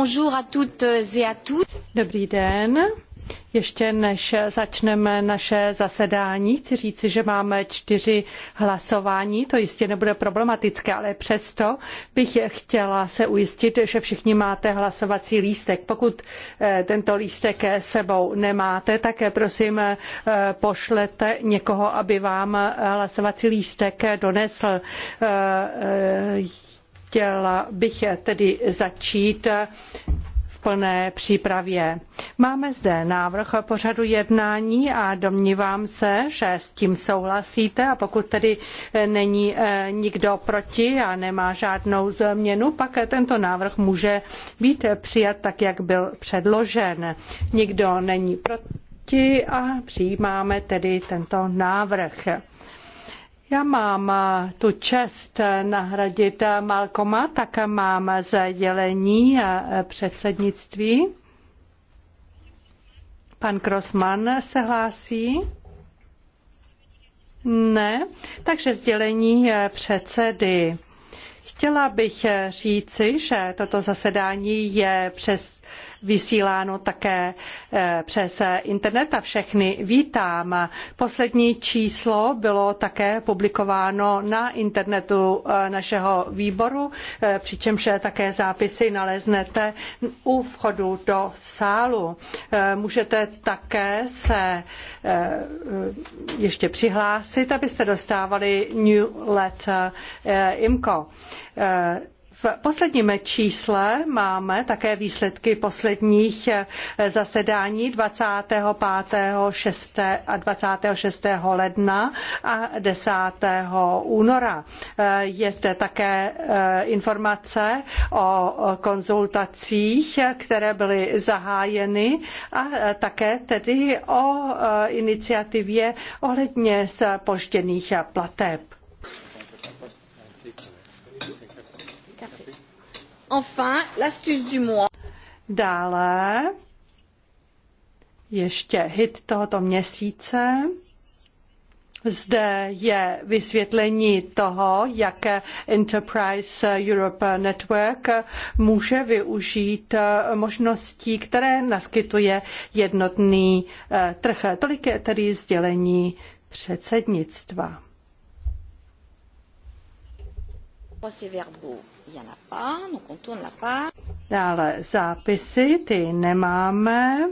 Bonjour à toutes et à tous. Dobrý den. Ještě než začneme naše zasedání, chci říci, že máme čtyři hlasování, to jistě nebude problematické, ale přesto bych chtěla se ujistit, že všichni máte hlasovací lístek. Pokud eh, tento lístek sebou nemáte, tak eh, prosím eh, pošlete někoho, aby vám hlasovací lístek donesl Chtěla bych tedy začít v plné přípravě. Máme zde návrh pořadu jednání a domnívám se, že s tím souhlasíte a pokud tedy není eh, nikdo proti a nemá žádnou změnu, pak tento návrh může být přijat tak, jak byl předložen. Nikdo není proti a přijímáme tedy tento návrh. Já mám eh, tu čest eh, nahradit eh, Malkoma, tak mám sdělení předsednictví. Pan Krosman se hlásí. Ne, takže sdělení předsedy. Chtěla bych říci, že toto zasedání je přes vysíláno také eh, přes internet a všechny vítám. Poslední číslo bylo také publikováno na internetu eh, našeho výboru, eh, přičemž také zápisy naleznete u vchodu do sálu. Můžete také se ještě přihlásit, abyste dostávali newsletter IMCO v posledním čísle máme také výsledky posledních eh, zasedání 25. 6. a 26. ledna a 10. února. Eh, je zde také eh, informace o konzultacích, které byly zahájeny a také tedy o iniciativě ohledně spožděných plateb. enfin, l'astuce du mois. Dále ještě hit tohoto měsíce. Zde je vysvětlení toho, jak Enterprise Europe Network může využít možností, které naskytuje jednotný eh, trh. Tolik je tedy sdělení předsednictva. Procès verbaux il n'y pas, donc on tourne la page. Dále zápisy, ty nemáme.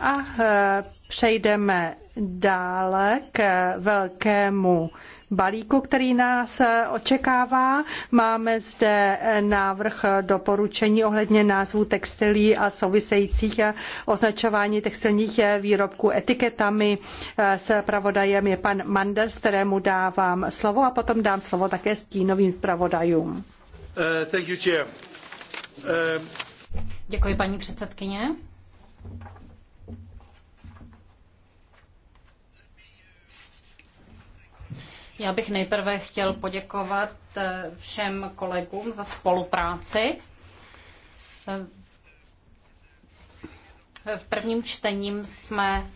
A eh, přejdeme dále k velkému balíku, který nás eh, očekává. Máme zde eh, návrh doporučení ohledně názvu textilí a souvisejících označování textilních výrobků etiketami. S pravodajem je pan Manders, kterému dávám slovo a potom dám slovo také stínovým zpravodajům. Eh, eh, Děkuji, paní předsedkyně. Já bych nejprve chtěl poděkovat eh, všem kolegům za spolupráci. V prvním čtením jsme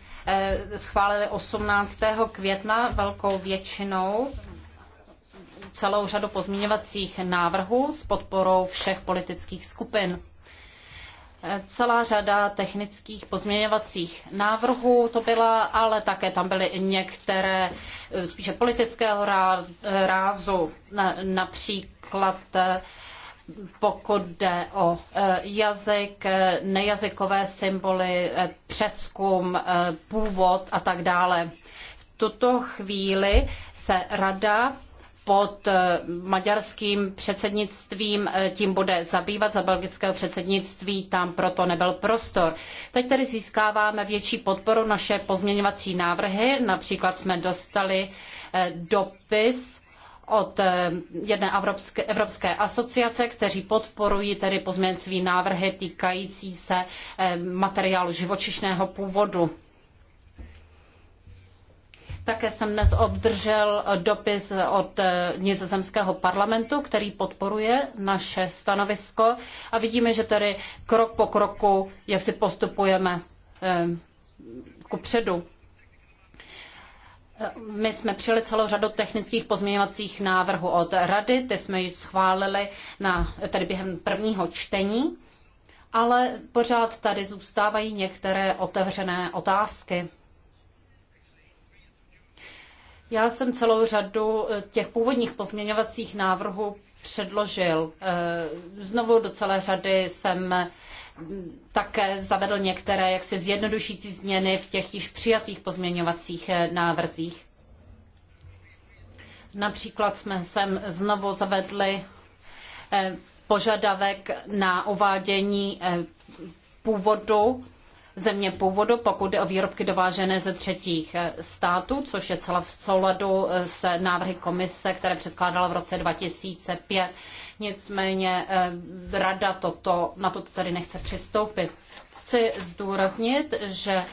schválili 18. května velkou většinou celou řadu pozměňovacích návrhů s podporou všech politických skupin. Celá řada technických pozměňovacích návrhů to byla, ale také tam byly i některé eh, spíše politického rázu, například eh, pokud jde o eh, jazyk, nejazykové symboly, přeskum, původ a tak dále. V tuto chvíli se rada pod eh, maďarským předsednictvím eh, tím bude zabývat, za belgického předsednictví tam proto nebyl prostor. Teď tedy získáváme větší podporu naše pozměňovací návrhy, například jsme dostali eh, dopis od jedné evropské, evropské asociace, kteří podporují tedy pozměňovací návrhy týkající se materiálu živočišného původu. Také jsem dnes obdržel dopis od eh, nizozemského parlamentu, který podporuje naše stanovisko a vidíme, že tedy krok po kroku, jak si postupujeme eh, kupředu. Eh, my jsme přijeli celou řadu technických pozměňovacích návrhů od Rady, ty jsme již schválili na, tady během prvního čtení, ale pořád tady zůstávají některé otevřené otázky. Já jsem celou řadu eh, těch původních pozměňovacích návrhů předložil. Eh, znovu do celé řady jsem mm, také zavedl některé jaksi zjednodušící změny v těch již přijatých pozměňovacích eh, návrzích. Například jsme sem znovu zavedli požadavek na uvádění původu země původu, pokud jde o výrobky dovážené ze třetích eh, států, což je celá v souladu eh, s návrhy komise, které předkládala v roce 2005. Nicméně eh, rada toto, na toto tedy nechce přistoupit. Chci zdůraznit, že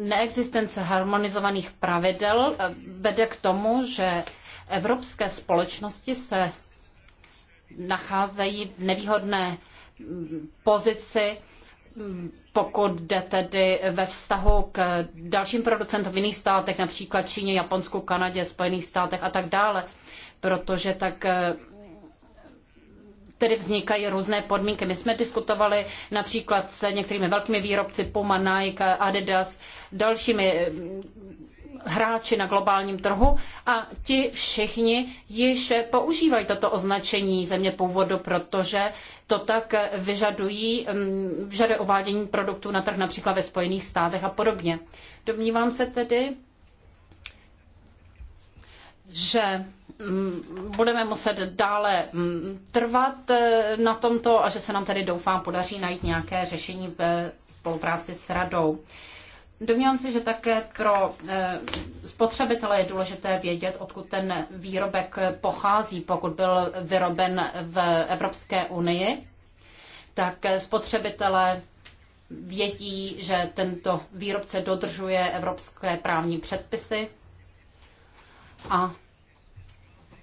neexistence harmonizovaných pravidel vede k tomu, že evropské společnosti se nacházejí v nevýhodné mm, pozici pokud jde tedy ve vztahu k dalším producentům v jiných státech, například Číně, Japonsku, Kanadě, Spojených státech a tak dále, protože tak eh, tedy vznikají různé podmínky. My jsme diskutovali například s některými velkými výrobci Puma, Nike, Adidas, dalšími hráči na globálním trhu a ti všichni již používají toto označení země původu, protože to tak vyžadují, mm, vyžaduje uvádění produktů na trh například ve Spojených státech a podobně. Domnívám se tedy, že mm, budeme muset dále mm, trvat eh, na tomto a že se nám tedy doufám podaří najít nějaké řešení ve eh, spolupráci s radou. Domnívám se, že také pro eh, spotřebitele je důležité vědět, odkud ten výrobek pochází, pokud byl vyroben v Evropské unii. Tak spotřebitelé vědí, že tento výrobce dodržuje evropské právní předpisy a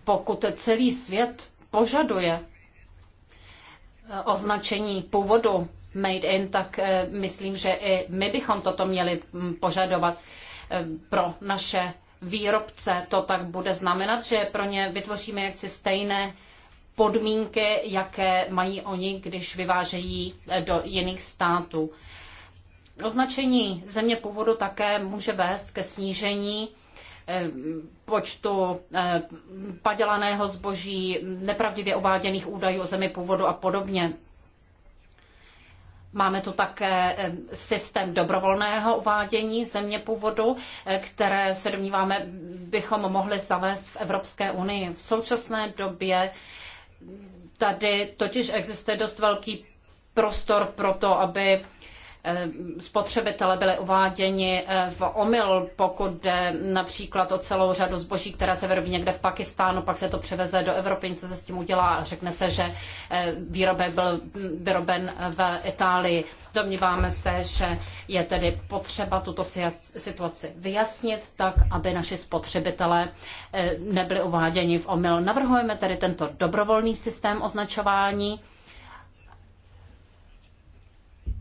pokud celý svět požaduje eh, označení původu made in, tak eh, myslím, že i my bychom toto měli mm, požadovat eh, pro naše výrobce. To tak bude znamenat, že pro ně vytvoříme jaksi stejné podmínky, jaké mají oni, když vyvážejí eh, do jiných států. Označení země původu také může vést ke snížení počtu padělaného zboží, nepravdivě ováděných údajů o zemi původu a podobně. Máme tu také eh, systém dobrovolného uvádění země původu, eh, které se domníváme, bychom mohli zavést v Evropské unii. V současné době tady totiž existuje dost velký prostor pro to, aby Eh, spotřebitele byli uváděni eh, v omyl, pokud jde například o celou řadu zboží, které se vyrobí někde v Pakistánu, pak se to převeze do Evropy, něco se s tím udělá a řekne se, že eh, výrobek byl vyroben v Itálii. Domníváme se, že je tedy potřeba tuto situaci vyjasnit tak, aby naši spotřebitelé nebyli uváděni v omyl. Navrhujeme tedy tento dobrovolný systém označování,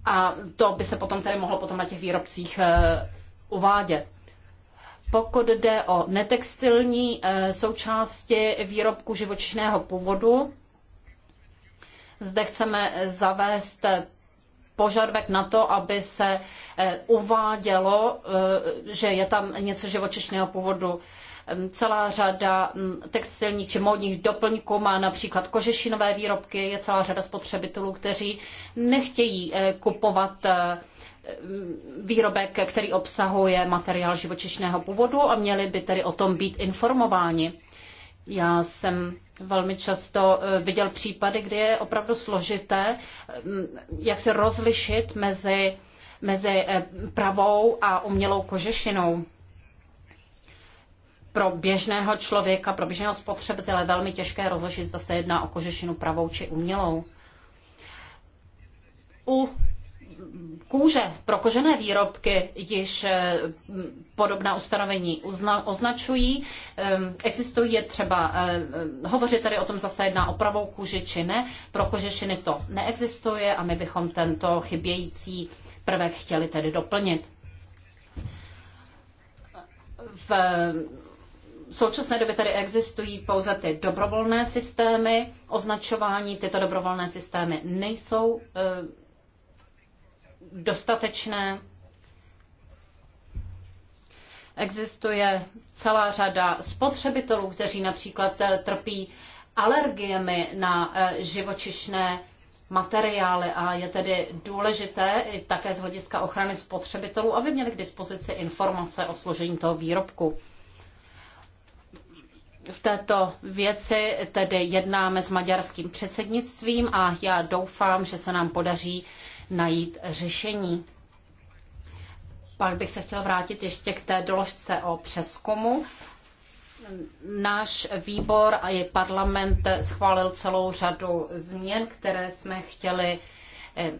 a to by se potom tedy mohlo potom na těch výrobcích eh, uvádět. Pokud jde o netextilní eh, součásti výrobku živočišného původu, zde chceme zavést požadavek na to, aby se eh, uvádělo, že je tam něco živočišného původu Celá řada mm, textilních či módních doplňků má například kožešinové výrobky, je celá řada spotřebitelů, kteří nechtějí eh, kupovat eh, mm, výrobek, který obsahuje materiál živočišného původu a měli by tedy o tom být informováni. Já jsem velmi často eh, viděl případy, kdy je opravdu složité, mm, jak se rozlišit mezi, mezi pravou a umělou kožešinou pro běžného člověka, pro běžného spotřebitele velmi těžké rozlišit, zda se jedná o kožešinu pravou či umělou. U kůže pro kožené výrobky již eh, podobná ustanovení uzna, označují. Ehm, existují je třeba, eh, hovořit tady o tom zase jedná o pravou kůži či ne. Pro kožešiny to neexistuje a my bychom tento chybějící prvek chtěli tedy doplnit. V v současné době tady existují pouze ty dobrovolné systémy označování. Tyto dobrovolné systémy nejsou eh, dostatečné. Existuje celá řada spotřebitelů, kteří například eh, trpí alergiemi na eh, živočišné materiály a je tedy důležité také z hlediska ochrany spotřebitelů, aby měli k dispozici informace o složení toho výrobku v této věci tedy jednáme s maďarským předsednictvím a já doufám, že se nám podaří najít řešení. Pak bych se chtěl vrátit ještě k té doložce o přeskumu. Náš výbor a i parlament schválil celou řadu změn, které jsme chtěli eh,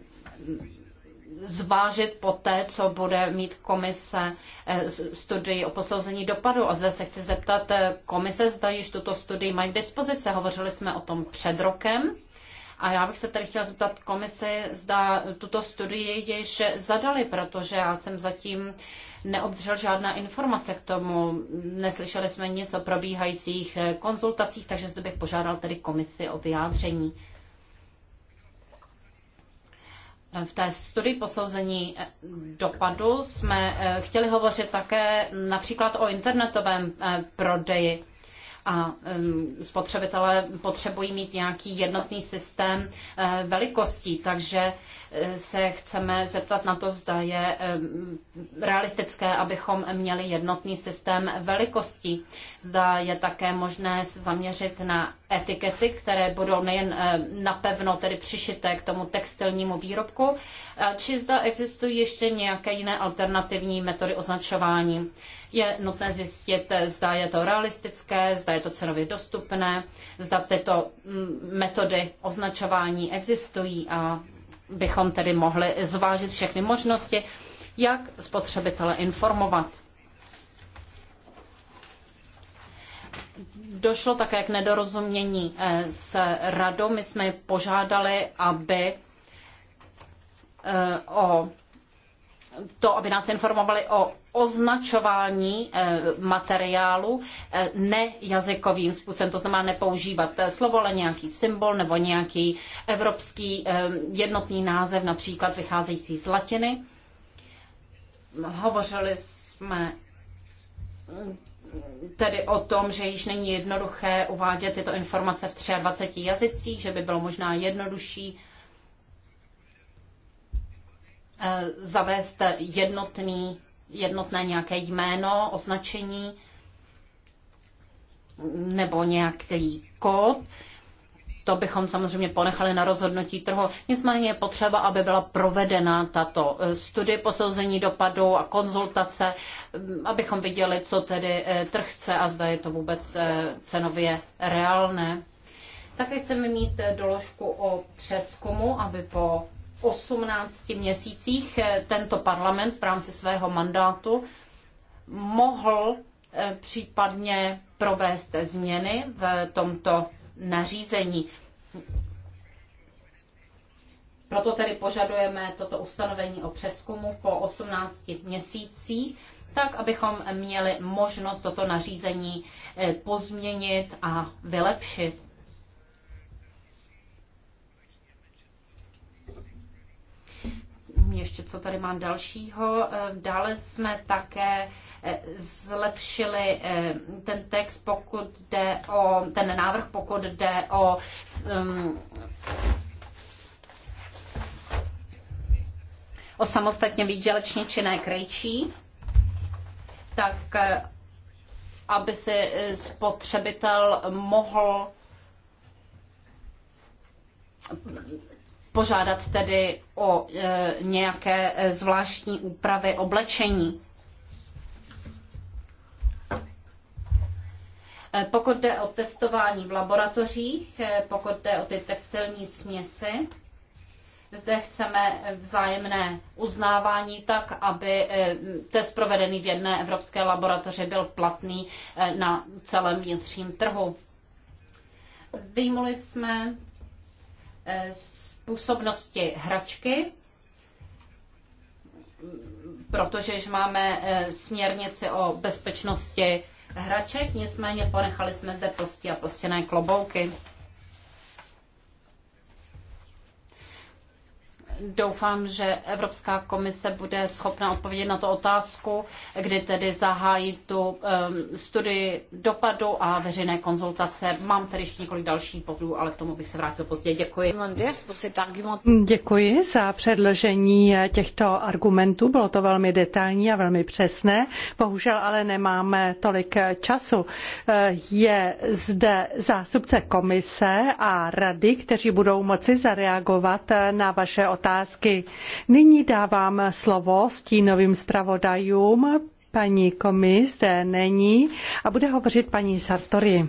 zvážit poté, co bude mít komise eh, studii o posouzení dopadu. A zde se chci zeptat eh, komise, zda již tuto studii mají k dispozici. Hovořili jsme o tom před rokem. A já bych se tady chtěla zeptat komise, zda tuto studii již zadali, protože já jsem zatím neobdržel žádná informace k tomu. Neslyšeli jsme nic o probíhajících eh, konzultacích, takže zde bych požádal tedy komisi o vyjádření. V té studii posouzení eh, dopadu jsme eh, chtěli hovořit také například o internetovém eh, prodeji a spotřebitelé potřebují mít nějaký jednotný systém eh, velikostí, takže eh, se chceme zeptat na to, zda je realistické, abychom měli jednotný systém velikostí. Zda je také možné se zaměřit na etikety, které budou nejen eh, napevno tedy přišité k tomu textilnímu výrobku, či zda existují ještě nějaké jiné alternativní metody označování je nutné zjistit, zda je to realistické, zda je to cenově dostupné, zda tyto mm, metody označování existují a bychom tedy mohli zvážit všechny možnosti, jak spotřebitele informovat. Došlo také k nedorozumění eh, s radou. My jsme požádali, aby eh, o to, aby nás informovali o označování eh, materiálu eh, nejazykovým způsobem, to znamená nepoužívat eh, slovo, ale nějaký symbol nebo nějaký evropský jednotný název, například vycházející z latiny. Hovořili jsme tedy o tom, že již není jednoduché uvádět tyto informace v 23 jazycích, že by bylo možná jednodušší zavést jednotný jednotné nějaké jméno, označení nebo nějaký kód. To bychom samozřejmě ponechali na rozhodnutí trhu. Nicméně je potřeba, aby byla provedena tato eh, studie posouzení dopadu a konzultace, mm, abychom viděli, co tedy eh, trh chce a zda je to vůbec eh, cenově reálné. Také chceme mít doložku o přeskumu, aby po 18 měsících eh, tento parlament v rámci svého mandátu mohl eh, případně provést změny v tomto nařízení. Proto tedy požadujeme toto ustanovení o přeskumu po 18 měsících, tak abychom měli možnost toto nařízení eh, pozměnit a vylepšit. ještě co tady mám dalšího. Eh, dále jsme také eh, zlepšili eh, ten text, pokud jde o ten návrh, pokud jde o um, o samostatně výdělečně činné krejčí, tak aby si spotřebitel mohl požádat tedy o e, nějaké e, zvláštní úpravy oblečení. E, pokud jde o testování v laboratořích, pokud jde o ty textilní směsi, zde chceme vzájemné uznávání tak, aby test provedený v jedné evropské laboratoři byl platný na celém vnitřním trhu. Vyjmuli jsme z působnosti hračky, protože již máme e, směrnici o bezpečnosti hraček, nicméně ponechali jsme zde prostě a plstěné klobouky. Doufám, že Evropská komise bude schopna odpovědět na tu otázku, kdy tedy zahájí tu ehm, studii dopadu a veřejné konzultace. Mám tady ještě několik dalších bodů, ale k tomu bych se vrátil později. Děkuji. Děkuji za předložení těchto argumentů. Bylo to velmi detailní a velmi přesné. Bohužel ale nemáme tolik času. Eh, je zde zástupce komise a rady, kteří budou moci zareagovat na vaše otázky otázky. Nyní dávám slovo stínovým zpravodajům. Paní komis zde není a bude hovořit paní Sartori.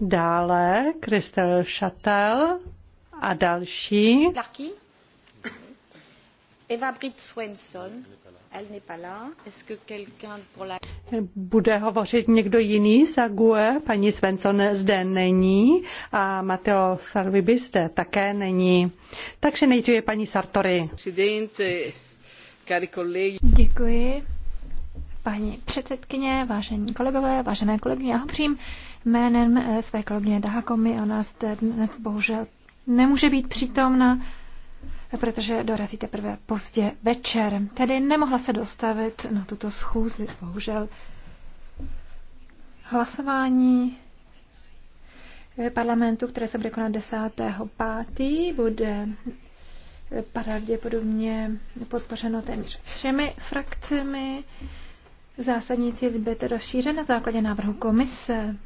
Dále Kristel Šatel a další. Eva Britt Svensson. Bude hovořit někdo jiný za GUE? Paní Svensson zde není a Mateo Salvibi zde také není. Takže nejdříve paní Sartori. Děkuji. Paní předsedkyně, vážení kolegové, vážené kolegyně, já hovořím jménem eh, své kolegyně Dahakomy. Ona zde dnes bohužel nemůže být přítomna protože dorazí teprve pozdě večer. Tedy nemohla se dostavit na tuto schůzi, bohužel. Hlasování parlamentu, které se bude konat 10.5., bude pravděpodobně podpořeno téměř všemi frakcemi. Zásadní cíl bude rozšířen na základě návrhu komise.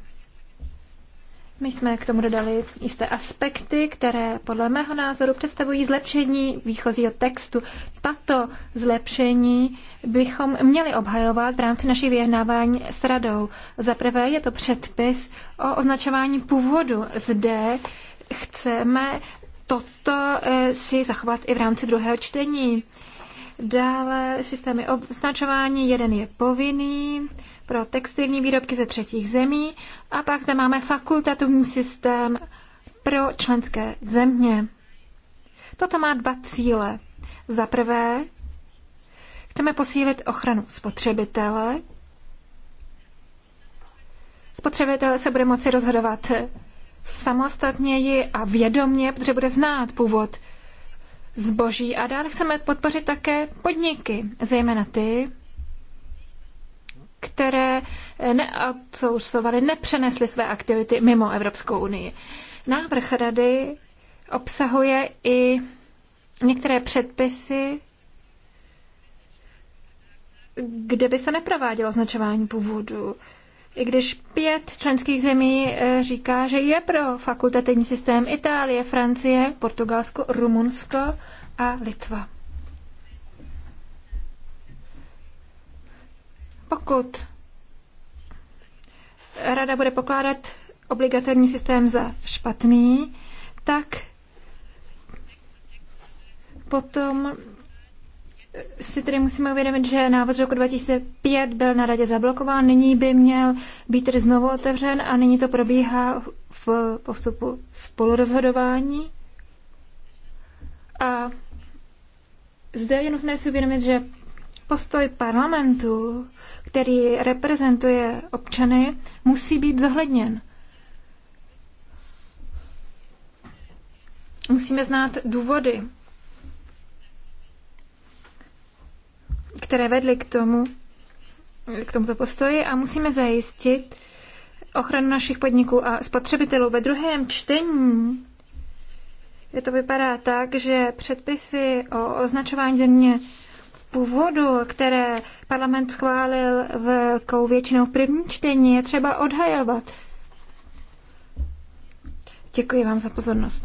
My jsme k tomu dodali jisté aspekty, které podle mého názoru představují zlepšení výchozího textu. Tato zlepšení bychom měli obhajovat v rámci naší vyjednávání s radou. Za prvé je to předpis o označování původu. Zde chceme toto eh, si zachovat i v rámci druhého čtení. Dále systémy označování, jeden je povinný, pro textilní výrobky ze třetích zemí a pak zde máme fakultativní systém pro členské země. Toto má dva cíle. Za prvé, chceme posílit ochranu spotřebitele. Spotřebitel se bude moci rozhodovat samostatněji a vědomně, protože bude znát původ zboží. A dále chceme podpořit také podniky, zejména ty, které neoutsourcovaly, nepřenesly své aktivity mimo Evropskou unii. Návrh rady obsahuje i některé předpisy, kde by se neprovádělo označování původu. I když pět členských zemí eh, říká, že je pro fakultativní systém Itálie, Francie, Portugalsko, Rumunsko a Litva. Pokud rada bude pokládat obligatorní systém za špatný, tak potom si tedy musíme uvědomit, že návod z roku 2005 byl na radě zablokován, nyní by měl být tedy znovu otevřen a nyní to probíhá v postupu spolurozhodování. A zde je nutné si uvědomit, že Postoj parlamentu, který reprezentuje občany, musí být zohledněn. Musíme znát důvody, které vedly k tomu, k tomuto postoji a musíme zajistit ochranu našich podniků a spotřebitelů. Ve druhém čtení Je to vypadá tak, že předpisy o označování země původu, které parlament schválil velkou většinou v prvním čtení, je třeba odhajovat. Děkuji vám za pozornost.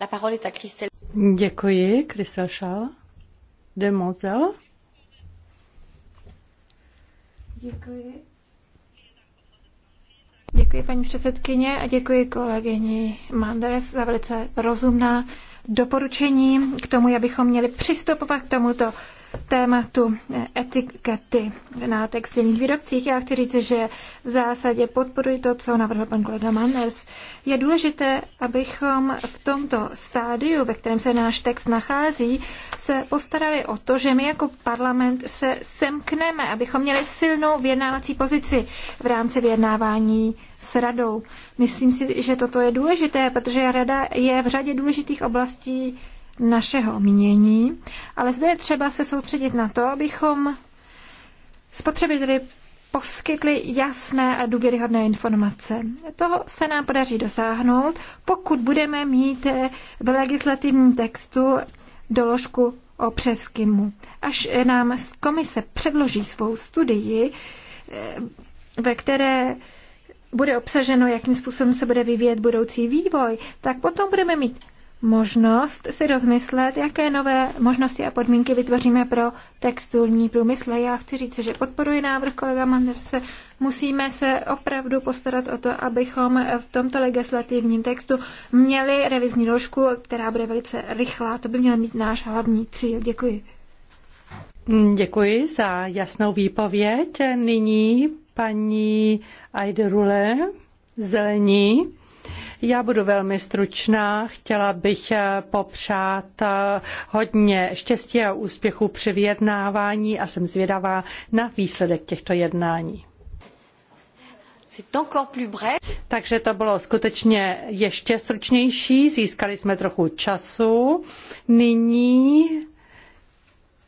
La parole est à Christelle. Děkuji, Kristel Schall. Demozel. Děkuji. Děkuji paní předsedkyně a děkuji kolegyni Mandres za velice rozumná doporučení k tomu, abychom měli přistupovat k tomuto tématu etikety na textilních výrobcích. Já chci říct, že v zásadě podporuji to, co navrhl pan kolega Manners. Je důležité, abychom v tomto stádiu, ve kterém se náš text nachází, se postarali o to, že my jako parlament se semkneme, abychom měli silnou vyjednávací pozici v rámci vyjednávání s radou. Myslím si, že toto je důležité, protože rada je v řadě důležitých oblastí našeho mínění, ale zde je třeba se soustředit na to, abychom spotřebiteli poskytli jasné a důvěryhodné informace. Toho se nám podaří dosáhnout, pokud budeme mít v legislativním textu doložku o přeskymu. Až nám z komise předloží svou studii, eh, ve které bude obsaženo, jakým způsobem se bude vyvíjet budoucí vývoj, tak potom budeme mít možnost si rozmyslet, jaké nové možnosti a podmínky vytvoříme pro textilní průmysl. Já chci říct, že podporuji návrh kolega Manderse. Musíme se opravdu postarat o to, abychom v tomto legislativním textu měli revizní ložku, která bude velice rychlá. To by měl být náš hlavní cíl. Děkuji. Děkuji za jasnou výpověď. Nyní paní Aiderule Zelení. Já budu velmi stručná. Chtěla bych eh, popřát eh, hodně štěstí a úspěchu při vyjednávání a jsem zvědavá na výsledek těchto jednání. Takže to bylo skutečně ještě stručnější, získali jsme trochu času. Nyní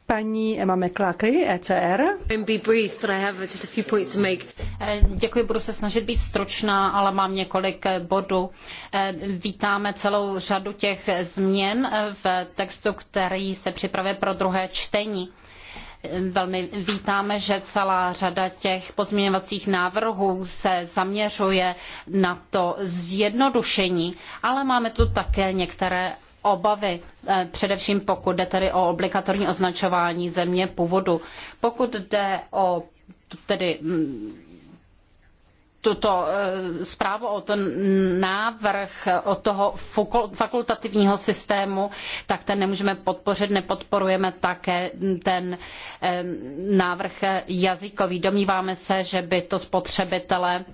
Paní Emma McClarky, ECR. Eh, děkuji, budu se snažit být stručná, ale mám několik eh, bodů. Eh, vítáme celou řadu těch změn v textu, který se připravuje pro druhé čtení velmi vítáme, že celá řada těch pozměňovacích návrhů se zaměřuje na to zjednodušení, ale máme tu také některé obavy, eh, především pokud jde tedy o obligatorní označování země původu. Pokud jde o tedy mm, tuto eh, zprávu o ten návrh eh, o toho fakultativního systému, tak ten nemůžeme podpořit, nepodporujeme také mm, ten návrh jazykový. Domníváme se, že by to spotřebitele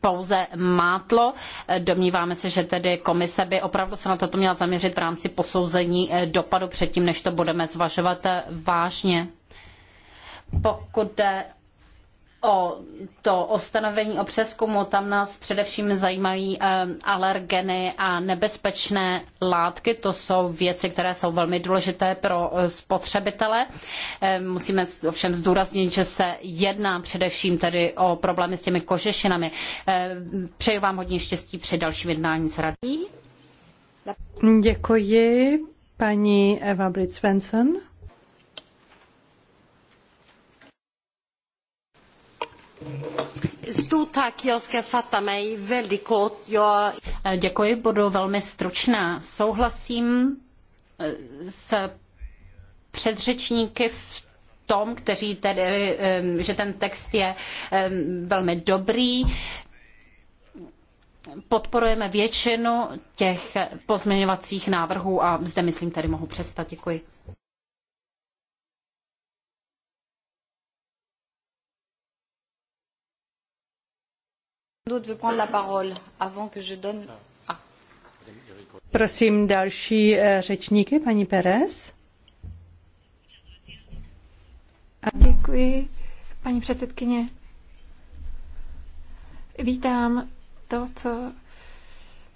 pouze mátlo. Domníváme se, že tedy komise by opravdu se na toto měla zaměřit v rámci posouzení eh, dopadu předtím, než to budeme zvažovat eh, vážně. Pokud jde o to ostanovení o přeskumu, tam nás především zajímají eh, alergeny a nebezpečné látky. To jsou věci, které jsou velmi důležité pro eh, spotřebitele. Eh, musíme ovšem zdůraznit, že se jedná především tedy o problémy s těmi kožešinami. Přeju vám hodně štěstí při dalším jednání s radou. Děkuji, paní Eva Britt Eh, děkuji, budu velmi stručná. Souhlasím eh, s předřečníky v tom, kteří tedy, eh, že ten text je velmi dobrý. Podporujeme většinu těch pozměňovacích návrhů a zde myslím, tady mohu přestat. Děkuji. D'autres prendre la parole avant que je donne... Ah. Prosím další eh, řečníky, paní Perez. A děkuji, paní předsedkyně. Vítám to, co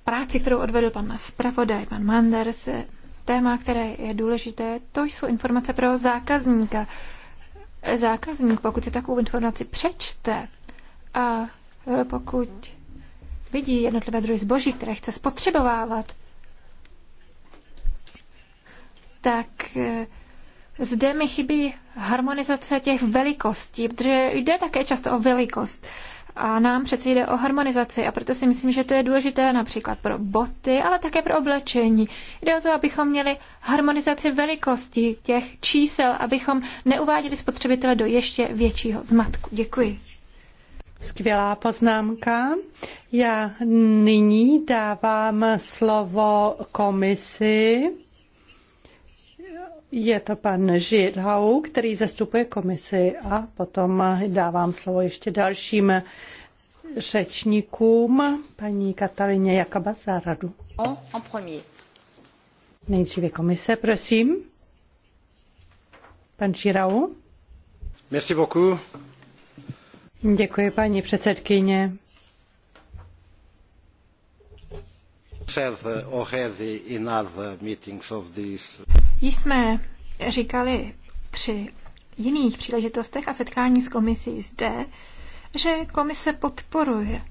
práci, kterou odvedl pan zpravodaj, pan Manders, téma, které je důležité, to jsou informace pro zákazníka. Zákazník, pokud si takovou informaci přečte a Eh, pokud vidí jednotlivé druhy zboží, které chce spotřebovávat, tak eh, zde mi chybí harmonizace těch velikostí, protože jde také často o velikost. A nám přece jde o harmonizaci a proto si myslím, že to je důležité například pro boty, ale také pro oblečení. Jde o to, abychom měli harmonizaci velikostí těch čísel, abychom neuváděli spotřebitele do ještě většího zmatku. Děkuji. Skvělá poznámka. Já nyní dávám slovo komisi. Je to pan Židhau, který zastupuje komisi a potom dávám slovo ještě dalším řečníkům, paní Katalině Jakaba za radu. Nejdříve komise, prosím. Pan Žirau. Merci beaucoup. Děkuji, paní předsedkyně. Uh, Již jsme říkali při jiných příležitostech a setkání s komisí zde, že komise podporuje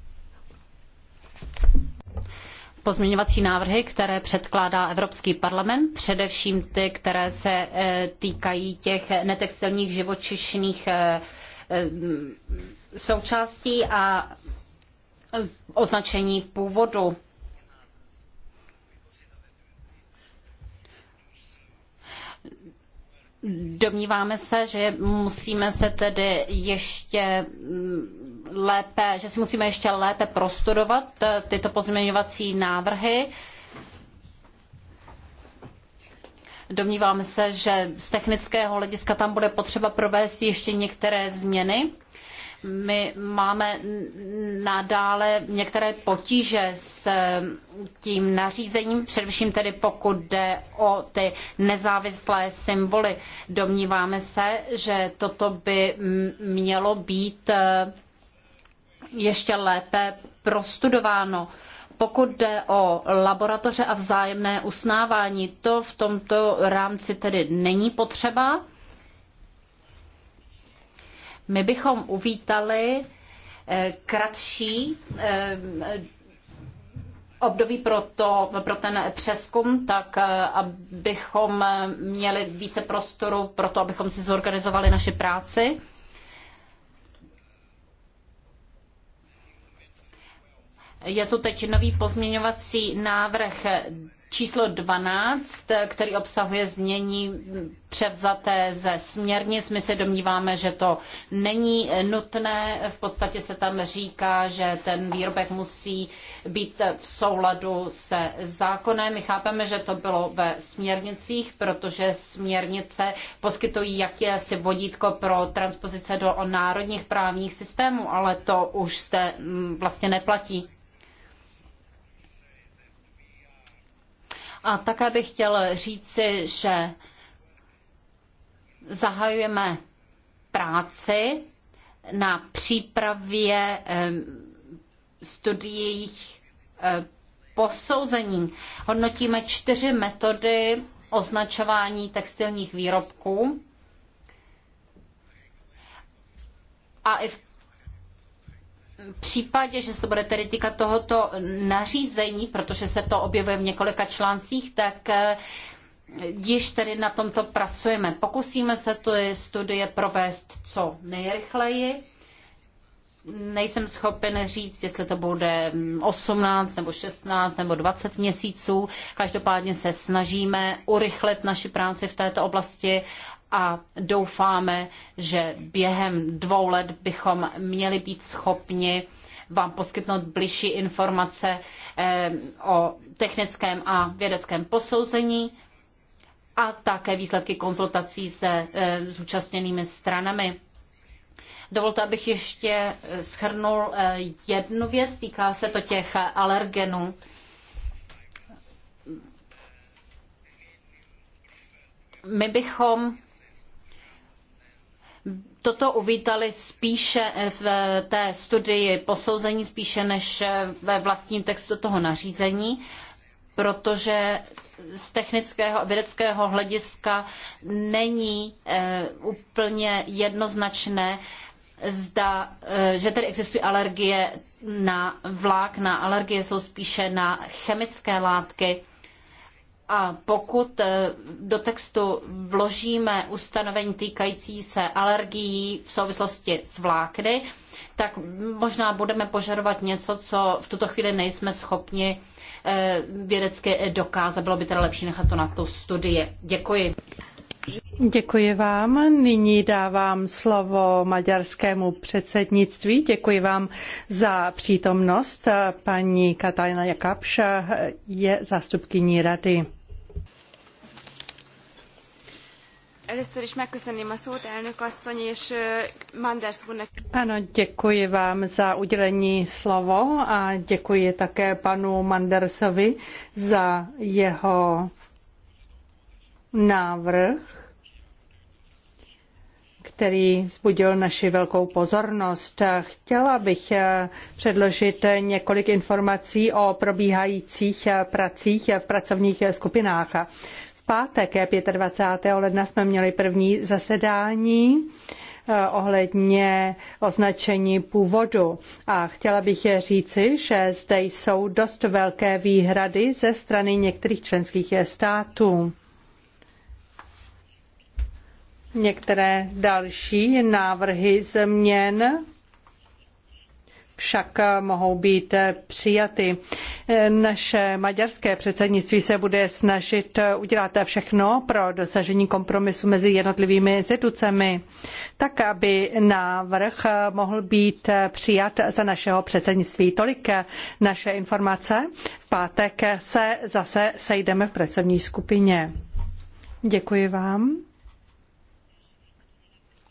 pozměňovací návrhy, které předkládá Evropský parlament, především ty, které se eh, týkají těch netextilních živočišných eh, Eh, součástí a eh, označení původu. Domníváme se, že musíme se tedy ještě mm, lépe, že si musíme ještě lépe prostudovat eh, tyto pozměňovací návrhy. Domnívám se, že z technického hlediska tam bude potřeba provést ještě některé změny. My máme nadále některé potíže s eh, tím nařízením, především tedy pokud jde o ty nezávislé symboly. Domníváme se, že toto by mělo být eh, ještě lépe prostudováno. Pokud jde o laboratoře a vzájemné usnávání, to v tomto rámci tedy není potřeba. My bychom uvítali eh, kratší eh, období pro, to, pro ten přeskum, tak eh, abychom měli více prostoru pro to, abychom si zorganizovali naši práci. Je tu teď nový pozměňovací návrh číslo 12, který obsahuje znění převzaté ze směrnic. My se domníváme, že to není nutné. V podstatě se tam říká, že ten výrobek musí být v souladu se zákonem. My chápeme, že to bylo ve směrnicích, protože směrnice poskytují jakési vodítko pro transpozice do národních právních systémů, ale to už zde mm, vlastně neplatí. A také bych chtěl říci, že zahajujeme práci na přípravě studiích e, posouzení. Hodnotíme čtyři metody označování textilních výrobků. A i v případě, že se to bude tedy týkat tohoto nařízení, protože se to objevuje v několika článcích, tak eh, již tedy na tomto pracujeme. Pokusíme se ty studie provést co nejrychleji. Nejsem schopen říct, jestli to bude 18 mm, nebo 16 nebo 20 měsíců. Každopádně se snažíme urychlit naši práci v této oblasti a doufáme, že během dvou let bychom měli být schopni vám poskytnout bližší informace eh, o technickém a vědeckém posouzení a také výsledky konzultací se eh, zúčastněnými stranami. Dovolte, abych ještě schrnul eh, jednu věc, týká se to těch alergenů. My bychom toto uvítali spíše v té studii posouzení, spíše než ve vlastním textu toho nařízení, protože z technického a vědeckého hlediska není eh, úplně jednoznačné, zda, eh, že tedy existují alergie na vlákna, alergie jsou spíše na chemické látky, a pokud eh, do textu vložíme ustanovení týkající se alergií v souvislosti s vlákny, tak možná budeme požadovat něco, co v tuto chvíli nejsme schopni eh, vědecky dokázat. Bylo by teda lepší nechat to na tu studie. Děkuji. Děkuji vám. Nyní dávám slovo maďarskému předsednictví. Děkuji vám za přítomnost. Paní Katajna Jakabša je zástupkyní rady. Először is megköszönném a szót, elnök asszony, és Manders úrnak. Ano, děkuji vám za udělení slovo a děkuji také panu Mandersovi za jeho návrh který vzbudil naši velkou pozornost. Chtěla bych eh, předložit několik informací o probíhajících eh, pracích eh, v pracovních skupinách pátek 25. ledna jsme měli první zasedání eh, ohledně označení původu. A chtěla bych je říci, že zde jsou dost velké výhrady ze strany některých členských států. Některé další návrhy změn však eh, mohou být eh, přijaty. Eh, naše maďarské předsednictví se bude snažit udělat všechno pro dosažení kompromisu mezi jednotlivými institucemi, tak aby návrh mohl být přijat za našeho předsednictví. Tolik naše informace. V pátek se zase sejdeme v pracovní skupině. Děkuji vám.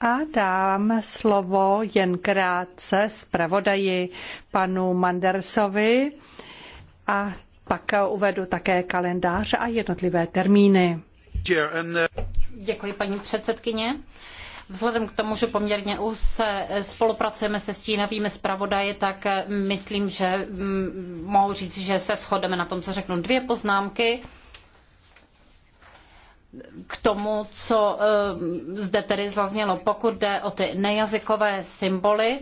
A dám slovo jen krátce zpravodaji panu Mandersovi a pak uvedu také kalendář a jednotlivé termíny. Děkuji, paní předsedkyně. Vzhledem k tomu, že poměrně úzce spolupracujeme se stínavými zpravodaji, tak mm, myslím, že mm, mohu říct, že se shodeme na tom, co řeknu. Dvě poznámky k tomu, co eh, zde tedy zaznělo. Pokud jde o ty nejazykové symboly,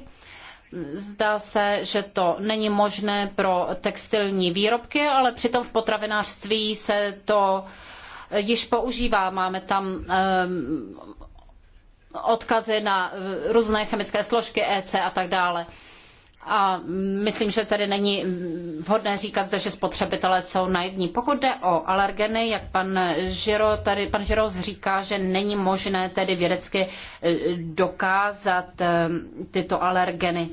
zdá se, že to není možné pro textilní výrobky, ale přitom v potravinářství se to eh, již používá. Máme tam eh, odkazy na různé chemické složky EC a tak dále. A myslím, že tedy není vhodné říkat, že spotřebitelé jsou naivní. Pokud jde o alergeny, jak pan Žiro, tady, pan Žiro říká, že není možné tedy vědecky e, dokázat e, tyto alergeny.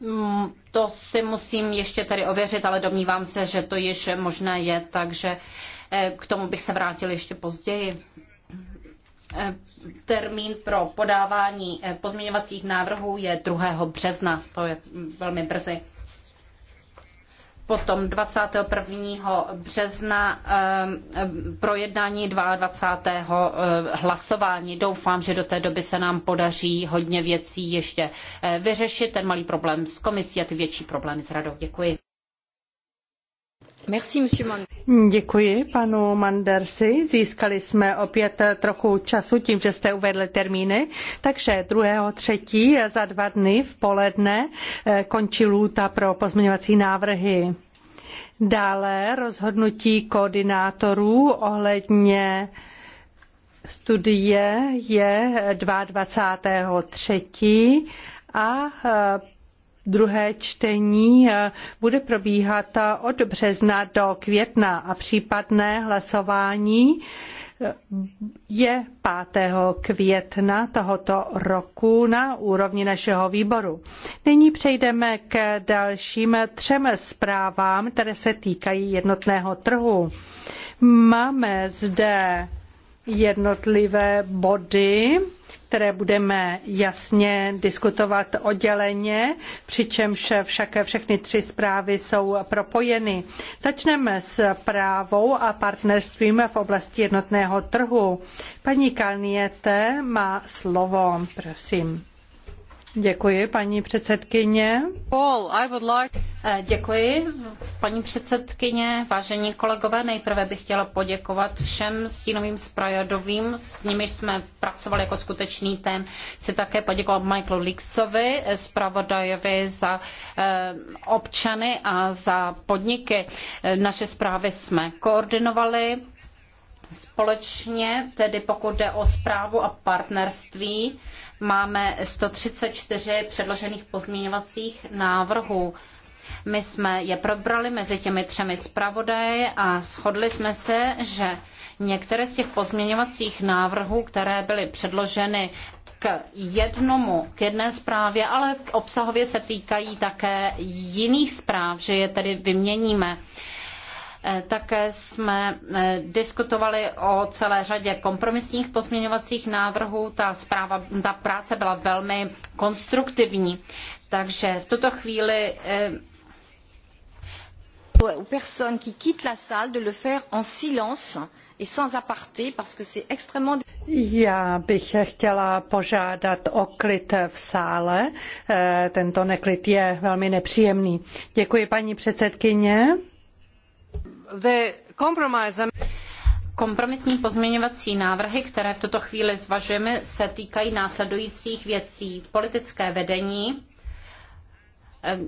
Mm, to si musím ještě tady ověřit, ale domnívám se, že to již možné je, takže e, k tomu bych se vrátil ještě později termín pro podávání eh, pozměňovacích návrhů je 2. března, to je mm, velmi brzy. Potom 21. března eh, projednání 22. Eh, hlasování. Doufám, že do té doby se nám podaří hodně věcí ještě vyřešit, ten malý problém s komisí a ty větší problémy s radou. Děkuji. Děkuji panu Mandersi. Získali jsme opět trochu času tím, že jste uvedli termíny. Takže 2. třetí za dva dny v poledne eh, končí lůta pro pozměňovací návrhy. Dále rozhodnutí koordinátorů ohledně studie je 22. třetí a eh, Druhé čtení eh, bude probíhat eh, od března do května a případné hlasování eh, je 5. května tohoto roku na úrovni našeho výboru. Nyní přejdeme k dalším třem zprávám, které se týkají jednotného trhu. Máme zde jednotlivé body které budeme jasně diskutovat odděleně, přičemž však všechny tři zprávy jsou propojeny. Začneme s právou a partnerstvím v oblasti jednotného trhu. Paní Kalniete má slovo, prosím. Děkuji, paní předsedkyně. Eh, děkuji, paní předsedkyně, vážení kolegové. Nejprve bych chtěla poděkovat všem stínovým zprajadovým, s nimiž jsme pracovali jako skutečný tém. Chci také poděkovat Michaelu Lixovi, zpravodajovi za eh, občany a za podniky. Eh, naše zprávy jsme koordinovali Společně, tedy pokud jde o zprávu a partnerství, máme 134 předložených pozměňovacích návrhů. My jsme je probrali mezi těmi třemi zpravodaji a shodli jsme se, že některé z těch pozměňovacích návrhů, které byly předloženy k jednomu, k jedné zprávě, ale obsahově se týkají také jiných zpráv, že je tedy vyměníme. Eh, také jsme eh, diskutovali o celé řadě kompromisních pozměňovacích návrhů. Ta, zpráva, ta práce byla velmi konstruktivní. Takže v tuto chvíli eh, u personnes qui quittent la salle de le faire en silence et sans aparté parce que c'est extrêmement já bych chtěla požádat o klid v sále. Tento neklid je velmi nepříjemný. Děkuji paní předsedkyně. Kompromisní pozměňovací návrhy, které v tuto chvíli zvažujeme, se týkají následujících věcí. Politické vedení, eh,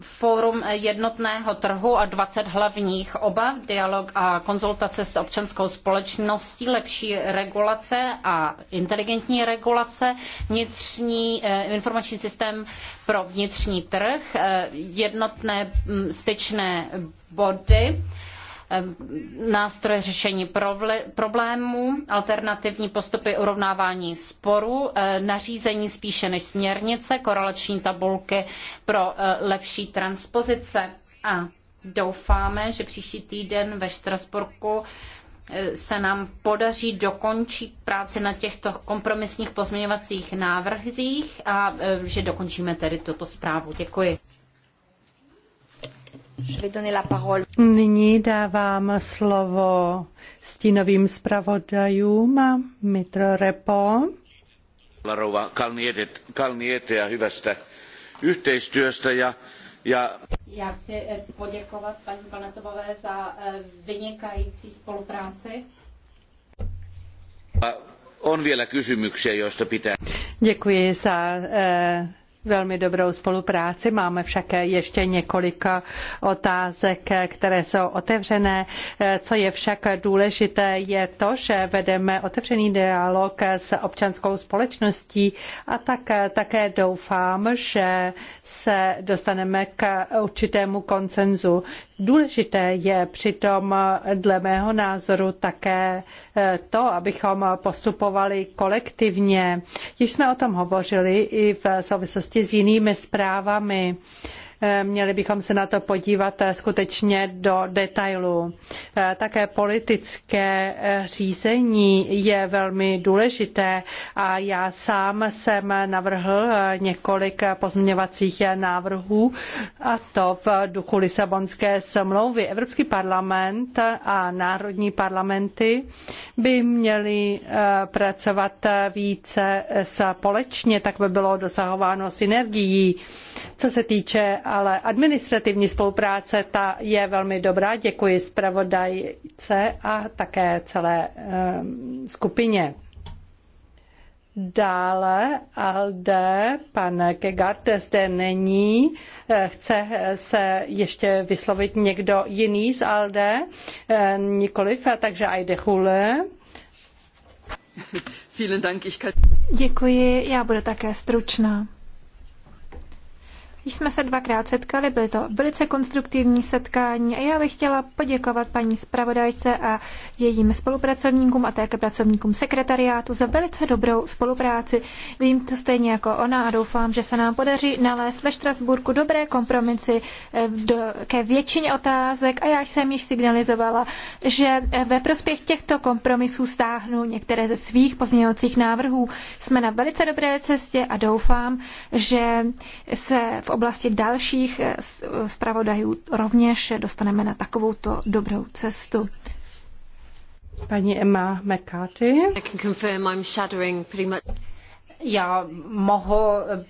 Fórum jednotného trhu a 20 hlavních obav, dialog a konzultace s občanskou společností, lepší regulace a inteligentní regulace, vnitřní eh, informační systém pro vnitřní trh, eh, jednotné mm, styčné body eh, nástroje řešení problémů, alternativní postupy urovnávání sporů, eh, nařízení spíše než směrnice, korelační tabulky pro eh, lepší transpozice a doufáme, že příští týden ve Štrasburku se nám podaří dokončit práci na těchto kompromisních pozměňovacích návrzích a že dokončíme tedy tuto zprávu. Děkuji. Nyní dávám slovo stínovým zpravodajům Mitro Repo. Larova Kalnieteä hyvästä yhteistyöstä ja já... Já chci eh, poděkovat paní Panetovové za eh, vynikající spolupráci. On vielä kysymyksiä, joista pitää. Děkuji za eh velmi dobrou spolupráci. Máme však ještě několik otázek, které jsou otevřené. Co je však důležité, je to, že vedeme otevřený dialog s občanskou společností a tak také doufám, že se dostaneme k určitému koncenzu. Důležité je přitom dle mého názoru také to, abychom postupovali kolektivně. Již jsme o tom hovořili i v souvislosti ještě s jinými zprávami. Eh, měli bychom se na to podívat eh, skutečně do detailu. Eh, také politické řízení je velmi důležité a já sám jsem navrhl několik pozměňovacích návrhů a to v duchu Lisabonské smlouvy. Evropský parlament a národní parlamenty by měly pracovat více společně, tak by bylo dosahováno synergií. Co se týče ale administrativní spolupráce ta je velmi dobrá. Děkuji zpravodajce a také celé eh, skupině. Dále Alde, pan Gegard zde není. Eh, chce se ještě vyslovit někdo jiný z Alde? Eh, nikoliv, takže Ajde Hule. Děkuji, já budu také stručná. Již jsme se dvakrát setkali, byly to velice konstruktivní setkání a já bych chtěla poděkovat paní zpravodajce a jejím spolupracovníkům a také pracovníkům sekretariátu za velice dobrou spolupráci. Vím to stejně jako ona a doufám, že se nám podaří nalézt ve Štrasburku dobré kompromisy eh, ke většině otázek a já jsem již signalizovala, že eh, ve prospěch těchto kompromisů stáhnu některé ze svých pozměňovacích návrhů. Jsme na velice dobré cestě a doufám, že se v oblasti dalších eh, eh, zpravodajů rovněž dostaneme na takovouto dobrou cestu. Paní Emma McCarthy. Já mohu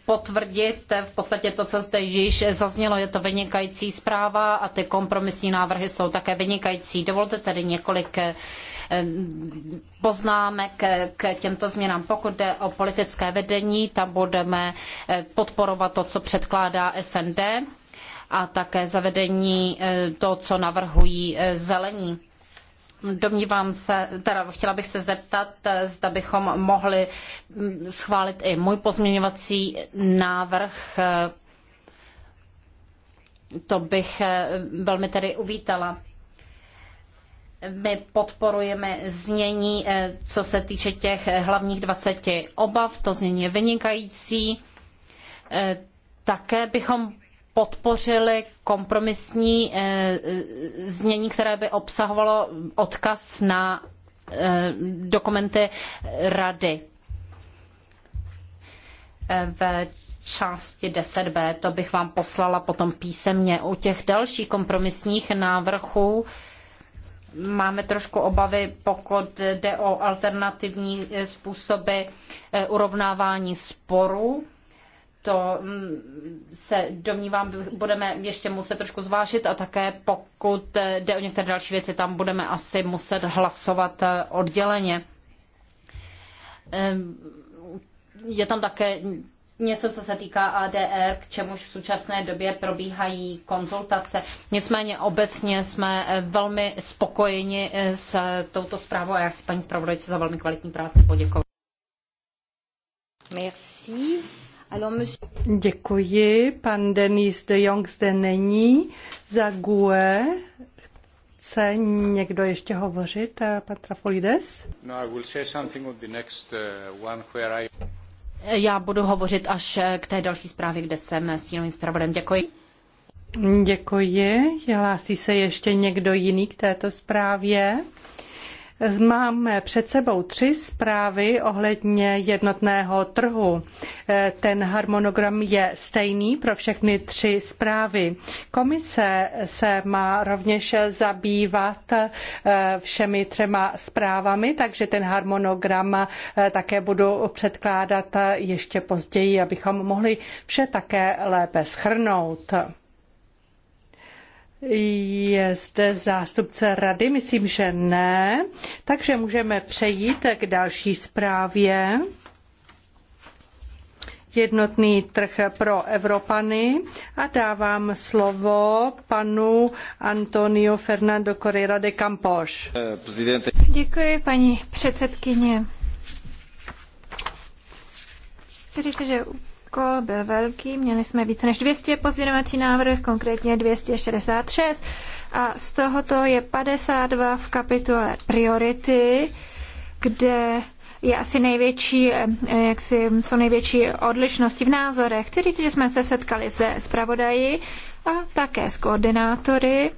potvrdit v podstatě to, co zde již zaznělo. Je to vynikající zpráva a ty kompromisní návrhy jsou také vynikající. Dovolte tedy několik eh, poznámek k těmto změnám. Pokud jde o politické vedení, tam budeme eh, podporovat to, co předkládá SND a také zavedení eh, to, co navrhují zelení. Domnívám se, teda chtěla bych se zeptat, eh, zda bychom mohli mm, schválit i můj pozměňovací návrh. Eh, to bych eh, velmi tedy uvítala. My podporujeme znění, co se týče těch hlavních 20 obav, to znění je vynikající. Také bychom podpořili kompromisní eh, eh, znění, které by obsahovalo odkaz na eh, dokumenty rady. V části 10b, to bych vám poslala potom písemně. U těch dalších kompromisních návrhů máme trošku obavy, pokud jde o alternativní způsoby urovnávání sporů to mm, se domnívám, budeme ještě muset trošku zvážit a také pokud jde o některé další věci, tam budeme asi muset hlasovat eh, odděleně. Ehm, je tam také něco, co se týká ADR, k čemuž v současné době probíhají konzultace. Nicméně obecně jsme eh, velmi spokojeni eh, s touto zprávou a já chci paní zpravodajce za velmi kvalitní práci poděkovat. Merci. Děkuji. Pan Denis de Jong zde není. Za GUE chce někdo ještě hovořit? Eh, pan Trafolides? No, I will say something of the next eh, one where I... Já budu hovořit až eh, k té další zprávě, kde jsem s tím zpravodem. Děkuji. Děkuji. Hlásí se ještě někdo jiný k této zprávě? Máme před sebou tři zprávy ohledně jednotného trhu. Ten harmonogram je stejný pro všechny tři zprávy. Komise se má rovněž zabývat eh, všemi třema zprávami, takže ten harmonogram eh, také budu předkládat eh, ještě později, abychom mohli vše také lépe schrnout. Je zde zástupce rady? Myslím, že ne. Takže můžeme přejít k další zprávě. Jednotný trh pro Evropany a dávám slovo panu Antonio Fernando Correira de Campos. Děkuji, paní předsedkyně. Tedy, že kol byl velký, měli jsme více než 200 pozměňovací návrh, konkrétně 266 a z tohoto je 52 v kapitole priority, kde je asi největší, eh, eh, jak si jsou největší odlišnosti v názorech, který jsme se setkali se zpravodaji a také s koordinátory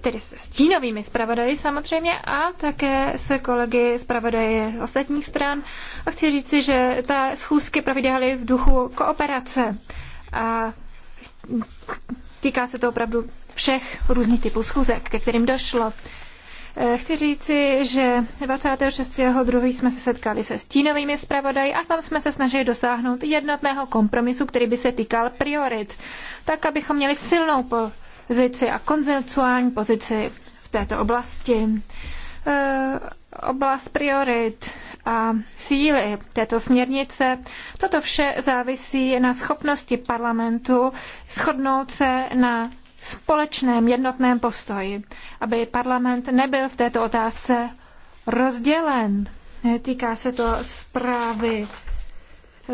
tedy s stínovými zpravodaji samozřejmě a také se kolegy zpravodaji ostatních stran. A chci říci, že ta schůzky probíhaly v duchu kooperace. A týká se to opravdu všech různých typů schůzek, ke kterým došlo. E, chci říci, že 26.2. jsme se setkali se stínovými zpravodaji a tam jsme se snažili dosáhnout jednotného kompromisu, který by se týkal priorit, tak abychom měli silnou po pozici a konzensuální pozici v této oblasti. E, oblast priorit a síly této směrnice, toto vše závisí na schopnosti parlamentu shodnout se na společném jednotném postoji, aby parlament nebyl v této otázce rozdělen. E, týká se to zprávy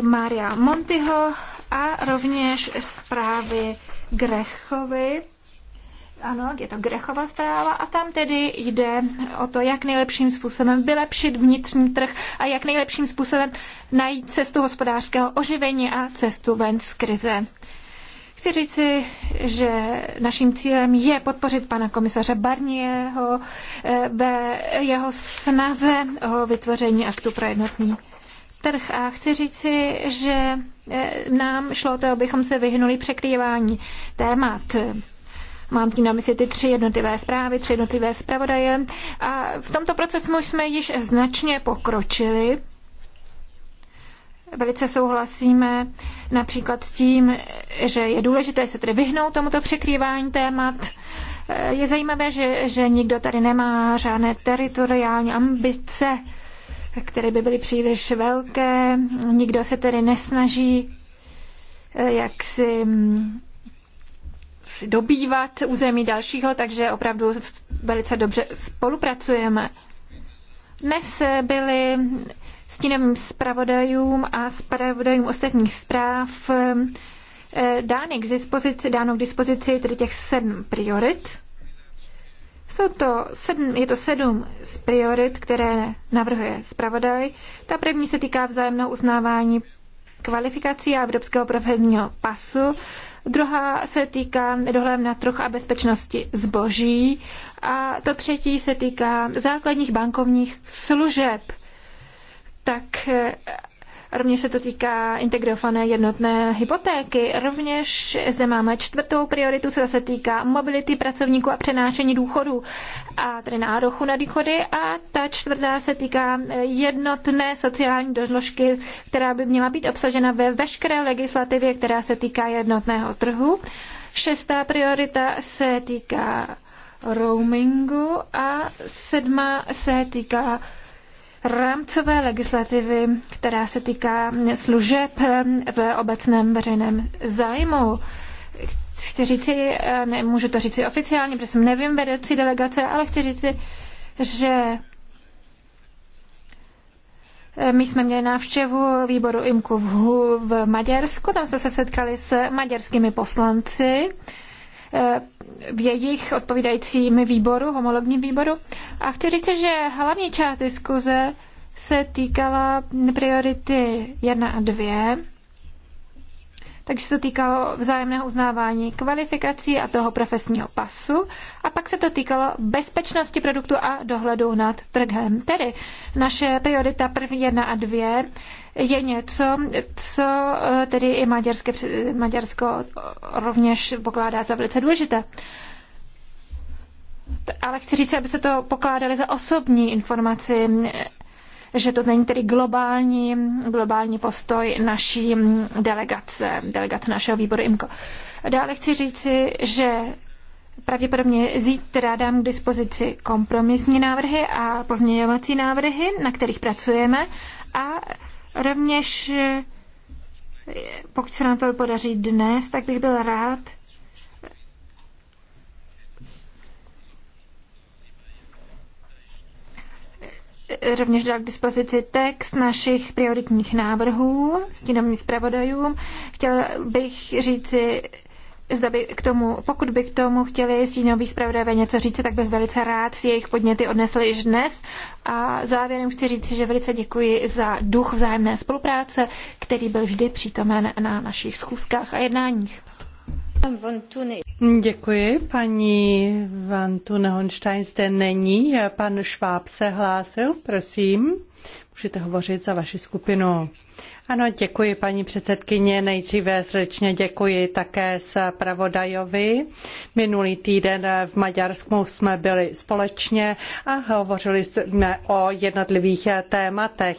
Maria Montiho a rovněž zprávy Grechovi ano, je to Grechova zpráva a tam tedy jde o to, jak nejlepším způsobem vylepšit vnitřní trh a jak nejlepším způsobem najít cestu hospodářského oživení a cestu ven z krize. Chci říci, že naším cílem je podpořit pana komisaře Barnieho eh, ve jeho snaze o vytvoření aktu pro jednotný trh. A chci říci, že eh, nám šlo o to, abychom se vyhnuli překrývání témat Mám tím na mysli ty tři jednotlivé zprávy, tři jednotlivé zpravodaje. A v tomto procesu jsme již značně pokročili. Velice souhlasíme například s tím, že je důležité se tedy vyhnout tomuto překrývání témat. Je zajímavé, že, že nikdo tady nemá žádné teritoriální ambice, které by byly příliš velké. Nikdo se tedy nesnaží eh, jak si mm, dobývat území dalšího, takže opravdu velice dobře spolupracujeme. Dnes byly stínovým zpravodajům a zpravodajům ostatních zpráv eh, dány k dispozici, dáno k dispozici tedy těch sedm priorit. Jsou to sedm, je to sedm z priorit, které navrhuje zpravodaj. Ta první se týká vzájemného uznávání kvalifikací a evropského profesního pasu druhá se týká dohledu na trh a bezpečnosti zboží a to třetí se týká základních bankovních služeb. Tak Rovněž se to týká integrované jednotné hypotéky. Rovněž zde máme čtvrtou prioritu, co se týká mobility pracovníků a přenášení důchodů a tedy nároku na důchody. A ta čtvrtá se týká eh, jednotné sociální dožložky, která by měla být obsažena ve veškeré legislativě, která se týká jednotného trhu. Šestá priorita se týká roamingu a sedma se týká rámcové legislativy, která se týká služeb v obecném veřejném zájmu. Chci říci, eh, nemůžu to říci oficiálně, protože jsem nevím vedoucí delegace, ale chci říci, že eh, my jsme měli návštěvu výboru IMKU v, v Maďarsku, tam jsme se setkali s maďarskými poslanci v jejich odpovídajícím výboru, homologním výboru. A chci říct, že hlavní část diskuze se týkala priority 1 a 2 takže se to týkalo vzájemného uznávání kvalifikací a toho profesního pasu a pak se to týkalo bezpečnosti produktu a dohledu nad trhem. Tedy naše priorita první jedna a dvě je něco, co eh, tedy i maďarské, Maďarsko rovněž pokládá za velice důležité. Ale chci říct, aby se to pokládali za osobní informaci že to není tedy globální, globální postoj naší delegace, delegace našeho výboru IMCO. Dále chci říci, že pravděpodobně zítra dám k dispozici kompromisní návrhy a pozměňovací návrhy, na kterých pracujeme a rovněž pokud se nám to podaří dnes, tak bych byl rád, rovněž dal k dispozici text našich prioritních návrhů stínovým zpravodajům. Chtěl bych říci, Zda by k tomu, pokud by k tomu chtěli síňoví zpravodajové něco říct, tak bych velice rád si jejich podněty odnesl již dnes. A závěrem chci říct, že velice děkuji za duch vzájemné spolupráce, který byl vždy přítomen na našich schůzkách a jednáních. Děkuji. Paní Van Tune Honstein zde není. Pan Šváb se hlásil, prosím. Můžete hovořit za vaši skupinu. Ano, děkuji paní předsedkyně. Nejdříve srdečně děkuji také zpravodajovi. Minulý týden v Maďarsku jsme byli společně a hovořili jsme o jednotlivých tématech.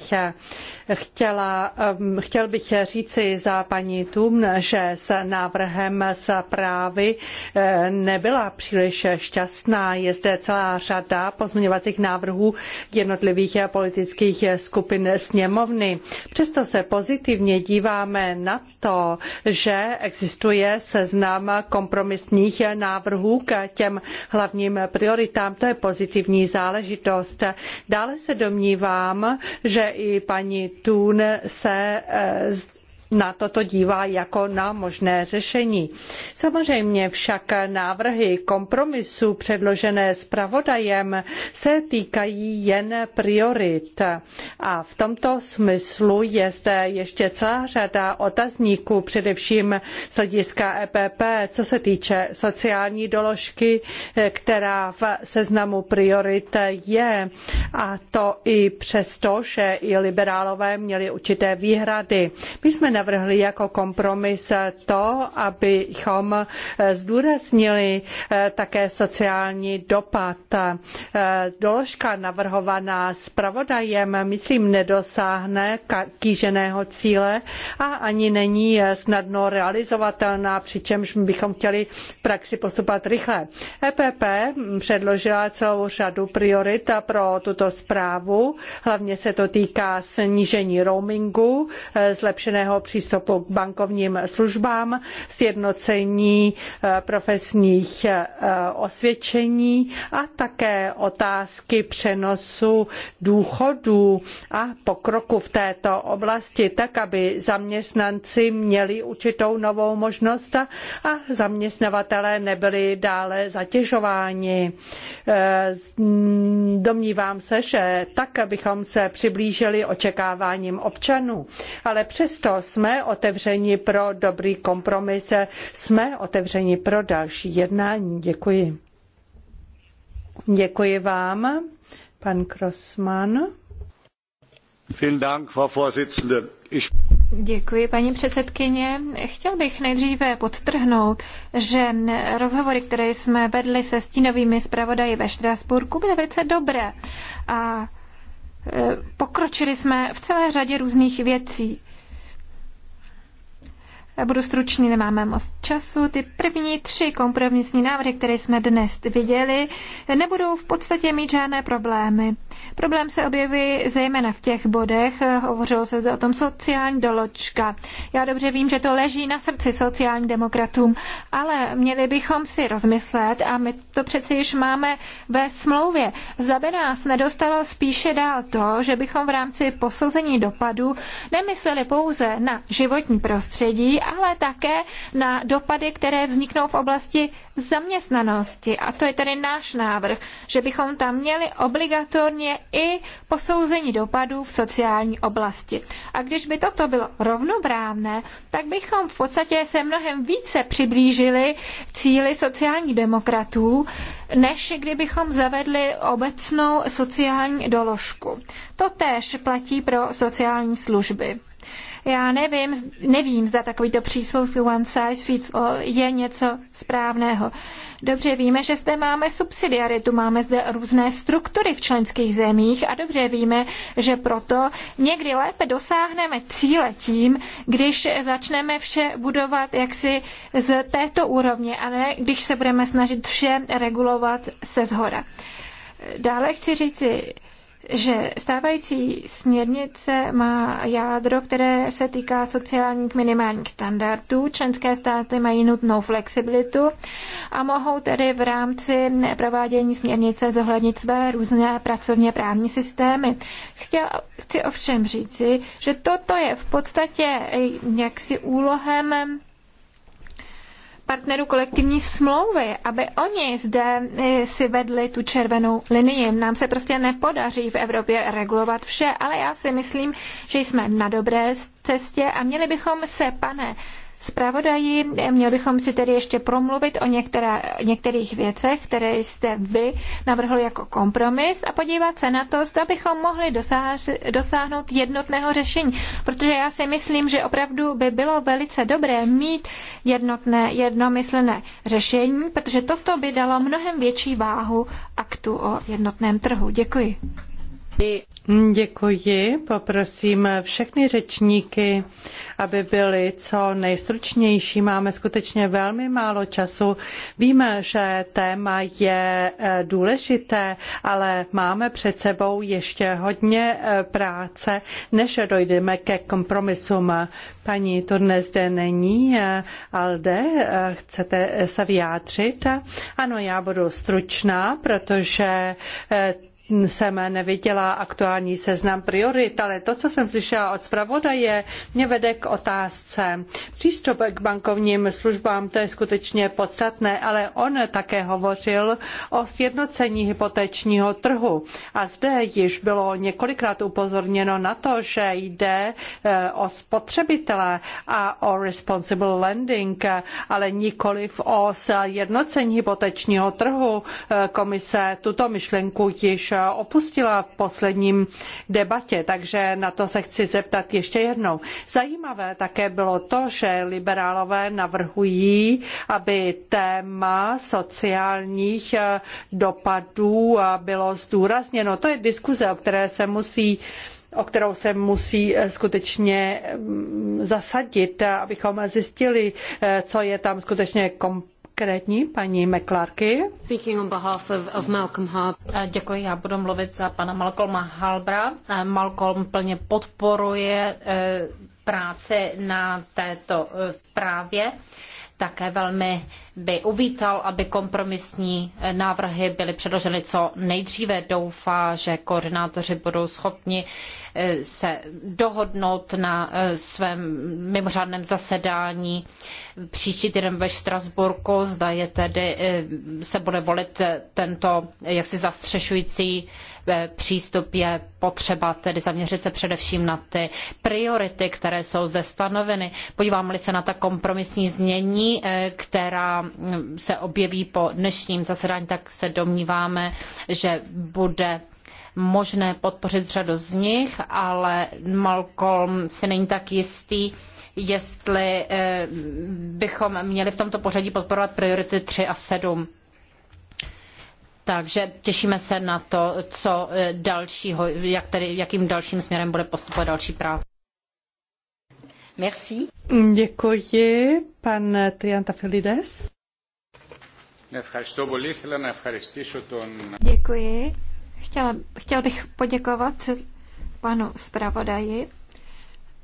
Chtěla, um, chtěl bych říci za paní Tum, že s návrhem zprávy eh, nebyla příliš šťastná. Je zde celá řada pozměňovacích návrhů jednotlivých politických skupin sněmovny. Přesto se pozitivně díváme na to, že existuje seznam kompromisních návrhů k těm hlavním prioritám, to je pozitivní záležitost. Dále se domnívám, že i paní Thun se eh, na toto dívá jako na možné řešení. Samozřejmě však návrhy kompromisů předložené zpravodajem se týkají jen priorit. A v tomto smyslu je zde ještě celá řada otazníků, především z hlediska EPP, co se týče sociální doložky, která v seznamu priorit je. A to i přesto, že i liberálové měli určité výhrady. My jsme navrhli jako kompromis to, abychom zdůraznili eh, také sociální dopad. Eh, doložka navrhovaná zpravodajem, myslím, nedosáhne kýženého cíle a ani není snadno realizovatelná, přičemž bychom chtěli v praxi postupovat rychle. EPP předložila celou řadu priorit pro tuto zprávu, hlavně se to týká snížení roamingu, eh, zlepšeného přístupu k bankovním službám, sjednocení eh, profesních eh, osvědčení a také otázky přenosu důchodů a pokroku v této oblasti, tak aby zaměstnanci měli určitou novou možnost a zaměstnavatelé nebyli dále zatěžováni. Eh, domnívám se, že tak bychom se přiblížili očekáváním občanů, ale přesto jsme otevřeni pro dobrý kompromis, jsme otevřeni pro další jednání. Děkuji. Děkuji vám, pan Krosman. Vielen Dank, Frau Vorsitzende. Ich Děkuji, paní předsedkyně. Chtěl bych nejdříve podtrhnout, že rozhovory, které jsme vedli se stínovými zpravodaji ve Štrasburku, byly velice dobré a e, pokročili jsme v celé řadě různých věcí. Budu stručný, nemáme moc času. Ty první tři kompromisní návrhy, které jsme dnes viděli, nebudou v podstatě mít žádné problémy. Problém se objeví zejména v těch bodech, hovořilo se o tom sociální določka. Já dobře vím, že to leží na srdci sociálním demokratům, ale měli bychom si rozmyslet, a my to přeci již máme ve smlouvě, by nás nedostalo spíše dál to, že bychom v rámci posouzení dopadu nemysleli pouze na životní prostředí, ale také na dopady, které vzniknou v oblasti zaměstnanosti. A to je tedy náš návrh, že bychom tam měli obligatorně i posouzení dopadů v sociální oblasti. A když by toto bylo rovnobrávné, tak bychom v podstatě se mnohem více přiblížili cíli sociálních demokratů, než kdybychom zavedli obecnou sociální doložku. To též platí pro sociální služby. Já nevím, nevím, zda takovýto přístup one size fits all je něco správného. Dobře víme, že zde máme subsidiaritu, máme zde různé struktury v členských zemích a dobře víme, že proto někdy lépe dosáhneme cíle tím, když začneme vše budovat jaksi z této úrovně, a ne když se budeme snažit vše regulovat se zhora. Dále chci říci, že stávající směrnice má jádro, které se týká sociálních minimálních standardů. Členské státy mají nutnou flexibilitu a mohou tedy v rámci provádění směrnice zohlednit své různé pracovně právní systémy. Chtěl, chci ovšem říci, že toto je v podstatě jaksi úlohem partnerů kolektivní smlouvy, aby oni zde eh, si vedli tu červenou linii. Nám se prostě nepodaří v Evropě regulovat vše, ale já si myslím, že jsme na dobré cestě a měli bychom se, pane zpravodaji. Měli bychom si tedy ještě promluvit o některá, některých věcech, které jste vy navrhl jako kompromis a podívat se na to, zda bychom mohli dosáž, dosáhnout jednotného řešení. Protože já si myslím, že opravdu by bylo velice dobré mít jednotné, jednomyslné řešení, protože toto by dalo mnohem větší váhu aktu o jednotném trhu. Děkuji. Mm, děkuji. Poprosím všechny řečníky, aby byli co nejstručnější. Máme skutečně velmi málo času. Víme, že téma je eh, důležité, ale máme před sebou ještě hodně eh, práce, než dojdeme ke kompromisům. Paní to dnes zde není. Eh, Alde, chcete se vyjádřit? Ano, já budu stručná, protože jsem neviděla aktuální seznam priorit, ale to, co jsem slyšela od zpravodaje, mě vede k otázce. Přístup k bankovním službám, to je skutečně podstatné, ale on také hovořil o sjednocení hypotečního trhu. A zde již bylo několikrát upozorněno na to, že jde eh, o spotřebitele a o responsible lending, ale nikoliv o sjednocení hypotečního trhu. Eh, komise tuto myšlenku již opustila v posledním debatě, takže na to se chci zeptat ještě jednou. Zajímavé také bylo to, že liberálové navrhují, aby téma sociálních eh, dopadů eh, bylo zdůrazněno. To je diskuze, o které se musí o kterou se musí eh, skutečně mm, zasadit, abychom zjistili, co je tam skutečně komplexní konkrétní, paní McClarky. Speaking on behalf of, of Malcolm Harb. Děkuji, já budu mluvit za pana Malcolma Halbra. Malcolm plně podporuje eh, práci na této eh, zprávě. Také velmi by uvítal, aby kompromisní návrhy byly předloženy co nejdříve. Doufá, že koordinátoři budou schopni eh, se dohodnout na eh, svém mimořádném zasedání příští týden ve Štrasburku. Zda je tedy eh, se bude volit tento jaksi zastřešující E, přístup je potřeba tedy zaměřit se především na ty priority, které jsou zde stanoveny. Podívám-li se na ta kompromisní znění, e, která mm, se objeví po dnešním zasedání, tak se domníváme, že bude možné podpořit řadu z nich, ale Malcolm si není tak jistý, jestli e, bychom měli v tomto pořadí podporovat priority 3 a 7. Takže těšíme se na to, co e, dalšího, jak tedy, jakým dalším směrem bude postupovat další práv. Merci. Děkuji, pan Triantafilides. Děkuji. Chtěla, chtěl bych poděkovat panu zpravodaji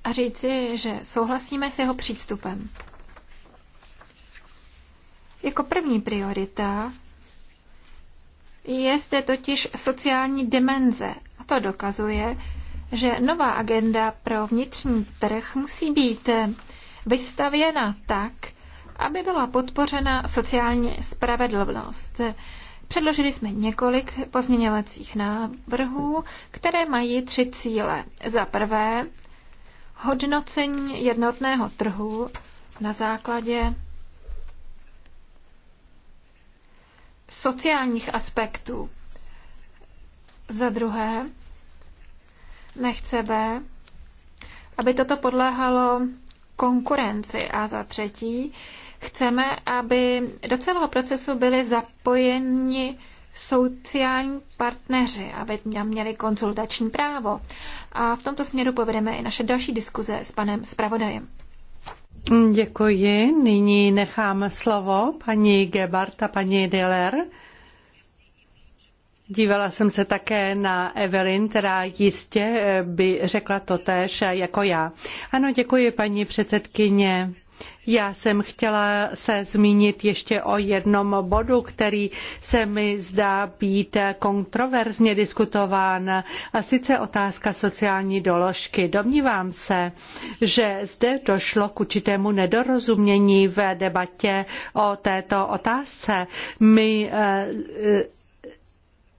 a říci, že souhlasíme s jeho přístupem. Jako první priorita je zde totiž sociální dimenze a to dokazuje, že nová agenda pro vnitřní trh musí být vystavěna tak, aby byla podpořena sociální spravedlnost. Předložili jsme několik pozměňovacích návrhů, které mají tři cíle. Za prvé, hodnocení jednotného trhu na základě sociálních aspektů. Za druhé, nechceme, aby toto podléhalo konkurenci. A za třetí, chceme, aby do celého procesu byli zapojeni sociální partneři, aby tam měli konzultační právo. A v tomto směru povedeme i naše další diskuze s panem zpravodajem. Děkuji. Nyní nechám slovo paní Gebart a paní Diller. Dívala jsem se také na Evelyn, která jistě eh, by řekla to též eh, jako já. Ano, děkuji paní předsedkyně. Já jsem chtěla se zmínit ještě o jednom bodu, který se mi zdá být kontroverzně diskutován, a sice otázka sociální doložky. Domnívám se, že zde došlo k určitému nedorozumění v debatě o této otázce. My eh,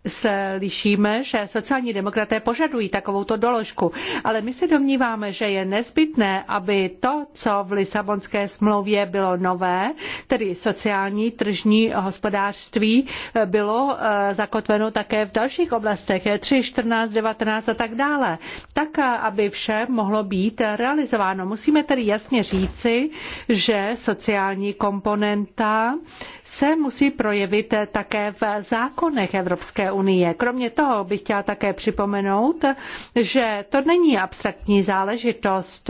se lišíme, že sociální demokraté požadují takovouto doložku, ale my se domníváme, že je nezbytné, aby to, co v Lisabonské smlouvě bylo nové, tedy sociální tržní hospodářství, bylo eh, zakotveno také v dalších oblastech, 3, 14, 19 a tak dále, tak, eh, aby vše mohlo být eh, realizováno. Musíme tedy jasně říci, že sociální komponenta se musí projevit také v zákonech Evropské unie. Kromě toho bych chtěla také připomenout, že to není abstraktní záležitost.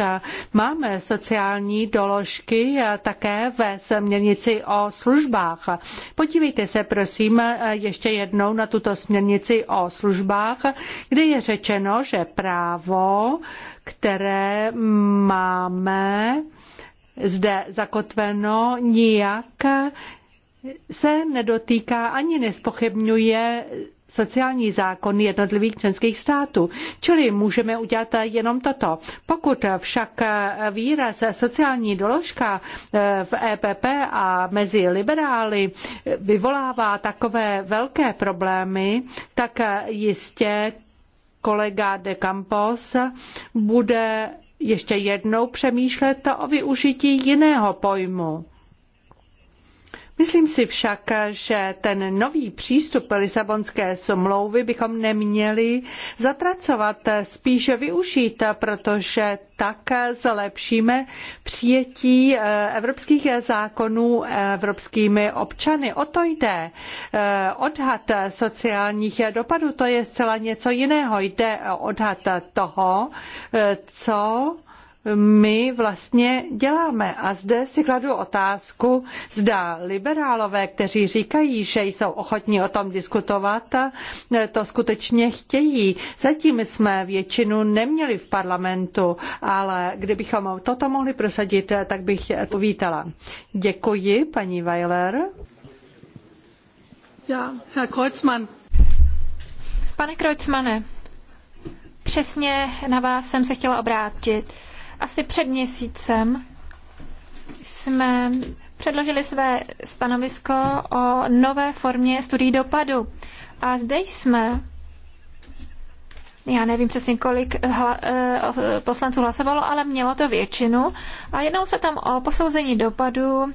Máme sociální doložky také ve směrnici o službách. Podívejte se prosím ještě jednou na tuto směrnici o službách, kde je řečeno, že právo, které máme zde zakotveno, nijak se nedotýká ani nespochybňuje sociální zákon jednotlivých členských států. Čili můžeme udělat jenom toto. Pokud však výraz sociální doložka eh, v EPP a mezi liberály vyvolává takové velké problémy, tak jistě kolega de Campos bude ještě jednou přemýšlet o využití jiného pojmu. Myslím si však, že ten nový přístup Lisabonské smlouvy bychom neměli zatracovat, spíše využít, protože tak zlepšíme přijetí eh, evropských zákonů evropskými občany. O to jde. Eh, odhad sociálních dopadů, to je zcela něco jiného. Jde o odhad toho, eh, co my vlastně děláme. A zde si kladu otázku, zda liberálové, kteří říkají, že jsou ochotní o tom diskutovat, to skutečně chtějí. Zatím jsme většinu neměli v parlamentu, ale kdybychom toto mohli prosadit, tak bych to vítala. Děkuji, paní Weiler. Ja, Herr Kreuzmann. Pane Kreuzmane, přesně na vás jsem se chtěla obrátit. Asi před měsícem jsme předložili své stanovisko o nové formě studií dopadu. A zde jsme, já nevím přesně, kolik hla, eh, poslanců hlasovalo, ale mělo to většinu. A jednalo se tam o posouzení dopadu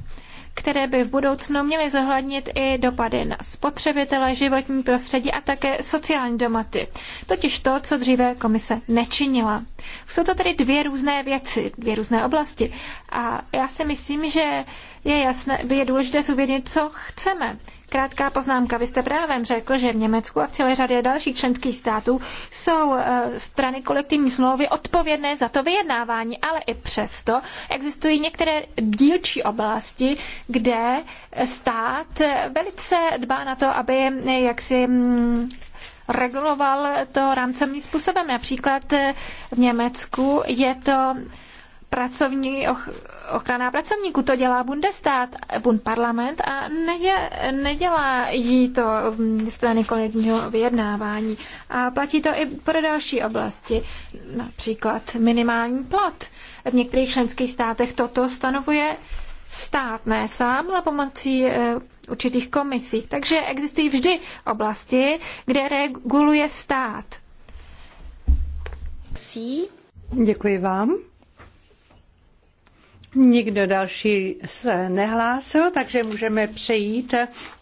které by v budoucnu měly zohlednit i dopady na spotřebitele, životní prostředí a také sociální domaty. Totiž to, co dříve komise nečinila. Jsou to tedy dvě různé věci, dvě různé oblasti. A já si myslím, že je jasné, je důležité si uvědomit, co chceme. Krátká poznámka. Vy jste právě řekl, že v Německu a v celé řadě dalších členských států jsou eh, strany kolektivní smlouvy odpovědné za to vyjednávání, ale i přesto existují některé dílčí oblasti, kde stát eh, velice dbá na to, aby eh, jaksi mm, reguloval to rámcovým způsobem. Například v Německu je to pracovní och- ochrana pracovníků. To dělá Bundestát, Bund parlament a nedě, nedělá jí to strany kolektivního vyjednávání. A platí to i pro další oblasti, například minimální plat. V některých členských státech toto stanovuje stát, ne sám, ale pomocí eh, určitých komisí. Takže existují vždy oblasti, kde reguluje stát. Děkuji vám. Nikdo další se nehlásil, takže můžeme přejít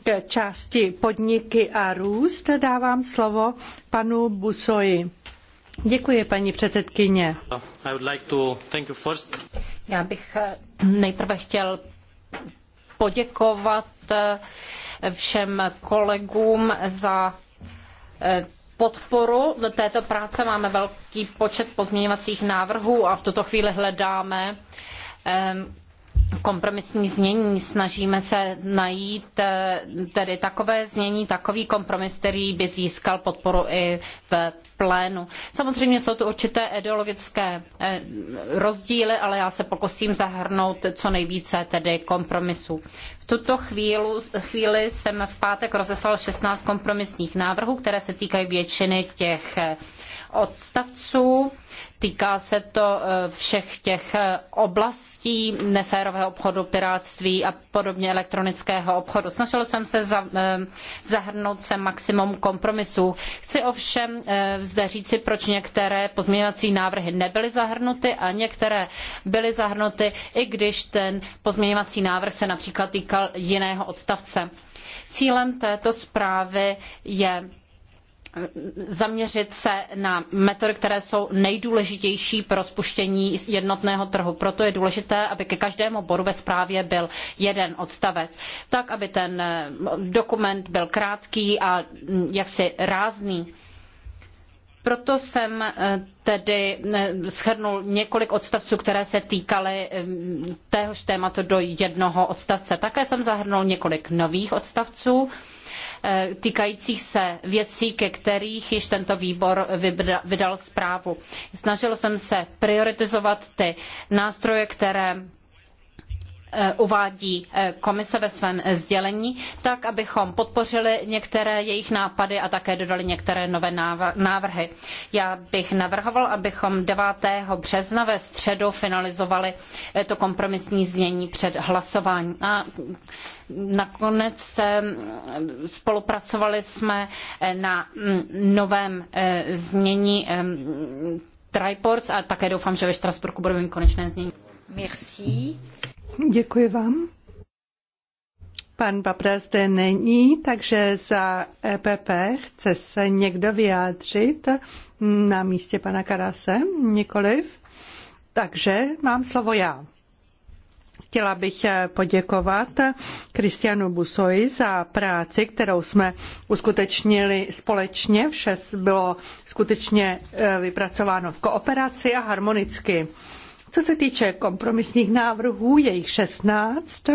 k části podniky a růst. Dávám slovo panu Busoji. Děkuji, paní předsedkyně. Já bych eh, nejprve chtěl poděkovat eh, všem kolegům za eh, podporu do této práce. Máme velký počet pozměňovacích návrhů a v tuto chvíli hledáme kompromisní znění. Snažíme se najít eh, tedy takové znění, takový kompromis, který by získal podporu i v plénu. Samozřejmě jsou tu určité ideologické eh, rozdíly, ale já se pokusím zahrnout co nejvíce tedy kompromisů. V tuto chvíli, chvíli jsem v pátek rozeslal 16 kompromisních návrhů, které se týkají většiny těch eh, odstavců. Týká se to e, všech těch e, oblastí neférového obchodu, pirátství a podobně elektronického obchodu. Snažil jsem se e, zahrnout sem maximum kompromisů. Chci ovšem zde říci, proč některé pozměňovací návrhy nebyly zahrnuty a některé byly zahrnuty, i když ten pozměňovací návrh se například týkal jiného odstavce. Cílem této zprávy je zaměřit se na metody, které jsou nejdůležitější pro spuštění jednotného trhu. Proto je důležité, aby ke každému bodu ve zprávě byl jeden odstavec, tak aby ten eh, dokument byl krátký a mm, jaksi rázný. Proto jsem eh, tedy eh, schrnul několik odstavců, které se týkaly téhož tématu do jednoho odstavce. Také jsem zahrnul několik nových odstavců, Eh, týkajících se věcí, ke kterých již tento výbor vydal zprávu. Snažil jsem se prioritizovat ty nástroje, které Eh, uvádí eh, komise ve svém eh, sdělení, tak abychom podpořili některé jejich nápady a také dodali některé nové návrhy. Já bych navrhoval, abychom 9. března ve středu finalizovali to kompromisní znění před hlasováním. A nakonec spolupracovali jsme na mm, novém znění Triports a také doufám, že ve Štrasburku budeme mít konečné znění. Merci. Děkuji vám. Pan Babra zde není, takže za EPP chce se někdo vyjádřit na místě pana Karase? Nikoliv. Takže mám slovo já. Chtěla bych poděkovat Kristianu Busoji za práci, kterou jsme uskutečnili společně. Vše bylo skutečně eh, vypracováno v kooperaci a harmonicky. Co se týče kompromisních návrhů, je jich 16.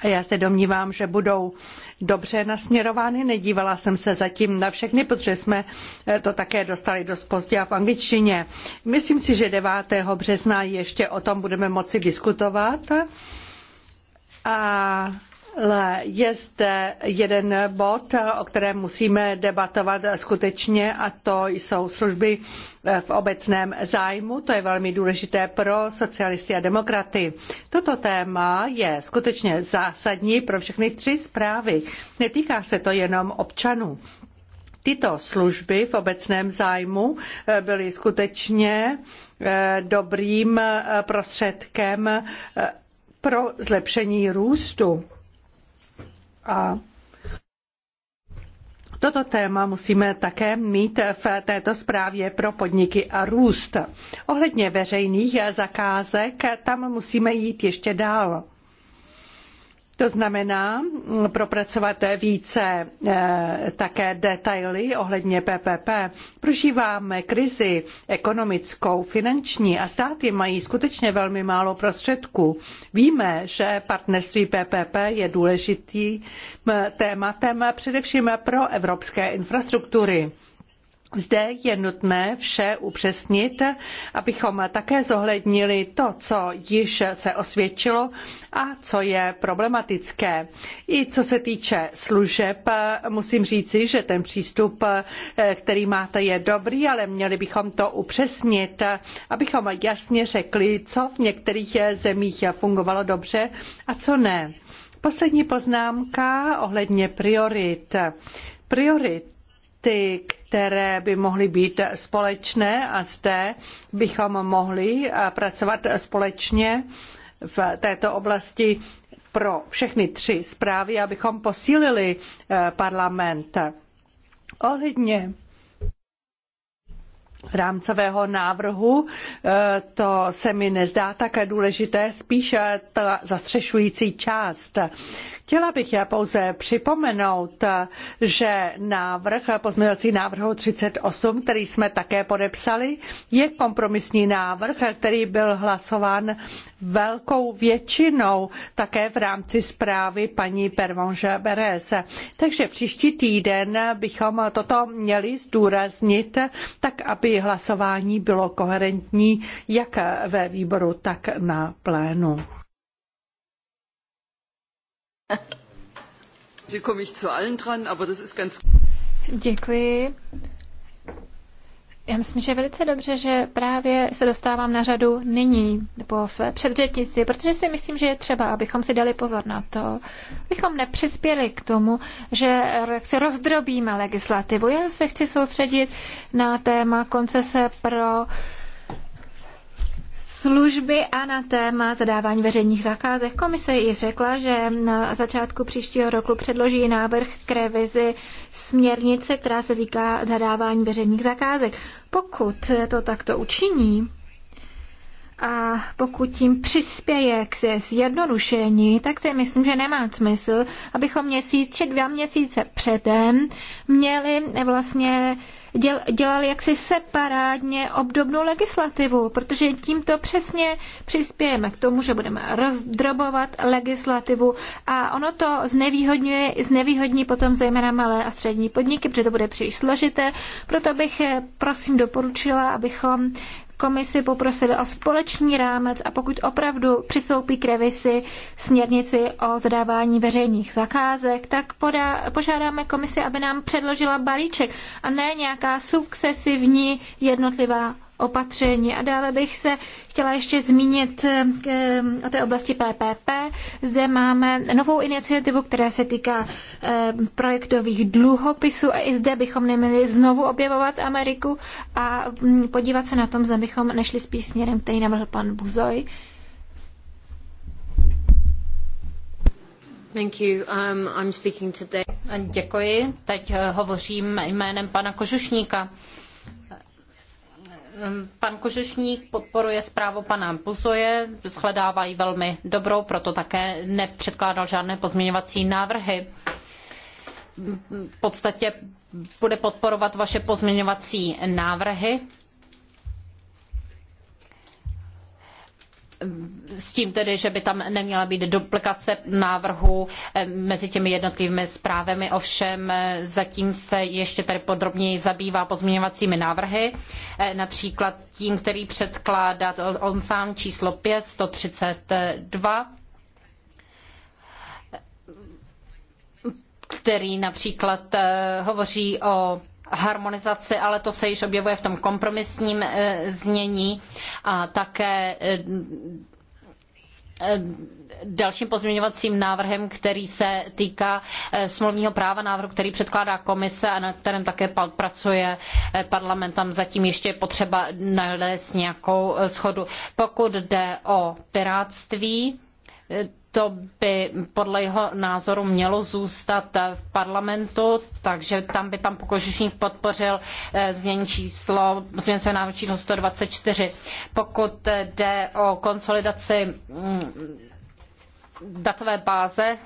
A já se domnívám, že budou dobře nasměrovány. Nedívala jsem se zatím na všechny, protože jsme eh, to také dostali dost pozdě a v angličtině. Myslím si, že 9. března ještě o tom budeme moci diskutovat. A je zde jeden bod, o kterém musíme debatovat skutečně, a to jsou služby eh, v obecném zájmu. To je velmi důležité pro socialisty a demokraty. Toto téma je skutečně zásadní pro všechny tři zprávy. Netýká se to jenom občanů. Tyto služby v obecném zájmu eh, byly skutečně eh, dobrým prostředkem pro zlepšení růstu. A Toto téma musíme také mít v této zprávě pro podniky a růst. Ohledně veřejných zakázek, tam musíme jít ještě dál. To znamená mm, propracovat více eh, také detaily ohledně PPP. Prožíváme krizi ekonomickou, finanční a státy mají skutečně velmi málo prostředků. Víme, že partnerství PPP je důležitým eh, tématem především pro evropské infrastruktury. Zde je nutné vše upřesnit, abychom také zohlednili to, co již se osvědčilo a co je problematické. I co se týče služeb, musím říci, že ten přístup, který máte, je dobrý, ale měli bychom to upřesnit, abychom jasně řekli, co v některých zemích fungovalo dobře a co ne. Poslední poznámka ohledně priorit. Priorit ty, které by mohly být společné a zde bychom mohli eh, pracovat společně v této oblasti pro všechny tři zprávy, abychom posílili eh, parlament. Ohledně rámcového návrhu. E, to se mi nezdá tak důležité, spíše ta zastřešující část. Chtěla bych já pouze připomenout, že návrh, pozměňovací návrhu 38, který jsme také podepsali, je kompromisní návrh, který byl hlasován velkou většinou také v rámci zprávy paní Pervonže Beres. Takže příští týden bychom toto měli zdůraznit, tak aby hlasování bylo koherentní jak ve výboru, tak na plénu. Děkuji. Já myslím, že je velice dobře, že právě se dostávám na řadu nyní po své předřetnici, protože si myslím, že je třeba, abychom si dali pozor na to, abychom nepřispěli k tomu, že se rozdrobíme legislativu. Já se chci soustředit na téma koncese pro uh, služby a na téma zadávání veřejných zakázek. Komise ji řekla, že na začátku příštího roku předloží návrh k revizi směrnice, která se týká zadávání veřejných zakázek. Pokud to takto učiní, a pokud tím přispěje k zjednodušení, tak si myslím, že nemá smysl, abychom měsíc či dva měsíce předem měli eh, vlastně děl, dělali jaksi separátně obdobnou legislativu, protože tímto přesně přispějeme k tomu, že budeme rozdrobovat legislativu a ono to znevýhodňuje, znevýhodní potom zejména malé a střední podniky, protože to bude příliš složité. Proto bych eh, prosím doporučila, abychom komisi poprosili o společný rámec a pokud opravdu přistoupí k revisi směrnici o zadávání veřejných zakázek, tak požádáme komisi, aby nám předložila balíček a ne nějaká sukcesivní jednotlivá opatření. A dále bych se chtěla ještě zmínit eh, eh, o té oblasti PPP. Zde máme novou iniciativu, která se týká eh, projektových dluhopisů a i zde bychom neměli znovu objevovat Ameriku a mm, podívat se na tom, zda bychom nešli spíš směrem, který navrhl pan Buzoj. Thank you. Um, I'm speaking today. Děkuji. Teď hovořím jménem pana Kožušníka. Ehm, pan Kožešník podporuje zprávu pana Buzoje, shledává ji velmi dobrou, proto také nepředkládal žádné pozměňovací návrhy. V podstatě bude podporovat vaše pozměňovací návrhy s tím tedy, že by tam neměla být duplikace návrhu eh, mezi těmi jednotlivými zprávami, ovšem eh, zatím se ještě tady podrobněji zabývá pozměňovacími návrhy, eh, například tím, který předkládá on sám číslo 5, 132, který například hovoří o harmonizaci, ale to se již objevuje v tom kompromisním eh, znění a také eh, eh, dalším pozměňovacím návrhem, který se týká smluvního práva návrhu, který předkládá komise a na kterém také pracuje parlament. Tam zatím ještě je potřeba nalézt nějakou schodu. Pokud jde o piráctví, to by podle jeho názoru mělo zůstat v parlamentu, takže tam by pan Pokožušník podpořil eh, změn číslo, změnce návrh číslo 124. Pokud eh, jde o konsolidaci mm, datové báze,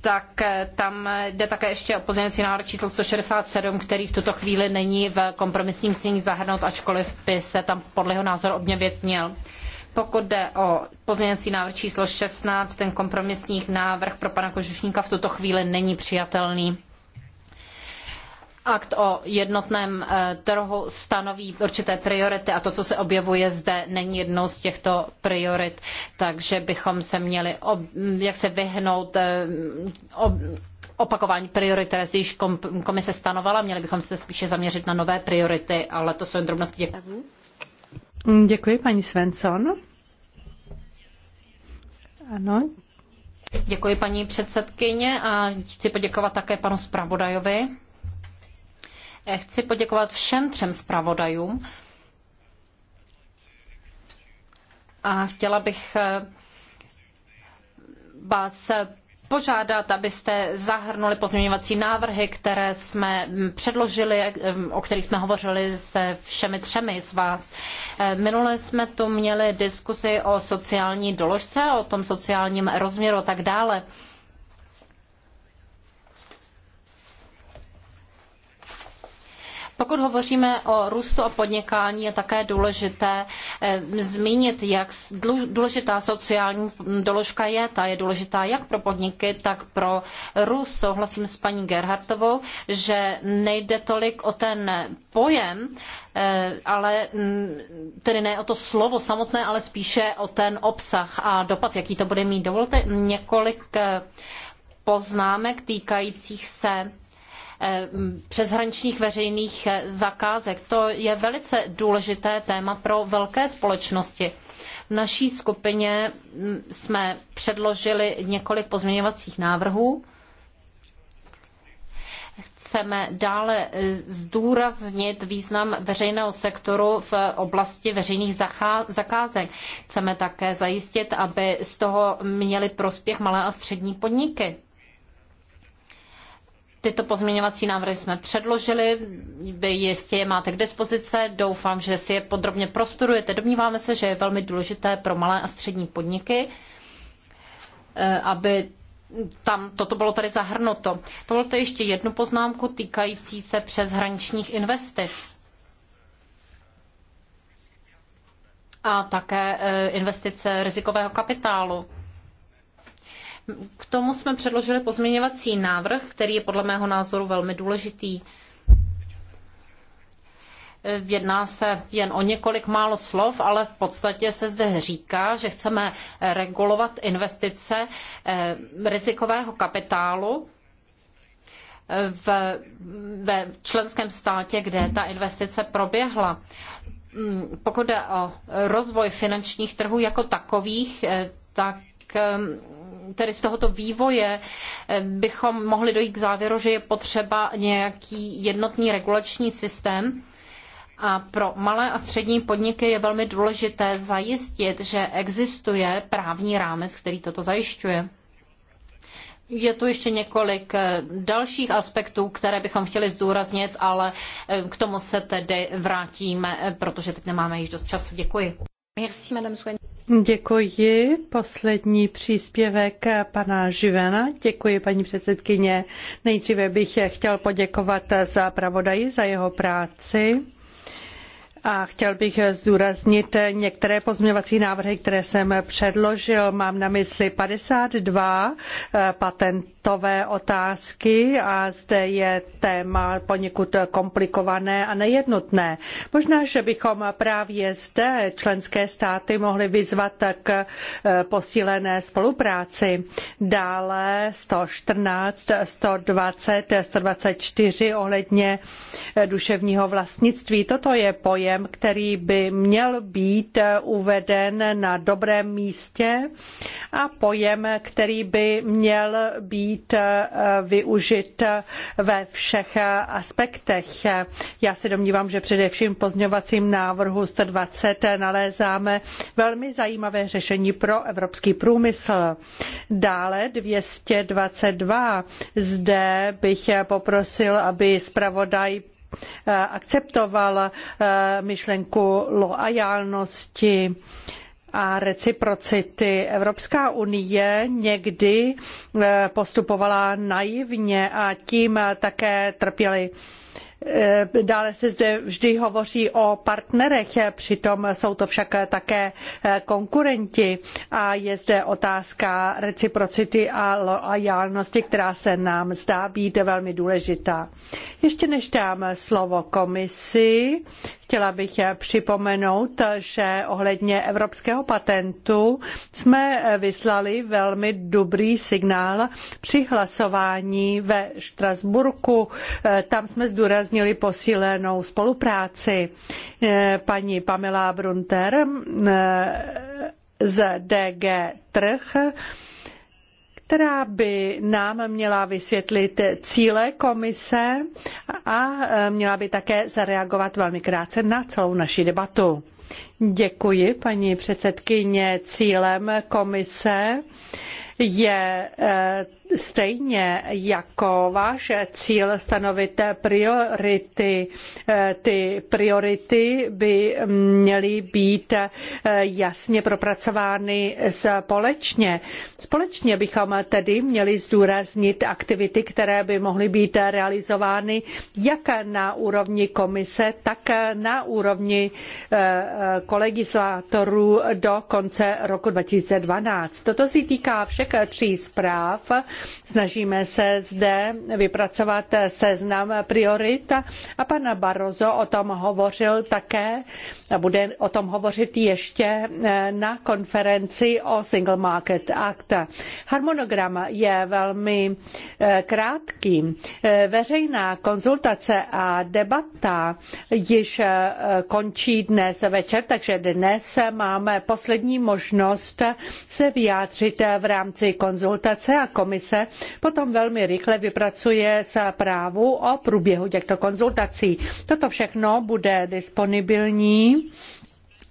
tak eh, tam jde také ještě o pozměňovací návrh číslo 167, který v tuto chvíli není v kompromisním snění zahrnout, ačkoliv by se tam podle jeho názoru obněvět měl. Pokud jde o pozměňovací návrh číslo 16, ten kompromisní návrh pro pana Kožušníka v tuto chvíli není přijatelný. Akt o jednotném eh, trhu stanoví určité priority a to, co se objevuje zde, není jednou z těchto priorit, takže bychom se měli, ob, jak se vyhnout eh, ob, opakování priorit, které si již komise stanovala, měli bychom se spíše zaměřit na nové priority, ale to jsou jen drobnosti. Děkuji. Mm, děkuji, paní Svensson. Ano. Děkuji, paní předsedkyně, a chci poděkovat také panu zpravodajovi. Eh, chci poděkovat všem třem zpravodajům. A chtěla bych eh, vás požádat, abyste zahrnuli pozměňovací návrhy, které jsme předložili, o kterých jsme hovořili se všemi třemi z vás. Minule jsme tu měli diskusi o sociální doložce, o tom sociálním rozměru a tak dále. Pokud hovoříme o růstu a podnikání, je také důležité eh, zmínit, jak důležitá sociální doložka je. Ta je důležitá jak pro podniky, tak pro růst. Souhlasím s paní Gerhartovou, že nejde tolik o ten pojem, eh, ale mm, tedy ne o to slovo samotné, ale spíše o ten obsah a dopad, jaký to bude mít. Dovolte několik eh, poznámek týkajících se Eh, přeshraničních veřejných eh, zakázek. To je velice důležité téma pro velké společnosti. V naší skupině jsme předložili několik pozměňovacích návrhů. Chceme dále eh, zdůraznit význam veřejného sektoru v oblasti veřejných zakázek. Chceme také zajistit, aby z toho měly prospěch malé a střední podniky. Tyto pozměňovací návrhy jsme předložili, vy jistě je máte k dispozici, doufám, že si je podrobně prostudujete. Domníváme se, že je velmi důležité pro malé a střední podniky, eh, aby tam toto bylo tady zahrnuto. Dovolte ještě jednu poznámku týkající se přeshraničních investic. A také eh, investice rizikového kapitálu. K tomu jsme předložili pozměňovací návrh, který je podle mého názoru velmi důležitý. Jedná se jen o několik málo slov, ale v podstatě se zde říká, že chceme regulovat investice eh, rizikového kapitálu eh, v, ve členském státě, kde ta investice proběhla. Mm, pokud jde o rozvoj finančních trhů jako takových, eh, tak ehm, tedy z tohoto vývoje eh, bychom mohli dojít k závěru, že je potřeba nějaký jednotný regulační systém, a pro malé a střední podniky je velmi důležité zajistit, že existuje právní rámec, který toto zajišťuje. Je tu ještě několik eh, dalších aspektů, které bychom chtěli zdůraznit, ale eh, k tomu se tedy vrátíme, protože teď nemáme již dost času. Děkuji. Merci, Madame Soigny. Děkuji. Poslední příspěvek pana Živena. Děkuji, paní předsedkyně. Nejdříve bych chtěl poděkovat za pravodaji, za jeho práci a chtěl bych zdůraznit některé pozměňovací návrhy, které jsem předložil. Mám na mysli 52 patent platové otázky a zde je téma poněkud komplikované a nejednotné. Možná, že bychom právě zde členské státy mohli vyzvat k eh, posílené spolupráci. Dále 114, 120, 124 ohledně eh, duševního vlastnictví. Toto je pojem, který by měl být eh, uveden na dobrém místě a pojem, který by měl být být eh, využit eh, ve všech eh, aspektech. Já se domnívám, že především v pozňovacím návrhu 120 nalézáme velmi zajímavé řešení pro evropský průmysl. Dále 222. Zde bych poprosil, aby zpravodaj akceptoval myšlenku loajálnosti a reciprocity. Evropská unie někdy eh, postupovala naivně a tím také trpěli eh, Dále se zde vždy hovoří o partnerech, přitom jsou to však také eh, konkurenti a je zde otázka reciprocity a loajálnosti, která se nám zdá být velmi důležitá. Ještě než dám slovo komisi, Chtěla bych připomenout, že ohledně evropského patentu jsme vyslali velmi dobrý signál při hlasování ve Štrasburku. Tam jsme zdůraznili posílenou spolupráci. Paní Pamela Brunter z DG Trh která by nám měla vysvětlit cíle komise a měla by také zareagovat velmi krátce na celou naši debatu. Děkuji, paní předsedkyně. Cílem komise je eh, stejně jako váš cíl stanovit priority. Eh, ty priority by měly být eh, jasně propracovány společně. Společně bychom tedy měli zdůraznit aktivity, které by mohly být realizovány jak na úrovni komise, tak na úrovni kolegislátorů do konce roku 2012. Toto se týká všech tří zpráv. Snažíme se zde vypracovat seznam priorit a pan Barroso o tom hovořil také a bude o tom hovořit ještě eh, na konferenci o Single Market Act. Harmonogram je velmi eh, krátký. Eh, veřejná konzultace a debata již končí dnes večer, takže dnes máme poslední možnost se vyjádřit v rámci konzultace a komise potom velmi rychle vypracuje zprávu o průběhu těchto konzultací. Toto všechno bude disponibilní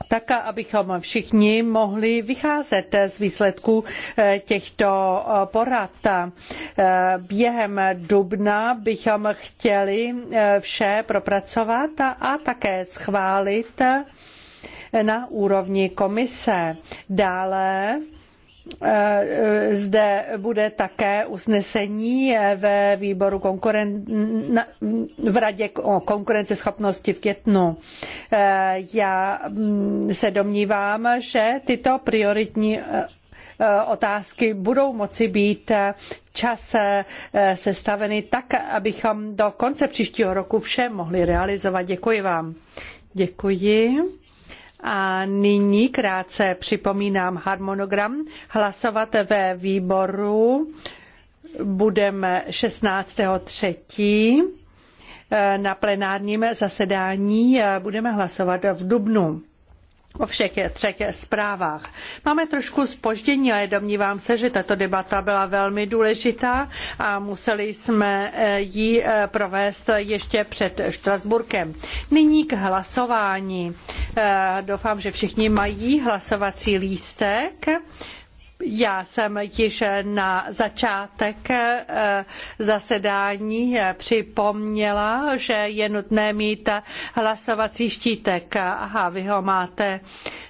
tak abychom všichni mohli vycházet z výsledků eh, těchto eh, porad. Eh, během dubna bychom chtěli vše propracovat a také schválit na úrovni komise. Dále eh, eh, zde bude také usnesení eh, ve výboru konkuren... v radě o konkurenceschopnosti v květnu. Já mm, se domnívám, že tyto prioritní otázky budou moci být čas sestaveny tak, abychom do konce příštího roku vše mohli realizovat. Děkuji vám. Děkuji. A nyní krátce připomínám harmonogram. Hlasovat ve výboru budeme 16.3. Na plenárním zasedání eh, budeme hlasovat v Dubnu o všech třech zprávách. Máme trošku spoždění, ale domnívám se, že tato debata byla velmi důležitá a museli jsme eh, ji eh, provést ještě před Štrasburkem. Nyní k hlasování. Eh, doufám, že všichni mají hlasovací lístek. Já jsem již na začátek eh, zasedání eh, připomněla, že je nutné mít hlasovací štítek. Aha, vy ho máte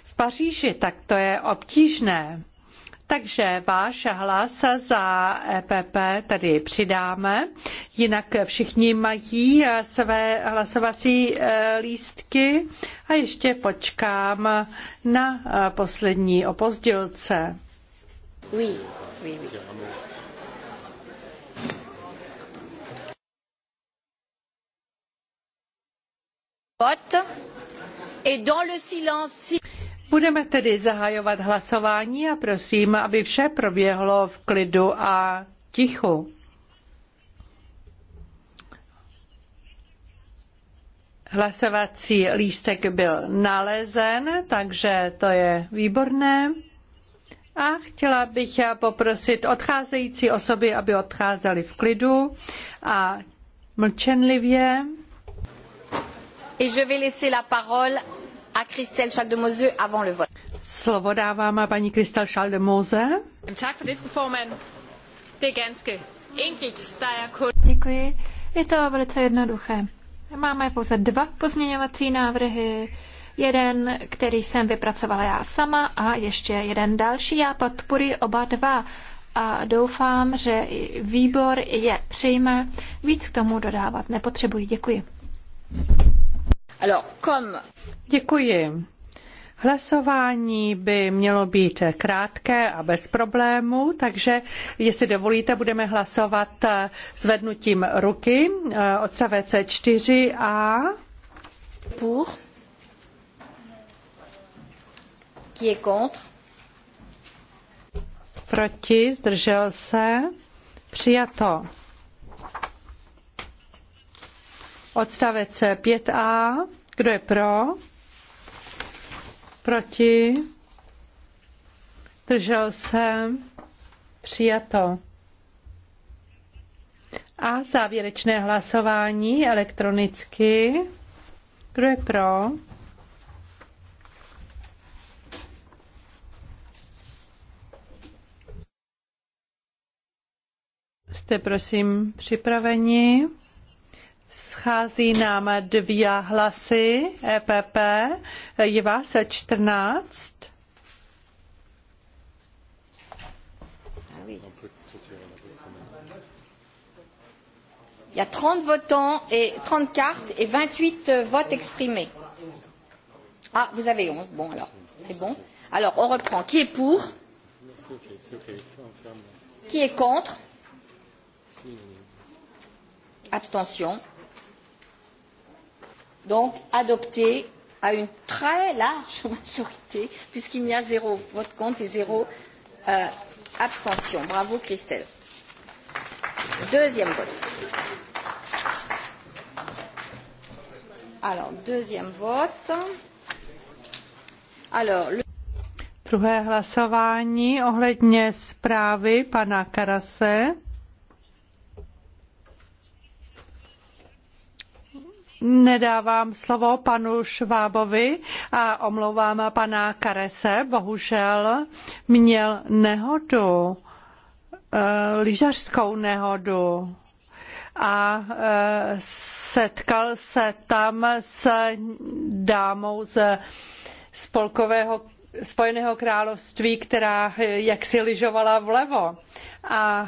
v Paříži, tak to je obtížné. Takže váš hlas za EPP tady přidáme, jinak všichni mají eh, své hlasovací lístky a ještě počkám na poslední opozdělce. Oui, oui, oui. Budeme tedy zahajovat hlasování a prosím, aby vše proběhlo v klidu a tichu. Hlasovací lístek byl nalezen, takže to je výborné. A chtěla bych poprosit odcházející osoby, aby odcházely v klidu a mlčenlivě. Et je vais laisser la parole à Christelle Charles de Chaldemose avant le vote. Slovo dávám paní Christelle Charles de Schaldemose. Tak for det, formand. Det er ganske enkelt. Der er kun... Děkuji. Je to velice jednoduché. Máme pouze dva pozměňovací návrhy jeden, který jsem vypracovala já sama a ještě jeden další. Já podporuji oba dva a doufám, že výbor je přijme. Víc k tomu dodávat nepotřebuji. Děkuji. Děkuji. Hlasování by mělo být krátké a bez problémů, takže jestli dovolíte, budeme hlasovat eh, zvednutím ruky eh, odstavec 4a. Pour. Qui est contre? Proti, zdržel se. Přijato. Odstavec 5a. Kdo je pro? Proti? Držel se? Přijato. A závěrečné hlasování elektronicky. Kdo je pro? Jste prosím připraveni? Schází nám dvě hlasy EPP. Je vás 14. Il y a 30 votants et 30 cartes et 28 euh, votes exprimés. Ah, vous avez 11. Bon, alors, c'est bon. Alors, on reprend. Qui est pour Qui est contre Abstention. Donc adopté à une très large majorité, puisqu'il n'y a zéro vote contre et zéro euh, abstention. Bravo Christelle. Deuxième vote. Alors, deuxième vote. Alors, le... Druhé hlasování ohledně zprávy pana Karase. nedávám slovo panu Švábovi a omlouvám pana Karese. Bohužel měl nehodu, eh, lyžařskou nehodu a eh, setkal se tam s dámou z spolkového Spojeného království, která eh, jaksi lyžovala vlevo. A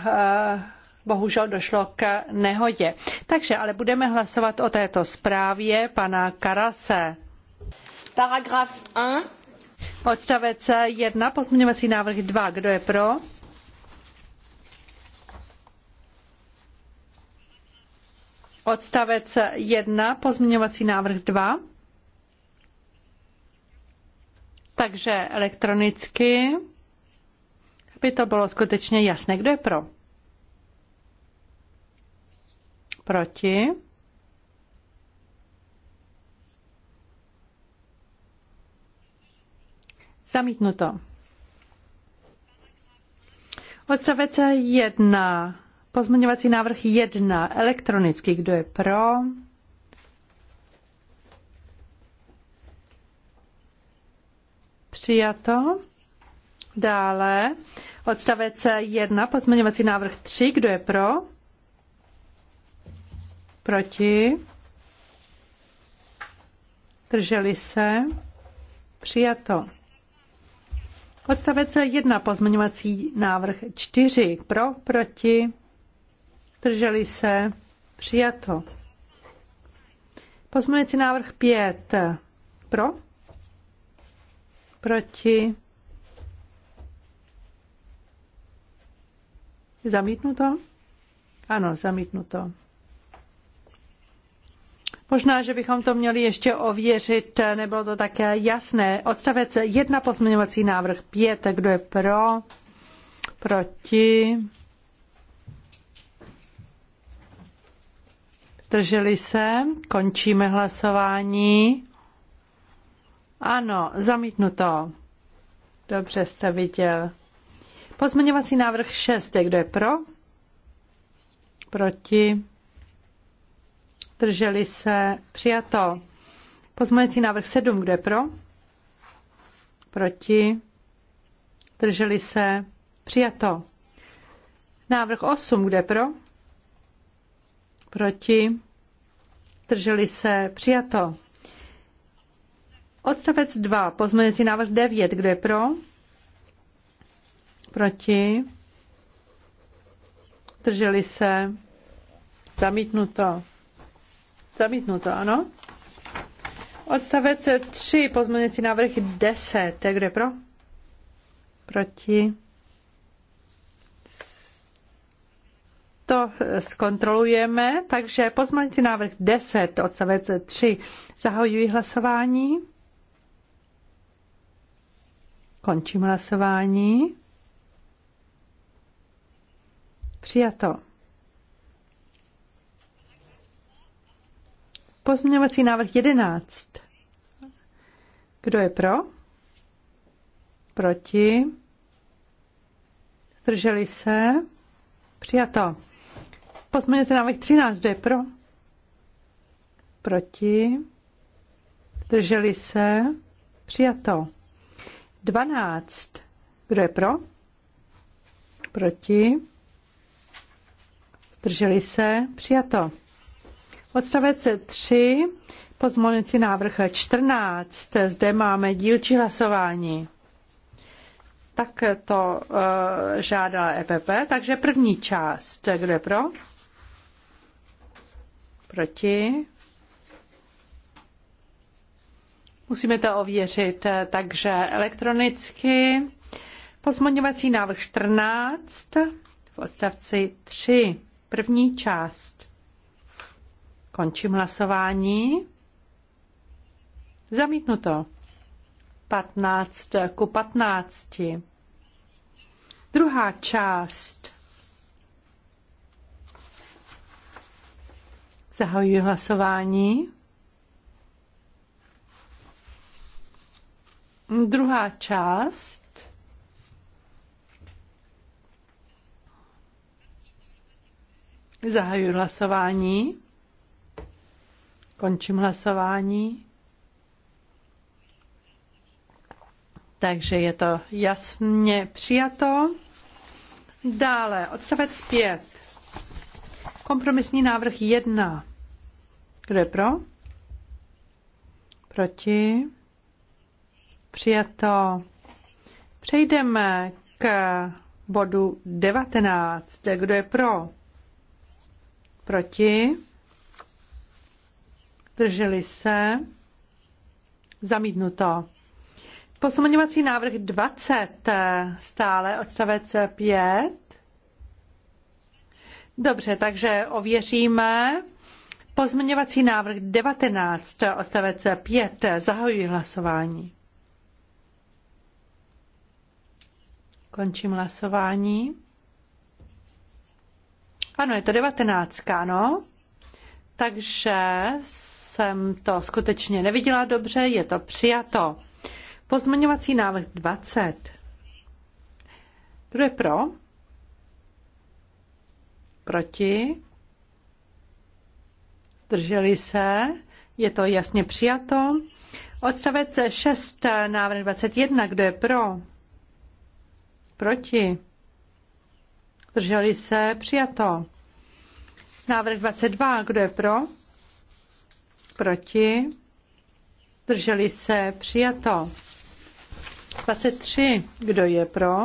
bohužel došlo k nehodě. Takže ale budeme hlasovat o této zprávě pana Karase. Paragraf 1. Odstavec 1, pozměňovací návrh 2. Kdo je pro? Odstavec 1, pozměňovací návrh 2. Takže elektronicky, aby to bylo skutečně jasné, kdo je pro. Proti? Zamítnuto. Odstavec 1. Pozměňovací návrh 1. Elektronicky. Kdo je pro? Přijato. Dále. Odstavec 1. Pozměňovací návrh 3. Kdo je pro? Proti? Drželi se? Přijato. Odstavec 1, pozměňovací návrh 4. Pro, proti, drželi se, přijato. Pozměňovací návrh 5. Pro, proti, zamítnuto? Ano, zamítnuto. Možná, že bychom to měli ještě ověřit, nebylo to také jasné. Odstavec jedna pozměňovací návrh pět, kdo je pro, proti, drželi se, končíme hlasování. Ano, zamítnuto. Dobře jste viděl. Pozměňovací návrh 6, kdo je pro? Proti? zdrželi se? Přijato. Pozměňující návrh 7. Kdo je pro? Proti? Drželi se? Přijato. Návrh 8. kde pro? Proti? Drželi se? Přijato. Odstavec 2. pozměňující návrh 9. Kdo je pro? Proti? Drželi se? Zamítnuto. Zamítnuto, ano. Odstavec 3, pozměňující návrh 10. Kdo je pro? Proti. To eh, zkontrolujeme, takže pozměňující návrh 10, odstavec 3. Zahajuji hlasování. Končím hlasování. Přijato. Pozměňovací návrh 11. Kdo je pro? Proti? Zdrželi se? Přijato. Pozměňovací návrh 13. Kdo je pro? Proti? Zdrželi se? Přijato. 12. Kdo je pro? Proti? Zdrželi se? Přijato. Odstavec 3, pozmolnici návrh 14. Zde máme dílčí hlasování. Tak to uh, eh, žádala EPP. Takže první část. Kdo je pro? Proti? Musíme to ověřit, eh, takže elektronicky. Pozmoňovací návrh 14 v odstavci 3, první část. Končím hlasování. Zamítnuto. 15 ku 15. Druhá část. Zahajuji hlasování. Druhá část. Zahajuji hlasování. Končím hlasování. Takže je to jasně přijato. Dále, odstavec 5. Kompromisní návrh 1. Kdo je pro? Proti? Přijato. Přejdeme k bodu 19. Kdo je pro? Proti? zdrželi se, zamítnuto. Posmaňovací návrh 20, eh, stále odstavec 5. Dobře, takže ověříme. Pozměňovací návrh 19, odstavec 5. Zahajuji hlasování. Končím hlasování. Ano, je to 19, ano. Takže jsem to skutečně neviděla dobře, je to přijato. Pozměňovací návrh 20. Kdo je pro? Proti? Drželi se? Je to jasně přijato. Odstavec 6, návrh 21. Kdo je pro? Proti? Drželi se? Přijato. Návrh 22. Kdo je pro? proti, drželi se, přijato. 23, kdo je pro,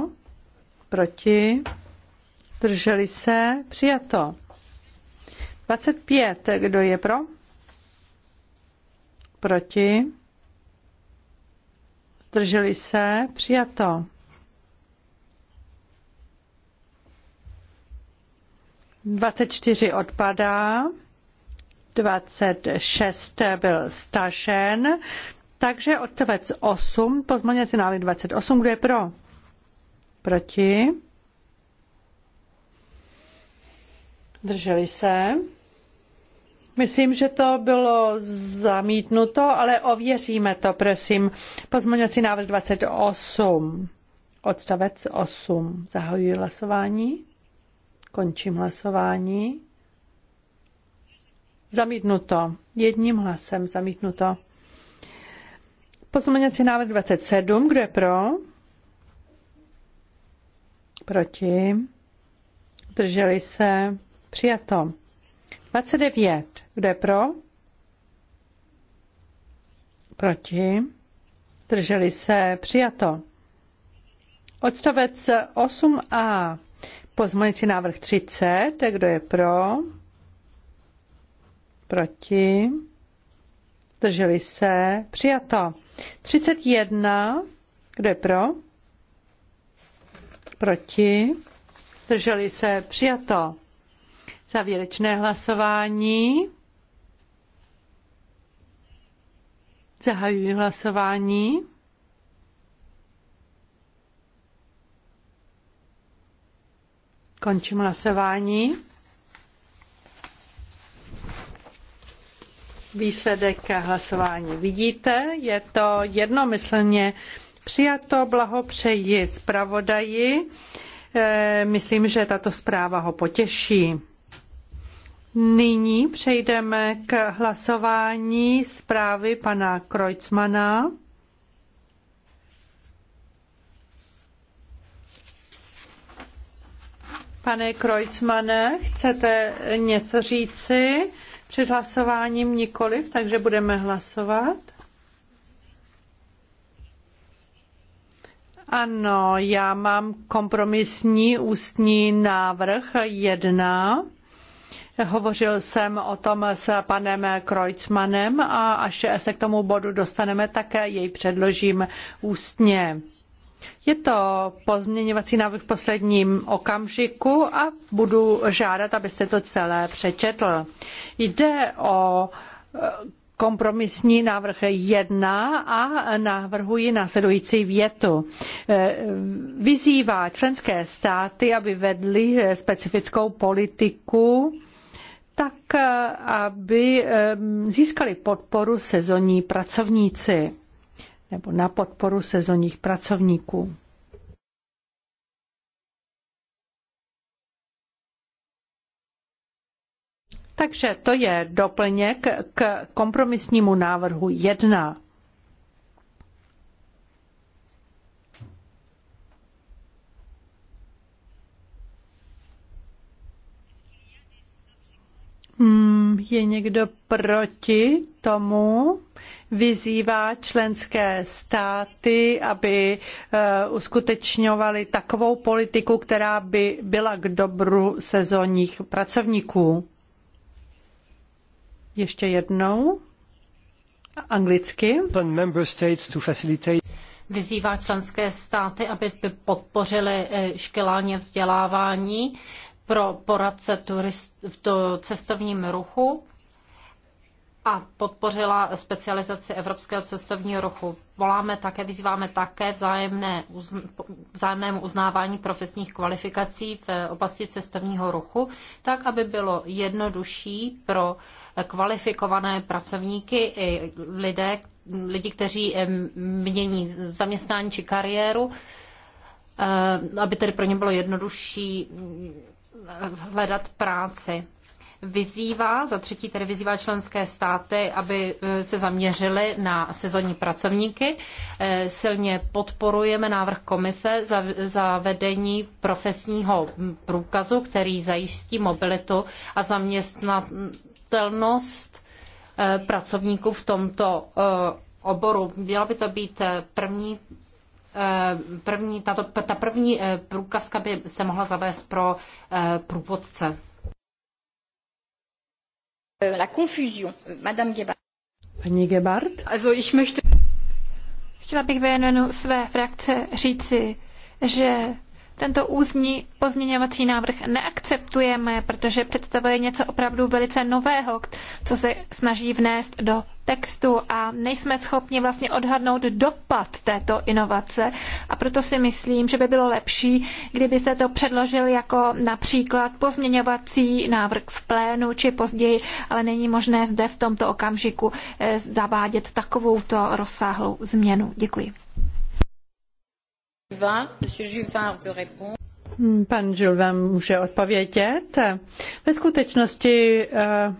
proti, drželi se, přijato. 25, kdo je pro, proti, drželi se, přijato. Dvacet čtyři odpadá, 26 byl stažen, takže odstavec 8, pozměňovací návrh 28, kdo je pro? Proti? Drželi se. Myslím, že to bylo zamítnuto, ale ověříme to, prosím. Pozměňovací návrh 28, odstavec 8. Zahajuji hlasování. Končím hlasování. Zamítnuto. Jedním hlasem zamítnuto. Pozměňovací návrh 27. Kdo je pro? Proti? Drželi se? Přijato. 29. Kdo je pro? Proti? Drželi se? Přijato. Odstavec 8a. Pozměňovací návrh 30. Kdo je pro? Proti? Zdrželi se? Přijato. 31. Kdo je pro? Proti? Zdrželi se? Přijato. Závěrečné hlasování. Zahajuji hlasování. Končím hlasování. Výsledek hlasování vidíte, je to jednomyslně přijato, blahopřeji zpravodaji. E, myslím, že tato zpráva ho potěší. Nyní přejdeme k hlasování zprávy pana Kreutzmana. Pane Kreutzmane, chcete něco říci? Před hlasováním nikoliv, takže budeme hlasovat. Ano, já mám kompromisní ústní návrh jedna. Hovořil jsem o tom s panem Kreutzmanem a až se k tomu bodu dostaneme, tak jej předložím ústně. Je to pozměňovací návrh v posledním okamžiku a budu žádat, abyste to celé přečetl. Jde o eh, kompromisní návrh 1 a navrhuji následující větu. Eh, vyzývá členské státy, aby vedly eh, specifickou politiku tak, aby získali podporu sezonní pracovníci nebo na podporu sezónních pracovníků. Takže to je doplněk k kompromisnímu návrhu 1. Mm, je někdo proti tomu? Vyzývá členské státy, aby eh, uskutečňovali takovou politiku, která by byla k dobru sezónních pracovníků. Ještě jednou. Anglicky. Vyzývá členské státy, aby podpořili eh, školání vzdělávání pro poradce turist, v to cestovním ruchu a podpořila specializaci evropského cestovního ruchu. Voláme také, vyzýváme také vzájemné, vzájemnému uznávání profesních kvalifikací v oblasti cestovního ruchu, tak, aby bylo jednodušší pro kvalifikované pracovníky i lidé, lidi, kteří eh, mění zaměstnání či kariéru, eh, aby tedy pro ně bylo jednodušší hledat práci. Vyzývá, za třetí tedy vyzývá členské státy, aby e, se zaměřili na sezonní pracovníky. E, silně podporujeme návrh komise za, za vedení profesního průkazu, který zajistí mobilitu a zaměstnatelnost e, pracovníků v tomto oboru. Měla by to být první Eh, první, tato, ta první eh, průkazka by se mohla zavést pro eh, průvodce. Euh, la confusion. Madame Gebhardt. Paní Gebhardt? Also ich möchte... Chtěla bych ve jménu své frakce říci, že tento úzní pozměňovací návrh neakceptujeme, protože představuje něco opravdu velice nového, co se snaží vnést do textu a nejsme schopni vlastně odhadnout dopad této inovace a proto si myslím, že by bylo lepší, kdybyste to předložil jako například pozměňovací návrh v plénu či později, ale není možné zde v tomto okamžiku eh, zavádět takovouto rozsáhlou změnu. Děkuji. Hmm, pan Žilvan může odpovědět. Ve skutečnosti eh,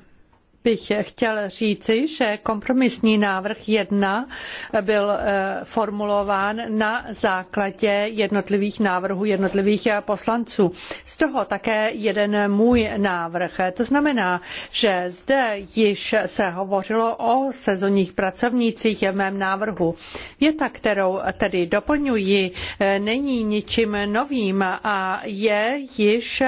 bych chtěl říci, že kompromisní návrh 1 byl eh, formulován na základě jednotlivých návrhů jednotlivých poslanců. Z toho také jeden můj návrh. To znamená, že zde již se hovořilo o sezónních pracovnících v mém návrhu. Věta, kterou tedy doplňuji, eh, není ničím novým a je již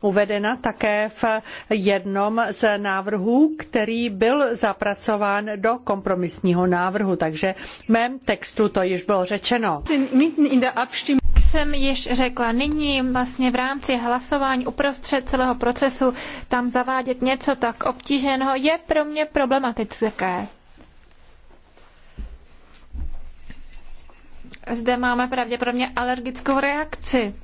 uvedena také v jednom z návrhů, který byl zapracován do kompromisního návrhu, takže v mém textu to již bylo řečeno. Jsem již řekla, nyní vlastně v rámci hlasování uprostřed celého procesu tam zavádět něco tak obtížného je pro mě problematické. Zde máme pravděpodobně alergickou reakci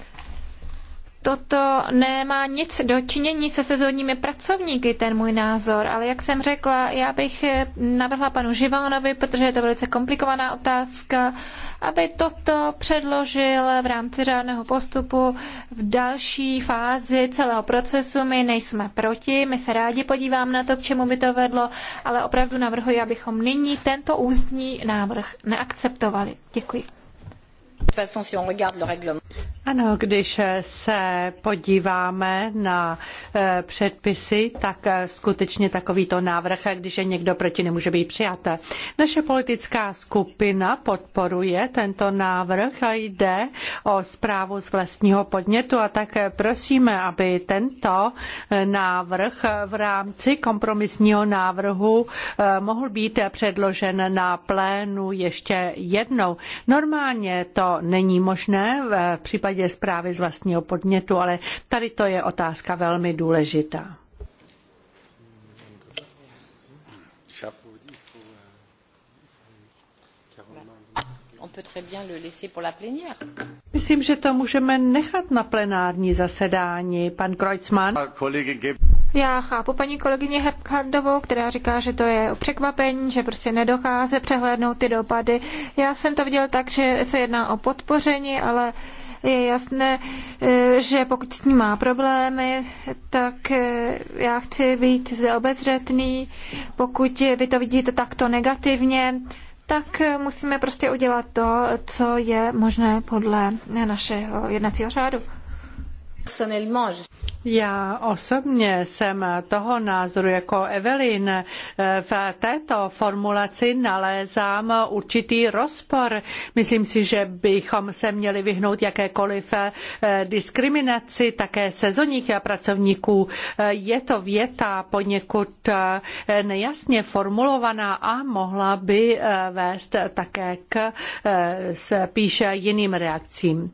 toto nemá nic dočinění se sezónními pracovníky, ten můj názor. Ale jak jsem řekla, já bych navrhla panu Živánovi, protože je to velice komplikovaná otázka, aby toto předložil v rámci řádného postupu v další fázi celého procesu. My nejsme proti, my se rádi podíváme na to, k čemu by to vedlo, ale opravdu navrhuji, abychom nyní tento ústní návrh neakceptovali. Děkuji façon, si on regarde le règlement. Ano, když se podíváme na eh, předpisy, tak eh, skutečně takovýto návrh, eh, když je někdo proti, nemůže být přijat. Naše politická skupina podporuje tento návrh a jde o zprávu z vlastního podnětu a tak prosíme, aby tento návrh v rámci kompromisního návrhu mohl být předložen na plénu ještě jednou. Normálně to není možné v případě zprávy z vlastního podnětu, ale tady to je otázka velmi důležitá. Myslím, že to můžeme nechat na plenární zasedání. Pan Kreutzmann. Já chápu paní kolegyně Hepkardovou, která říká, že to je překvapení, že prostě nedochází přehlédnout ty dopady. Já jsem to viděl tak, že se jedná o podpoření, ale je jasné, eh, že pokud s ním má problémy, tak eh, já chci být zde obezřetný. Pokud vy to vidíte takto negativně, tak eh, musíme prostě udělat to, co je možné podle našeho jednacího řádu. Já osobně jsem toho názoru jako Evelyn. Eh, v této formulaci nalézám určitý rozpor. Myslím si, že bychom se měli vyhnout jakékoliv eh, diskriminaci také sezonních pracovníků. Eh, je to věta poněkud nejasně formulovaná a mohla by vést také k spíše jiným reakcím.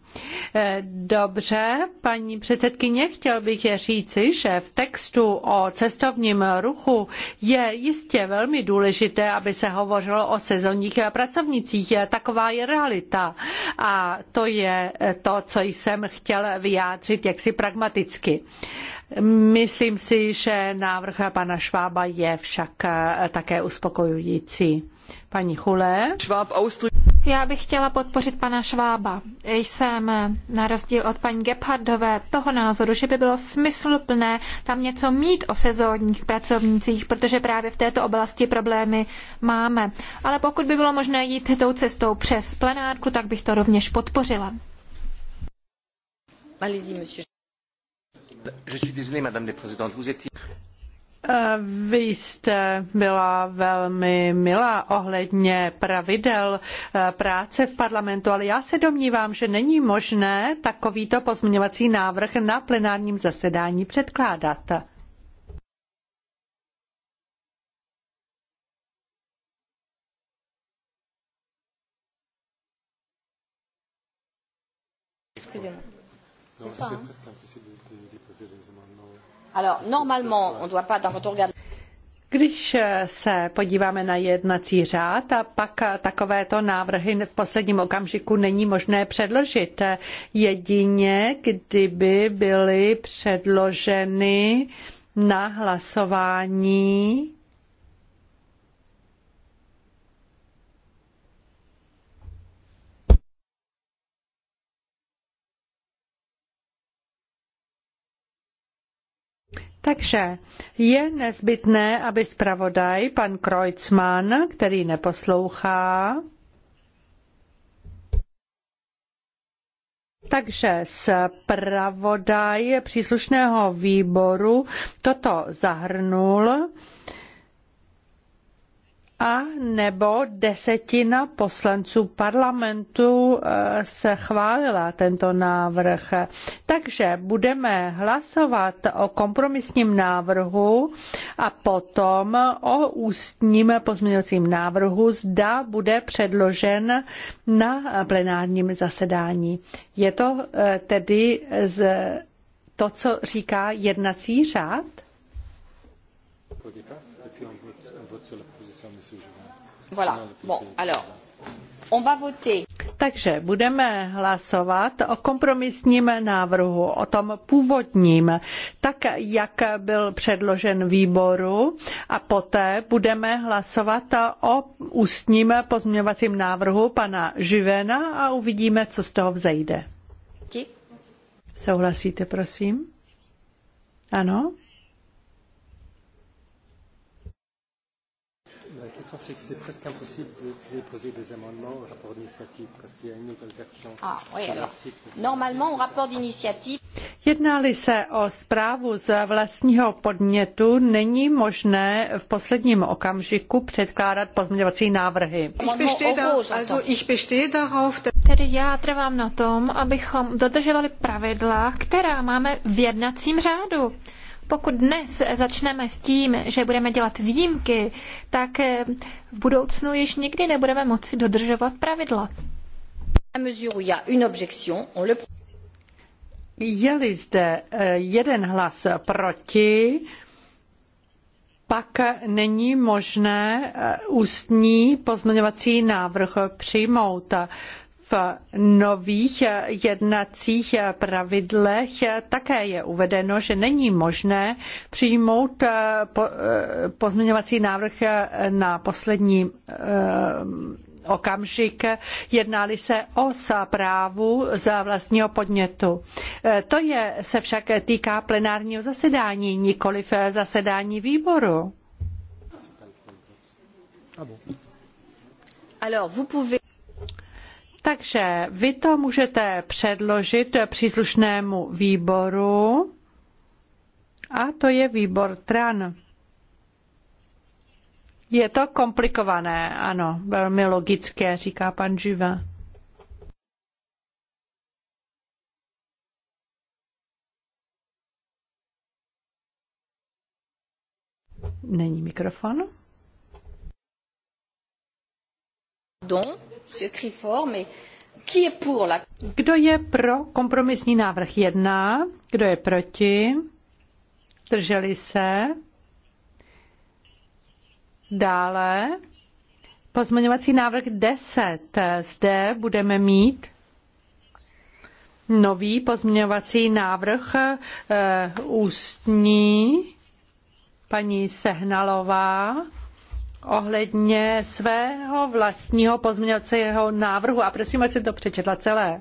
Dobře, paní předsedkyně, chtěl bych důležitě říci, že v textu o cestovním ruchu je jistě velmi důležité, aby se hovořilo o sezónních pracovnicích. Taková je realita. A to je to, co jsem chtěl vyjádřit jaksi pragmaticky. Myslím si, že návrh pana Švába je však také uspokojující. Paní Chulé. Já bych chtěla podpořit pana Švába. Jsem na rozdíl od paní Gebhardové toho názoru, že by bylo smysluplné tam něco mít o sezónních pracovnících, protože právě v této oblasti problémy máme. Ale pokud by bylo možné jít tou cestou přes plenárku, tak bych to rovněž podpořila. Eh, vy jste byla velmi milá ohledně pravidel eh, práce v parlamentu, ale já se domnívám, že není možné takovýto pozměňovací návrh na plenárním zasedání předkládat. Excusez-moi. Když se podíváme na jednací řád a pak takovéto návrhy v posledním okamžiku není možné předložit. Jedině, kdyby byly předloženy na hlasování Takže je nezbytné, aby zpravodaj, pan Kreutzmann, který neposlouchá, Takže zpravodaj příslušného výboru toto zahrnul a nebo desetina poslanců parlamentu eh, se chválila tento návrh. Takže budeme hlasovat o kompromisním návrhu a potom o ústním pozměňovacím návrhu, zda bude předložen na plenárním zasedání. Je to eh, tedy z to, co říká jednací řád? Voilà. Bon, alors, on va voter. Takže budeme hlasovat o kompromisním návrhu, o tom původním, tak jak byl předložen výboru a poté budeme hlasovat o ústním pozměňovacím návrhu pana Živena a uvidíme, co z toho vzejde. Souhlasíte, prosím? Ano? La question, c'est que c'est presque impossible de déposer des amendements au rapport d'initiative parce qu'il y a une nouvelle version ah, oui, de l'article. Normalement, au rapport d'initiative. Jedná-li se o zprávu z vlastního podnětu, není možné v posledním okamžiku předkládat pozměňovací návrhy. Tedy já trvám na tom, abychom dodržovali pravidla, která máme v jednacím řádu. Pokud dnes začneme s tím, že budeme dělat výjimky, tak eh, v budoucnu již nikdy nebudeme moci dodržovat pravidla. Je-li zde eh, jeden hlas proti, pak není možné eh, ústní pozměňovací návrh přijmout nových jednacích pravidlech také je uvedeno, že není možné přijmout pozměňovací návrh na poslední eh, okamžik jednali se o zprávu z vlastního podnětu. Eh, to je, se však týká plenárního zasedání, nikoliv zasedání výboru. Alors, vous pouvez... Takže vy to můžete předložit příslušnému výboru a to je výbor TRAN. Je to komplikované, ano, velmi logické, říká pan Živa. Není mikrofon. Don. Kdo je pro kompromisní návrh 1? Kdo je proti? Drželi se? Dále pozměňovací návrh 10. Zde budeme mít nový pozměňovací návrh eh, ústní paní Sehnalová ohledně svého vlastního pozměňovacího návrhu a prosím, aby to přečetla celé.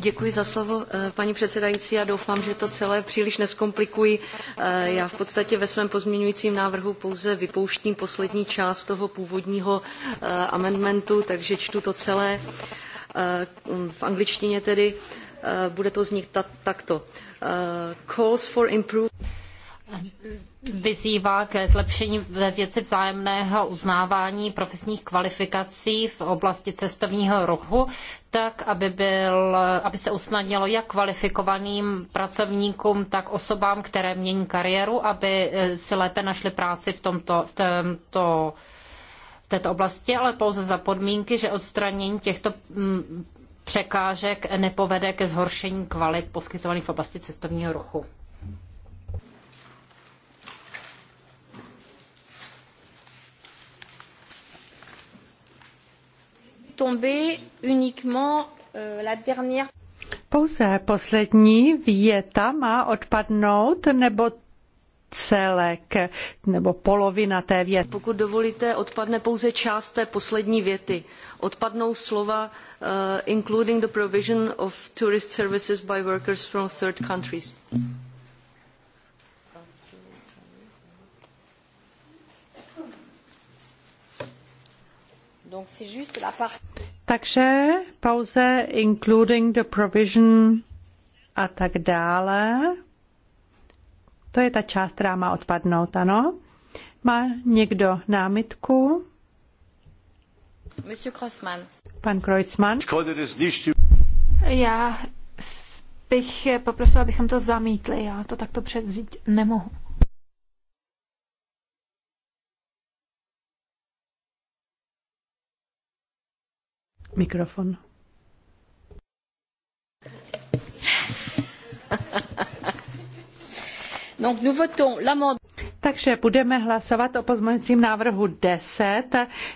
Děkuji za slovo, eh, paní předsedající. Já doufám, že to celé příliš neskomplikuji. Eh, já v podstatě ve svém pozměňujícím návrhu pouze vypouštím poslední část toho původního eh, amendmentu, takže čtu to celé mm, v angličtině tedy. Bude to znít takto. Calls for improvement vyzývá ke zlepšení ve věci vzájemného uznávání profesních kvalifikací v oblasti cestovního ruchu, tak aby, byl, aby se usnadnilo jak kvalifikovaným pracovníkům, tak osobám, které mění kariéru, aby eh, si lépe našli práci v tomto, v tomto v této oblasti, ale pouze za podmínky, že odstranění těchto mm, překážek nepovede ke zhoršení kvalit poskytovaných v oblasti cestovního ruchu. Euh, pouze poslední věta má odpadnout, nebo celek nebo polovina té věty. Pokud dovolíte, odpadne pouze část té poslední věty. Odpadnou slova uh, including the provision of tourist services by workers from third countries. Mm. Takže pauze including the provision a tak dále. To je ta část, která má odpadnout, ano. Má někdo námitku? Monsieur Crossman. Pan Kreuzmann. Já bych poprosila, abychom to zamítli. Já to takto převzít nemohu. Mikrofon. takže budeme hlasovat o pozměňujícím návrhu 10,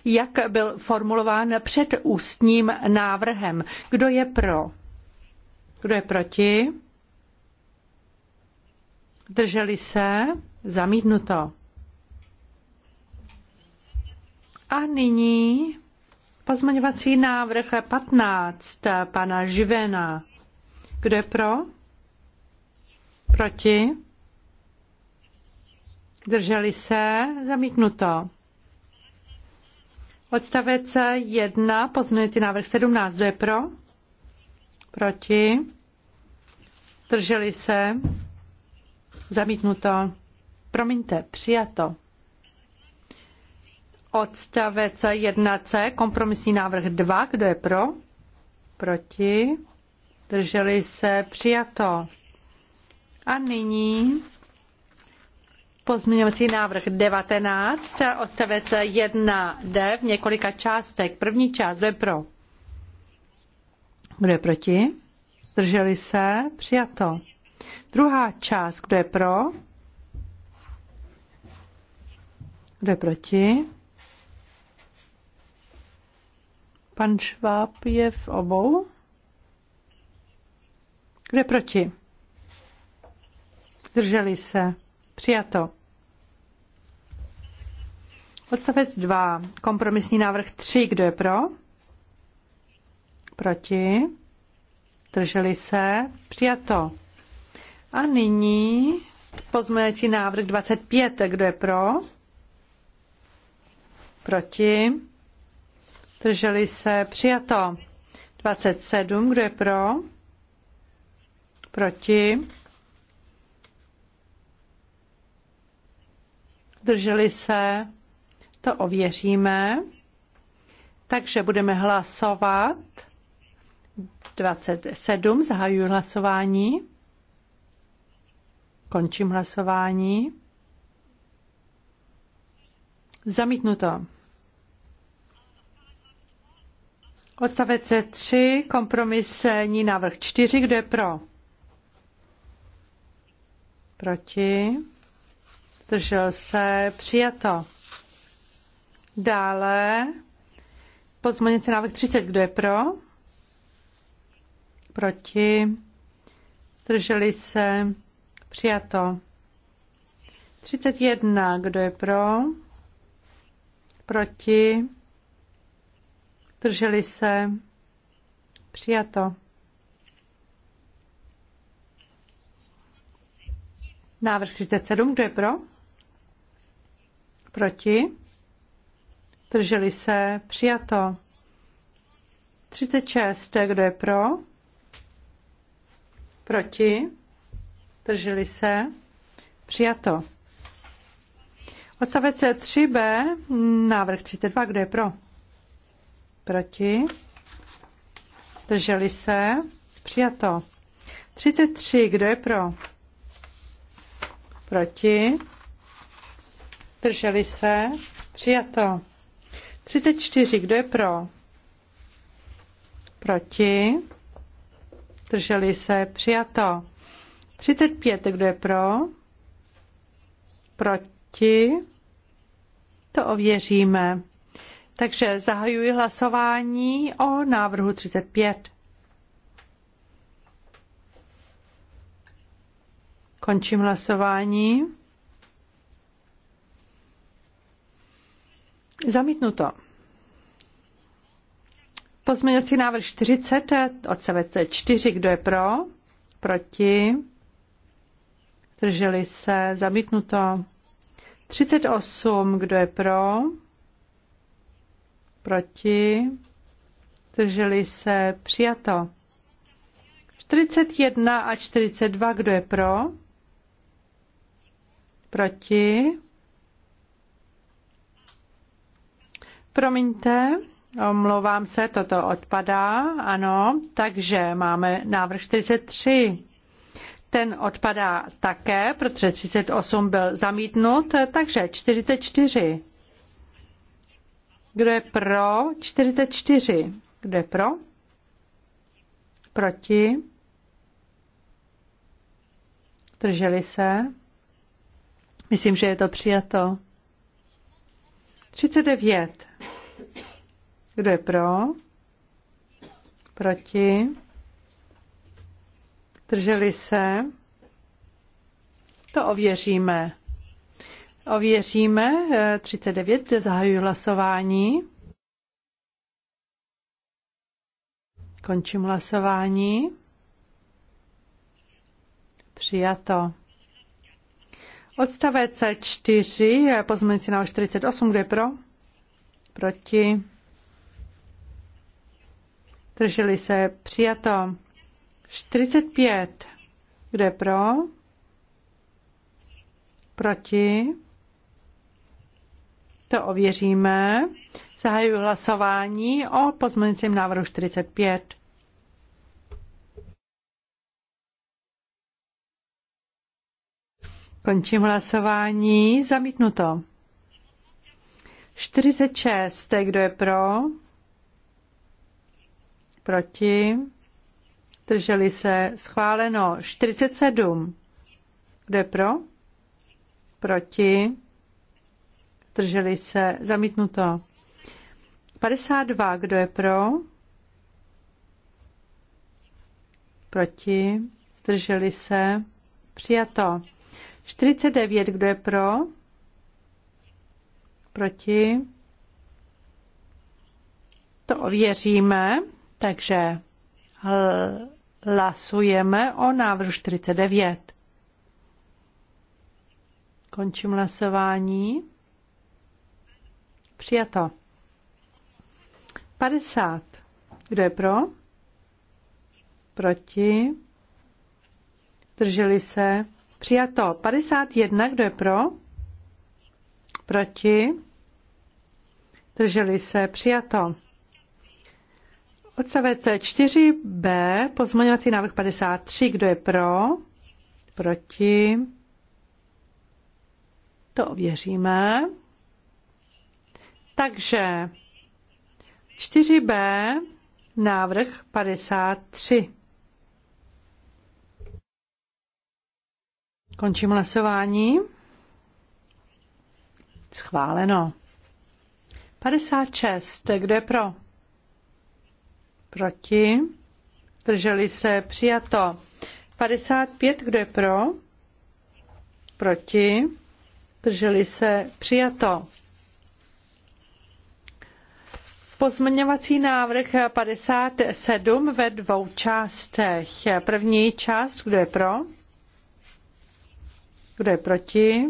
jak byl formulován před ústním návrhem. Kdo je pro? Kdo je proti? Drželi se? Zamítnuto. A nyní Pozmaňovací návrh 15 pana Živena. Kdo je pro? Proti? Drželi se? Zamítnuto. Odstavec 1, pozměňující návrh 17. Kdo je pro? Proti? Drželi se? Zamítnuto. Promiňte, přijato odstavec 1c, kompromisní návrh 2, kdo je pro? Proti? Drželi se přijato. A nyní pozměňovací návrh 19, odstavec 1d v několika částech. První část, kdo je pro? Kdo je proti? Drželi se? Přijato. Druhá část, kdo je pro? Kdo je proti? Pan Šváb je v obou? Kde proti? Drželi se. Přijato. Odstavec 2. Kompromisní návrh 3. Kdo je pro? Proti? Drželi se. Přijato. A nyní pozměňovací návrh 25. Kdo je pro? Proti? Drželi se přijato. 27, kdo je pro? Proti? Drželi se? To ověříme. Takže budeme hlasovat. 27, zahajuji hlasování. Končím hlasování. Zamítnuto. Odstavec 3, kompromisní návrh 4, kdo je pro? Proti? Zdržel se? Přijato. Dále pozměňující návrh 30, kdo je pro? Proti? Zdrželi se? Přijato. 31, kdo je pro? Proti? Drželi se? Přijato. Návrh 37, kdo je pro? Proti? Drželi se? Přijato. 36, kdo je pro? Proti? Drželi se? Přijato. Odstavec 3b, návrh 32, kdo je pro? Proti? Drželi se? Přijato. 33. Kdo je pro? Proti? Drželi se? Přijato. 34. Kdo je pro? Proti? Drželi se? Přijato. 35. Kdo je pro? Proti? To ověříme. Takže zahajuji hlasování o návrhu 35. Končím hlasování. Zamítnuto. Pozměňovací návrh 40, odsavec 4, kdo je pro? Proti? Drželi se, zamítnuto. 38, kdo je pro? proti, Drželi se, přijato. 41 a 42, kdo je pro? Proti. Promiňte, omlouvám se, toto odpadá, ano, takže máme návrh 43. Ten odpadá také, protože 38 byl zamítnut, takže 44. Kdo je pro? 44. Kdo je pro? Proti? Drželi se? Myslím, že je to přijato. 39. Kdo je pro? Proti? Drželi se? To ověříme. Ověříme 39, eh, zahajuji hlasování. Končím hlasování. Přijato. Odstavec 4, si na 48, kde pro? Proti. Drželi se přijato. 45, kde pro? Proti. To ověříme. Zahajuji hlasování o pozměňujícím návrhu 45. Končím hlasování. Zamítnuto. 46. Kdo je pro? Proti? Drželi se. Schváleno. 47. Kdo je pro? Proti? zdrželi se, zamítnuto. 52, kdo je pro? Proti, zdrželi se, přijato. 49, kdo je pro? Proti. To ověříme, takže hlasujeme o návrhu 49. Končím hlasování. Přijato. 50. Kdo je pro? Proti? Drželi se? Přijato. 51. Kdo je pro? Proti? Drželi se? Přijato. Odstavec 4b, pozměňovací návrh 53. Kdo je pro? Proti? To ověříme. Takže 4b, návrh 53. Končím hlasování. Schváleno. 56. Kdo je pro? Proti? Drželi se? Přijato. 55. Kdo je pro? Proti? Drželi se? Přijato. Pozměňovací návrh 57 ve dvou částech. První část, kdo je pro? Kdo je proti?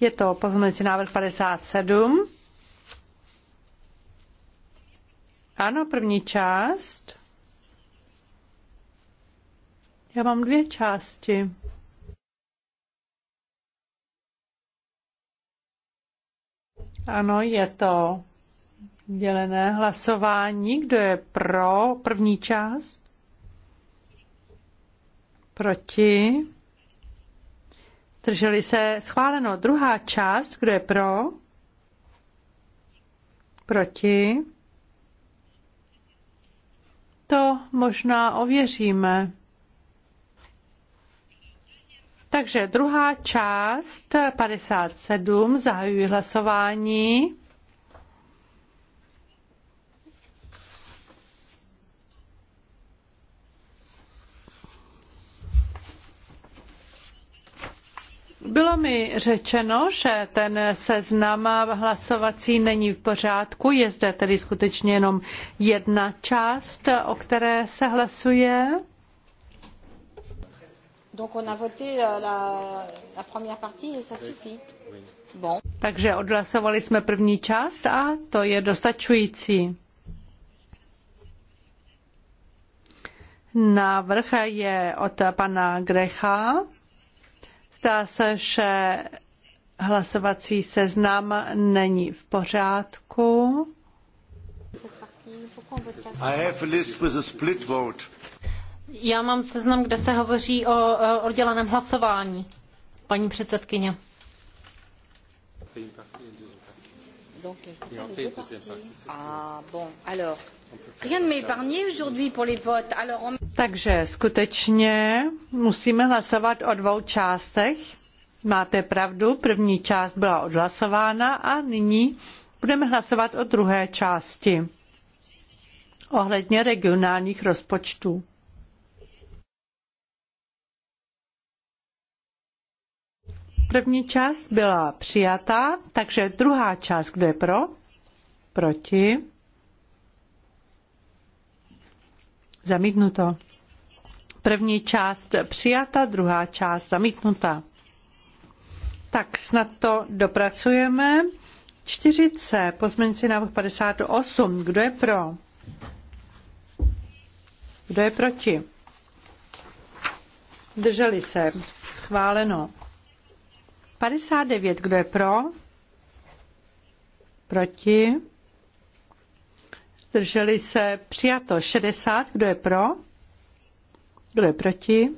Je to pozměňovací návrh 57. Ano, první část. Já mám dvě části. Ano, je to Dělené hlasování. Kdo je pro první část? Proti? Drželi se schváleno. Druhá část. Kdo je pro? Proti? To možná ověříme. Takže druhá část 57, zahajuji hlasování. Bylo mi řečeno, že ten seznam hlasovací není v pořádku, je zde tedy skutečně jenom jedna část, o které se hlasuje. Donc on a voté la, la première partie et ça suffit. Bon. Takže odhlasovali jsme první část a to je dostačující. Návrh je od pana Grecha. Zdá se, že hlasovací seznam není v pořádku. I have a list with a split vote. Já mám seznam, kde se hovoří o odděleném hlasování, paní předsedkyně. Donc, Ah bon, alors, takže skutečně musíme hlasovat o dvou částech. Máte pravdu, první část byla odhlasována a nyní budeme hlasovat o druhé části ohledně regionálních rozpočtů. První část byla přijatá, takže druhá část, je pro? Proti. Zamítnuto. První část přijata, druhá část zamítnuta. Tak snad to dopracujeme. 40, pozměňující návrh 58. Kdo je pro? Kdo je proti? Drželi se. Schváleno. 59. Kdo je pro? Proti? Zdrželi se přijato 60. Kdo je pro? Kdo je proti?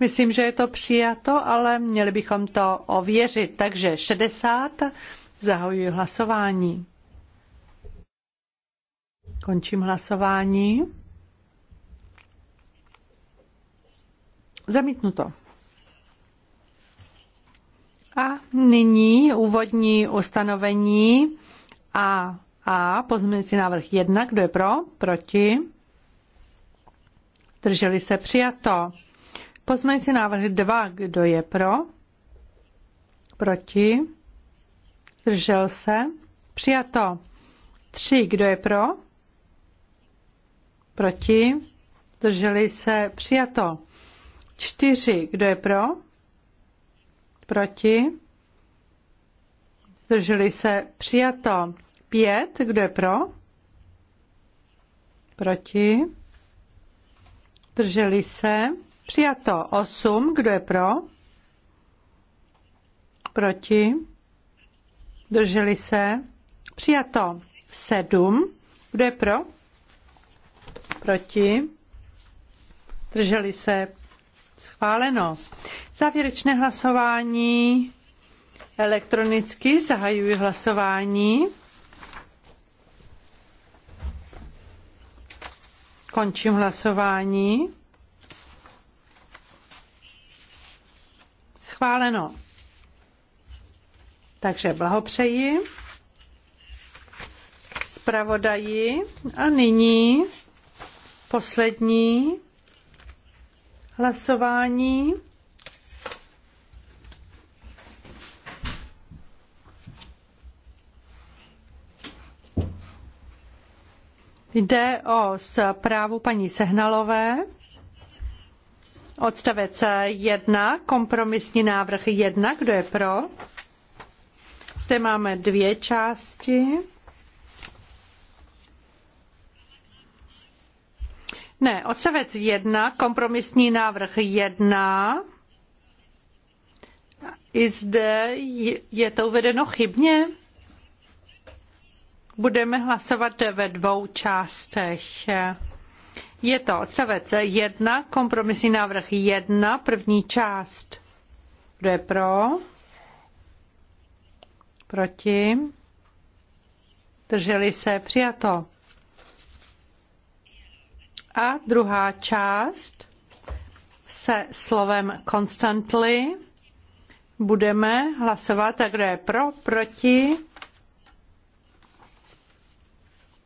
Myslím, že je to přijato, ale měli bychom to ověřit. Takže 60. Zahajuji hlasování. Končím hlasování. Zamítnuto. A nyní úvodní ustanovení a a pozměňující návrh 1, kdo je pro? Proti? Drželi se přijato. Pozměňující návrh 2, kdo je pro? Proti? Držel se? Přijato. 3, kdo je pro? Proti? Drželi se? Přijato. 4, kdo je pro? Proti? Drželi se přijato. Pět, kdo je pro? Proti? Drželi se? Přijato osm, kdo je pro? Proti? Drželi se? Přijato sedm, kdo je pro? Proti? Drželi se? Schváleno. Závěrečné hlasování elektronicky. Zahajuji hlasování. Končím hlasování. Schváleno. Takže blahopřeji zpravodaji a nyní poslední hlasování. Jde o zprávu paní Sehnalové. Odstavec 1, kompromisní návrh 1, kdo je pro? Zde máme dvě části. Ne, odstavec 1, kompromisní návrh 1. I zde je to uvedeno chybně budeme hlasovat ve dvou částech. Je to odstavec 1, kompromisní návrh 1, první část. Kdo je pro? Proti? Drželi se? Přijato. A druhá část se slovem constantly budeme hlasovat. A kdo je pro? Proti?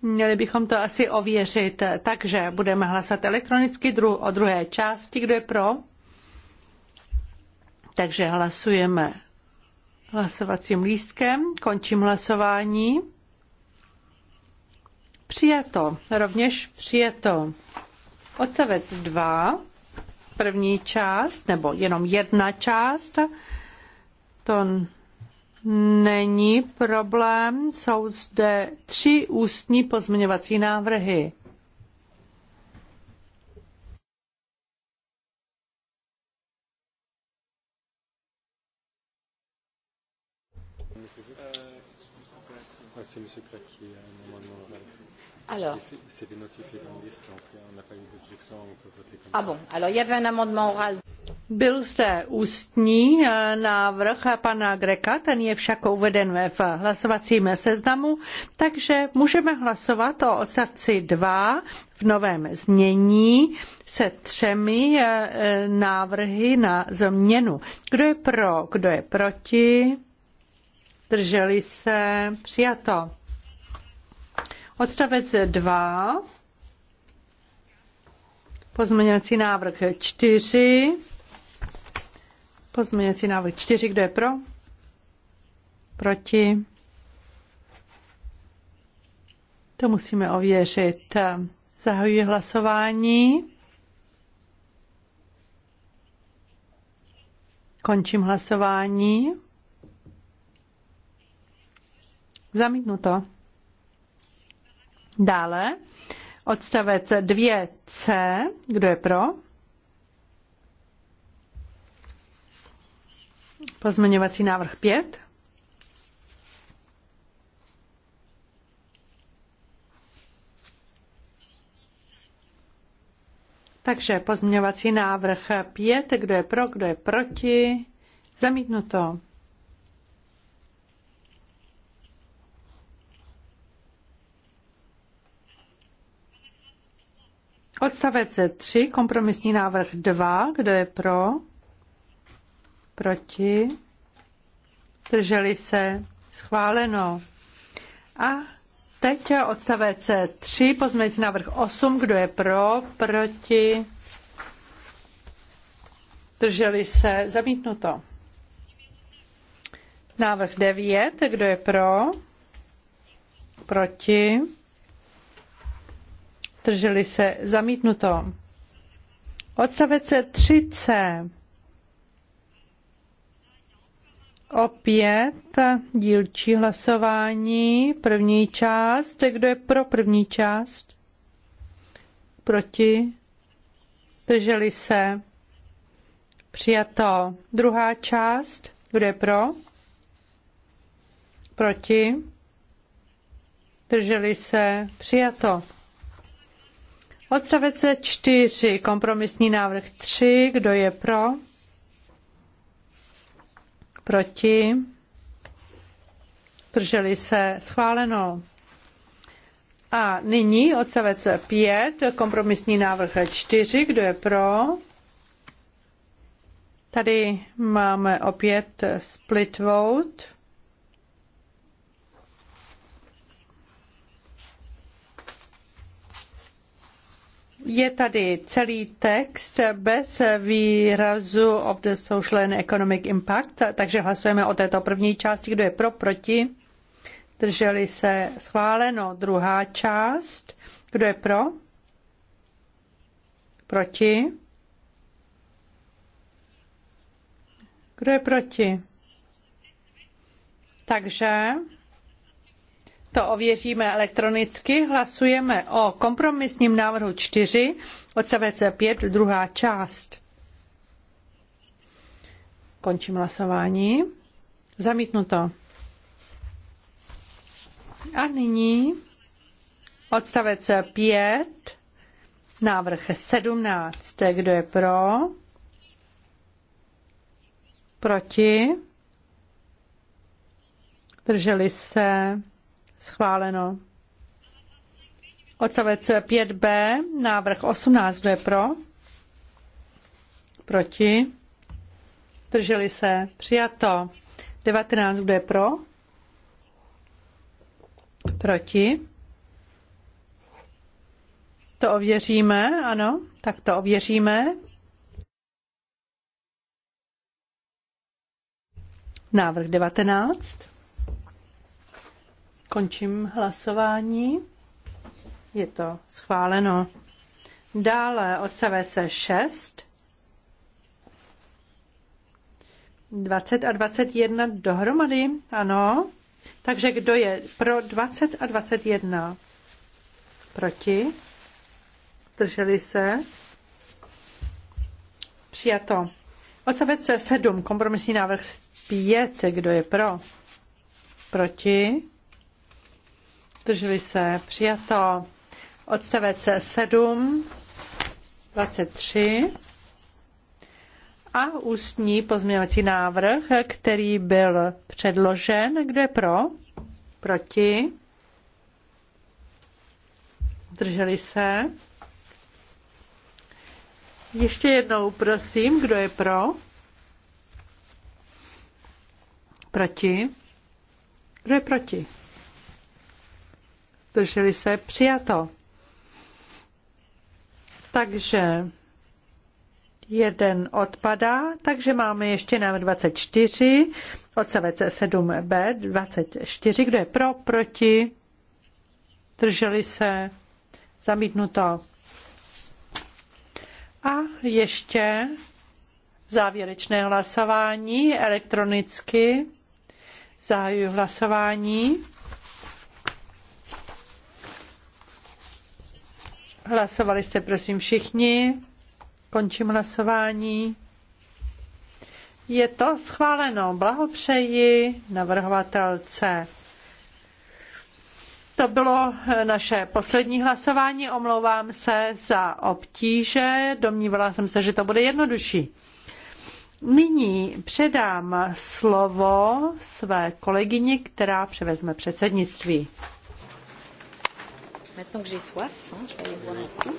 Měli bychom to asi ověřit, takže budeme hlasovat elektronicky dru- o druhé části. Kdo je pro? Takže hlasujeme hlasovacím lístkem. Končím hlasování. Přijato. Rovněž přijato. Odstavec 2, první část, nebo jenom jedna část. To není problém. Jsou zde tři ústní pozměňovací návrhy. Uh, Alors. C'était notifié dans le liste, donc on n'a pas eu d'objection, on peut voter comme ah ça. Ah bon, alors il y avait un amendement oral. Byl zde ústní eh, návrh pana Greka, ten je však uveden v hlasovacím seznamu, takže můžeme hlasovat o odstavci 2 v novém znění se třemi eh, eh, návrhy na změnu. Kdo je pro, kdo je proti? Drželi se? Přijato. Odstavec 2, pozměňovací návrh 4, pozměňovací návrh 4, kdo je pro? Proti? To musíme ověřit. Zahajuji hlasování. Končím hlasování. Zamítnuto. Dále odstavec 2c. Kdo je pro? Pozměňovací návrh 5. Takže pozměňovací návrh 5, kdo je pro, kdo je proti, zamítnuto. Odstavec 3, kompromisní návrh 2, kdo je pro? Proti? Drželi se? Schváleno. A teď odstavec 3, pozměňující návrh 8, kdo je pro? Proti? Drželi se? Zamítnuto. Návrh 9, kdo je pro? Proti? Drželi se zamítnuto. Odstavec 3c. Opět dílčí hlasování, první část. Kdo je pro první část? Proti? Drželi se? Přijato. Druhá část. Kdo je pro? Proti? Drželi se? Přijato. Odstavec 4, kompromisní návrh 3, kdo je pro? Proti? Drželi se schváleno. A nyní odstavec 5, kompromisní návrh 4, kdo je pro? Tady máme opět split vote. Je tady celý text bez výrazu of the social and economic impact, takže hlasujeme o této první části. Kdo je pro, proti? Drželi se schváleno. Druhá část. Kdo je pro? Proti? Kdo je proti? Takže to ověříme elektronicky. Hlasujeme o kompromisním návrhu 4, odstavec 5, druhá část. Končím hlasování. Zamítnuto. A nyní odstavec 5, návrh 17. Kdo je pro? Proti? Drželi se? Schváleno. Odstavec 5b, návrh 18, kdo je pro? Proti? Drželi se? Přijato. 19, kdo je pro? Proti? To ověříme, ano, tak to ověříme. Návrh 19. Končím hlasování. Je to schváleno. Dále odsavec 6. 20 a 21 dohromady, ano. Takže kdo je pro 20 a 21? Proti? Drželi se? Přijato. Odsavec 7, kompromisní návrh 5, kdo je pro? Proti? Drželi se. Přijato. Odstavec 7, 23 a ústní pozměňovací návrh, který byl předložen. Kdo je pro? Proti? Drželi se? Ještě jednou prosím, kdo je pro? Proti? Kdo je proti? zdrželi se, přijato. Takže jeden odpadá, takže máme ještě nám 24, odsavec 7b, 24, kdo je pro, proti, drželi se, zamítnuto. A ještě závěrečné hlasování elektronicky. Zahajuji hlasování. Hlasovali jste prosím všichni. Končím hlasování. Je to schváleno. Blahopřeji navrhovatelce. To bylo eh, naše poslední hlasování. Omlouvám se za obtíže. Domnívala jsem se, že to bude jednodušší. Nyní předám slovo své kolegyni, která převezme předsednictví. Maintenant que j'ai soif, hein, je vais aller boire un coup.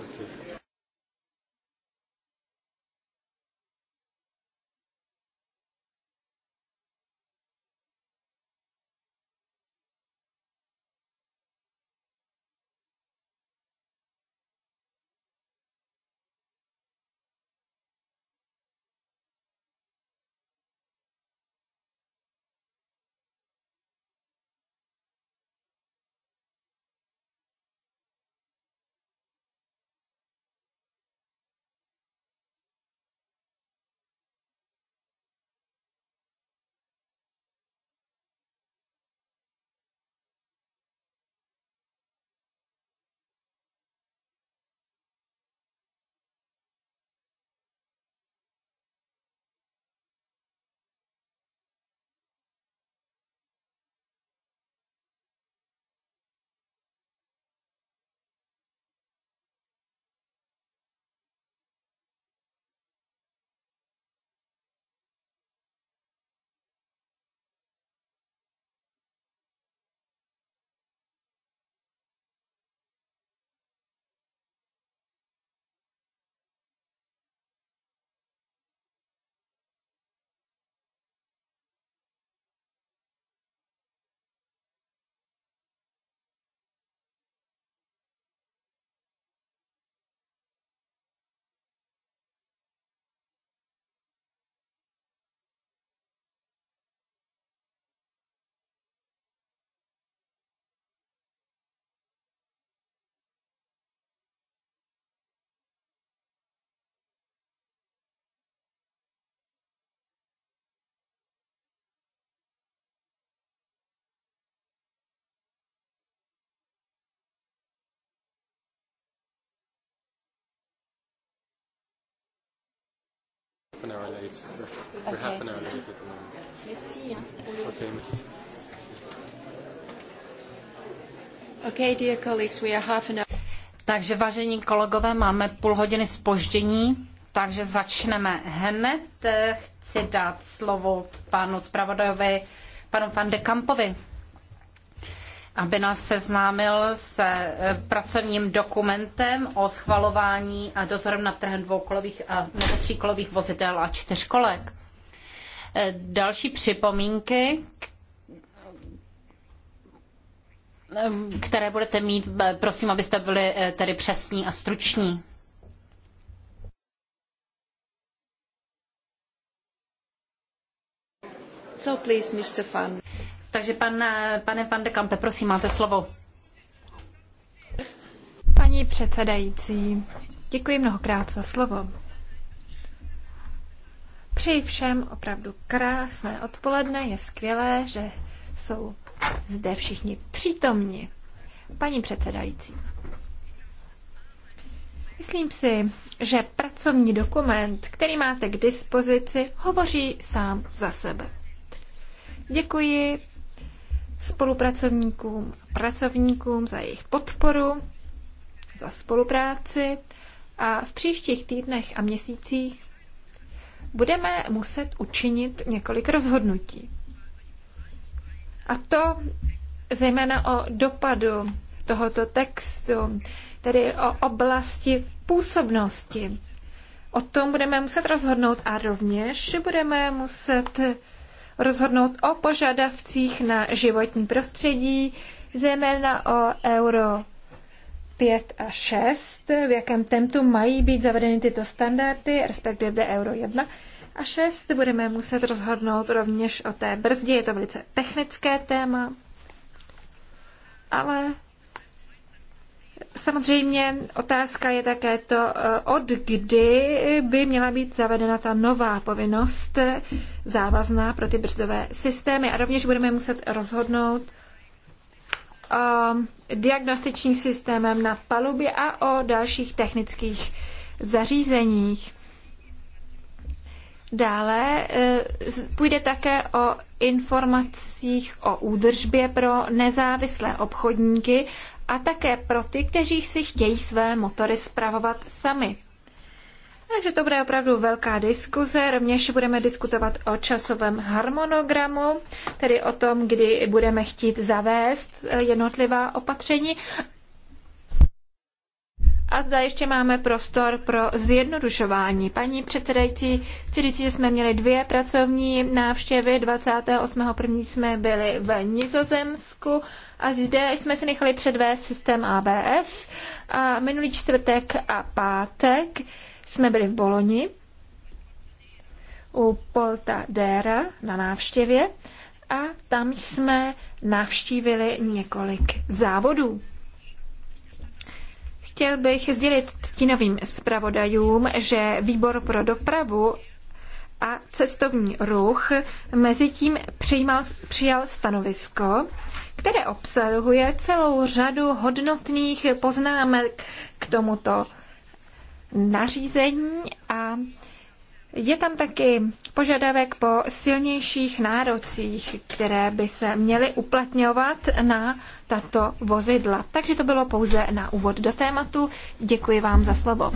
hour late. We're, okay. we're half an hour late at the moment. Merci. Hein, okay, merci. Okay, dear colleagues, we are half an hour. Takže vážení kolegové, máme půl hodiny spoždění, takže začneme hned. Chci dát slovo panu zpravodajovi, panu Van de Kampovi aby nás seznámil s eh, pracovním dokumentem o schvalování a dozorem nad trhem dvoukolových a nebo tříkolových vozidel a čtyřkolek. Eh, další připomínky, eh, které budete mít, prosím, abyste byli tedy přesní a struční. So please, Mr. Fan. Takže pan, eh, pane Van de Kampe, prosím, máte slovo. Paní předsedající, děkuji mnohokrát za slovo. Přeji všem opravdu krásné odpoledne, je skvělé, že jsou zde všichni přítomni. Paní předsedající, myslím si, že pracovní dokument, který máte k dispozici, hovoří sám za sebe. Děkuji spolupracovníkům a pracovníkům za jejich podporu, za spolupráci a v příštích týdnech a měsících budeme muset učinit několik rozhodnutí. A to zejména o dopadu tohoto textu, tedy o oblasti působnosti. O tom budeme muset rozhodnout a rovněž budeme muset rozhodnout o požadavcích na životní prostředí, zejména o euro 5 a 6, v jakém tempu mají být zavedeny tyto standardy, respektive euro 1 a 6. Budeme muset rozhodnout rovněž o té brzdě, je to velice technické téma, ale Samozřejmě otázka je také to, eh, od kdy by měla být zavedena ta nová povinnost eh, závazná pro ty brzdové systémy. A rovněž budeme muset rozhodnout o eh, diagnostičním systémem na palubě a o dalších technických zařízeních. Dále půjde také o informacích o údržbě pro nezávislé obchodníky a také pro ty, kteří si chtějí své motory zpravovat sami. Takže to bude opravdu velká diskuze. Rovněž budeme diskutovat o časovém harmonogramu, tedy o tom, kdy budeme chtít zavést jednotlivá opatření a zda ještě máme prostor pro zjednodušování. Paní předsedající, chci říct, že jsme měli dvě pracovní návštěvy. 28.1. jsme byli v Nizozemsku a zde jsme si nechali předvést systém ABS. A minulý čtvrtek a pátek jsme byli v Boloni u Polta Dera na návštěvě a tam jsme navštívili několik závodů. Chtěl bych sdělit ctinovým zpravodajům, že výbor pro dopravu a cestovní ruch mezi tím přijímal, přijal stanovisko, které obsahuje celou řadu hodnotných poznámek k tomuto nařízení a je tam taky požadavek po silnějších nárocích, které by se měly uplatňovat na tato vozidla. Takže to bylo pouze na úvod do tématu. Děkuji vám za slovo.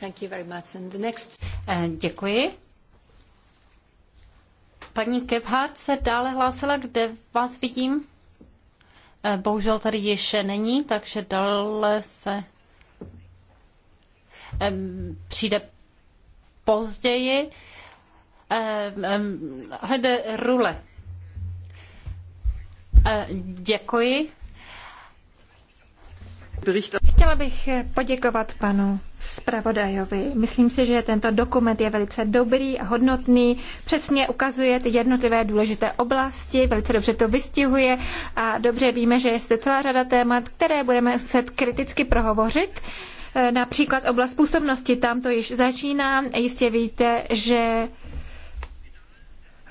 Thank you very much. And the next... Eh, děkuji. Paní Kebhardt se dále hlásila, kde vás vidím. Eh, bohužel tady již není, takže dále se přijde později. Hede Rule. E, děkuji. Chtěla bych poděkovat panu zpravodajovi. Myslím si, že tento dokument je velice dobrý a hodnotný. Přesně ukazuje ty jednotlivé důležité oblasti, velice dobře to vystihuje a dobře víme, že je zde celá řada témat, které budeme muset kriticky prohovořit například oblast působnosti, tam to již začíná. Jistě víte, že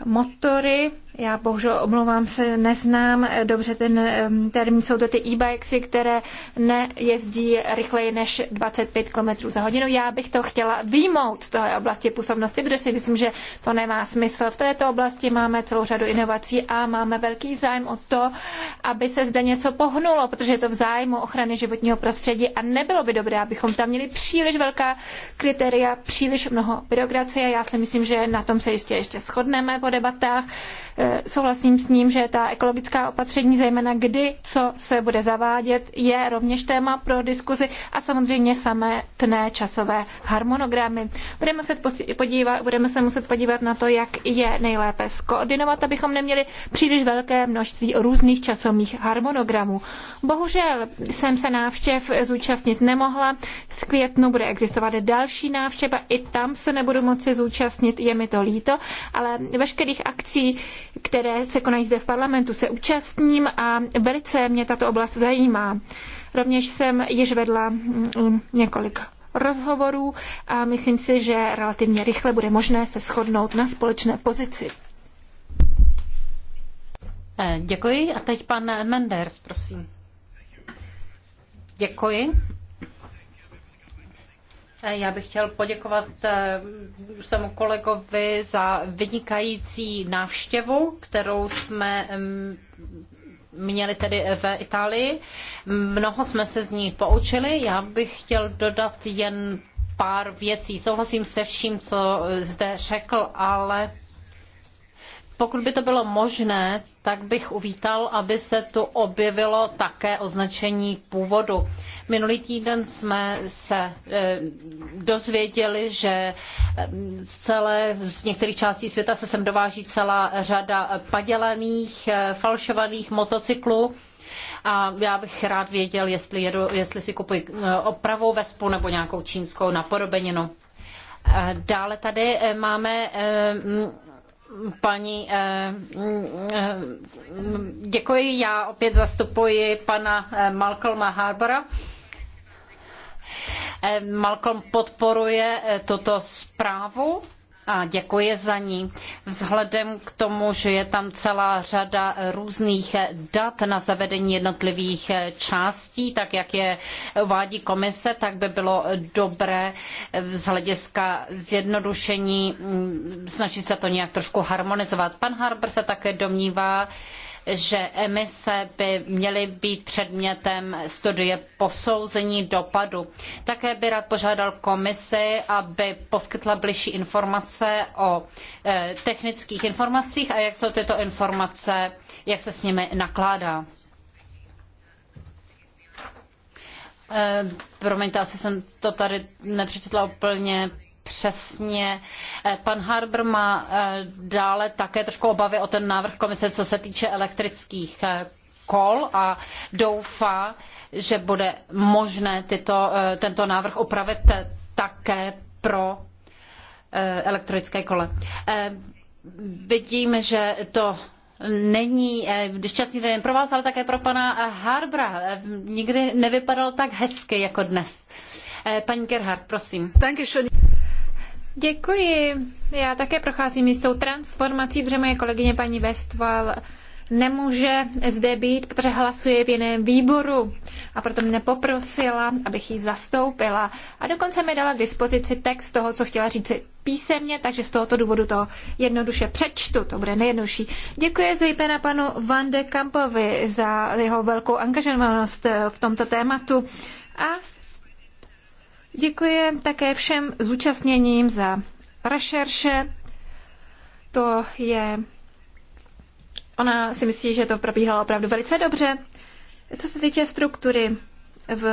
motory já bohužel omlouvám se, neznám dobře ten termín. Jsou to ty e-bikesy, které nejezdí rychleji než 25 km za hodinu. Já bych to chtěla výmout z toho oblasti působnosti, protože si myslím, že to nemá smysl. V této oblasti máme celou řadu inovací a máme velký zájem o to, aby se zde něco pohnulo, protože je to v zájmu ochrany životního prostředí a nebylo by dobré, abychom tam měli příliš velká kritéria, příliš mnoho byrokracie. Já si myslím, že na tom se jistě ještě shodneme po debatách Eh, souhlasím s ním, že ta ekologická opatření, zejména kdy, co se bude zavádět, je rovněž téma pro diskuzi a samozřejmě samotné časové harmonogramy. Budeme se, podívat, budeme se muset podívat na to, jak je nejlépe skoordinovat, abychom neměli příliš velké množství různých časových harmonogramů. Bohužel jsem se návštěv zúčastnit nemohla. V květnu bude existovat další návštěva, i tam se nebudu moci zúčastnit, je mi to líto, ale veškerých akcí, které se konají zde v parlamentu, se účastním a velice mě tato oblast zajímá. Rovněž jsem již vedla mm, několik rozhovorů a myslím si, že relativně rychle bude možné se shodnout na společné pozici. Eh, děkuji a teď pan Menders, prosím. Děkuji. Eh, já bych chtěl poděkovat eh, svému kolegovi za vynikající návštěvu, kterou jsme měli tedy v Itálii. Mnoho jsme se z ní poučili. Já bych chtěl dodat jen pár věcí. Souhlasím se vším, co zde řekl, ale pokud by to bylo možné, tak bych uvítal, aby se tu objevilo také označení původu. Minulý týden jsme se eh, dozvěděli, že eh, z, celé, z některých částí světa se sem dováží celá řada padělaných, eh, falšovaných motocyklů. A já bych rád věděl, jestli, jedu, jestli si kupuji opravou vespu nebo nějakou čínskou napodobeninu. Dále tady máme paní, eh, mm, eh, děkuji, já opět zastupuji pana eh, Malcolma Harbora. Malcolm podporuje tuto zprávu a děkuji za ní. Vzhledem k tomu, že je tam celá řada různých dat na zavedení jednotlivých částí, tak jak je uvádí komise, tak by bylo dobré z hlediska zjednodušení mm, snažit se to nějak trošku harmonizovat. Pan Harber se také domnívá, že emise by měly být předmětem studie posouzení dopadu. Také by rád požádal komisi, aby poskytla bližší informace o eh, technických informacích a jak jsou tyto informace, jak se s nimi nakládá. Eh, promiňte, asi jsem to tady nepřečetla úplně přesně. Eh, pan Harbr má eh, dále také trošku obavy o ten návrh komise, co se týče elektrických eh, kol a doufá, že bude možné tyto, tento návrh upravit také pro elektrické kole. Vidím, že to není šťastný den pro vás, ale také pro pana Harbra. Nikdy nevypadal tak hezky jako dnes. Paní Gerhard, prosím. Děkuji. Já také procházím jistou transformací, protože moje kolegyně paní Westval nemůže zde být, protože hlasuje v jiném výboru a proto mě poprosila, abych ji zastoupila. A dokonce mi dala k dispozici text toho, co chtěla říct písemně, takže z tohoto důvodu to jednoduše přečtu, to bude nejjednodušší. Děkuji zejména panu Van de Kampovi za jeho velkou angažovanost v tomto tématu a Děkuji také všem zúčastněním za rešerše. To je... Ona si myslí, že to probíhalo opravdu velice dobře. Co se týče struktury v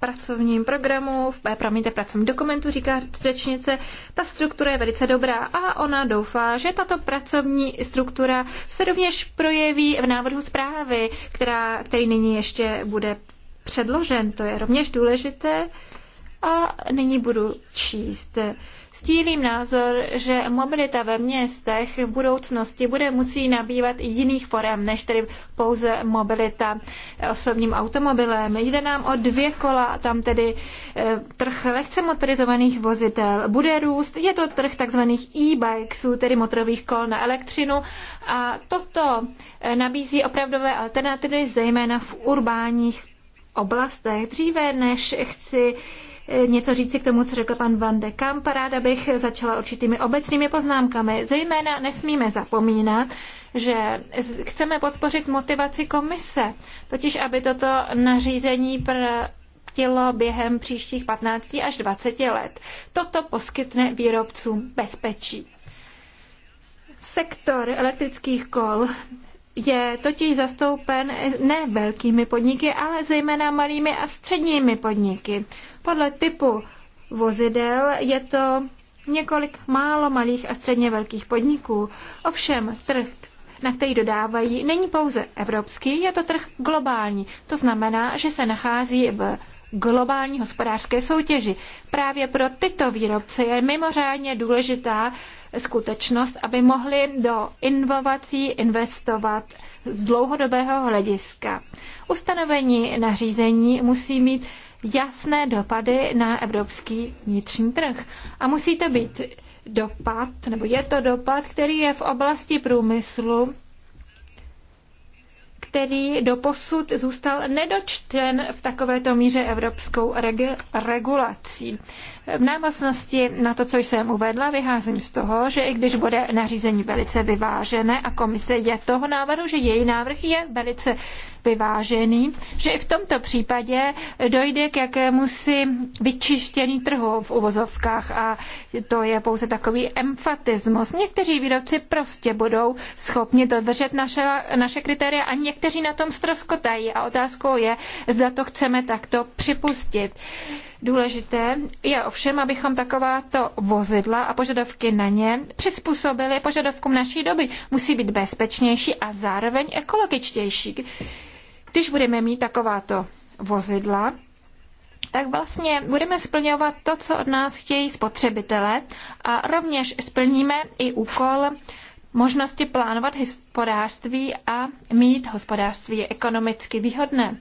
pracovním programu, v, eh, promiňte, pracovním dokumentu, říká řečnice, ta struktura je velice dobrá a ona doufá, že tato pracovní struktura se rovněž projeví v návrhu zprávy, která, který nyní ještě bude předložen. To je rovněž důležité. A nyní budu číst. Stílím názor, že mobilita ve městech v budoucnosti bude musí nabývat i jiných forem, než tedy pouze mobilita osobním automobilem. Jde nám o dvě kola, tam tedy eh, trh lehce motorizovaných vozidel bude růst. Je to trh takzvaných e-bikesů, tedy motorových kol na elektřinu. A toto eh, nabízí opravdové alternativy, zejména v urbánních oblastech. Dříve, než chci Eh, něco říci k tomu, co řekl pan Van de Kamp. Ráda bych začala určitými obecnými poznámkami. Zejména nesmíme zapomínat, že chceme podpořit motivaci komise, totiž aby toto nařízení pr- tělo během příštích 15 až 20 let. Toto poskytne výrobcům bezpečí. Sektor elektrických kol je totiž zastoupen ne velkými podniky, ale zejména malými a středními podniky. Podle typu vozidel je to několik málo malých a středně velkých podniků. Ovšem trh, na který dodávají, není pouze evropský, je to trh globální. To znamená, že se nachází v globální hospodářské soutěži. Právě pro tyto výrobce je mimořádně důležitá skutečnost, aby mohli do inovací investovat z dlouhodobého hlediska. Ustanovení nařízení musí mít jasné dopady na evropský vnitřní trh. A musí to být dopad, nebo je to dopad, který je v oblasti průmyslu, který doposud zůstal nedočten v takovéto míře evropskou regulací. V návaznosti na to, co jsem uvedla, vyházím z toho, že i když bude nařízení velice vyvážené a komise je toho návrhu, že její návrh je velice vyvážený, že i v tomto případě dojde k jakémusi vyčištění trhu v uvozovkách a to je pouze takový emfatismus. Někteří výrobci prostě budou schopni dodržet naše, naše kritéria a někteří na tom stroskotají a otázkou je, zda to chceme takto připustit. Důležité je ovšem, abychom takováto vozidla a požadavky na ně přizpůsobili požadavkům naší doby. Musí být bezpečnější a zároveň ekologičtější. Když budeme mít takováto vozidla, tak vlastně budeme splňovat to, co od nás chtějí spotřebitele a rovněž splníme i úkol možnosti plánovat hospodářství a mít hospodářství ekonomicky výhodné.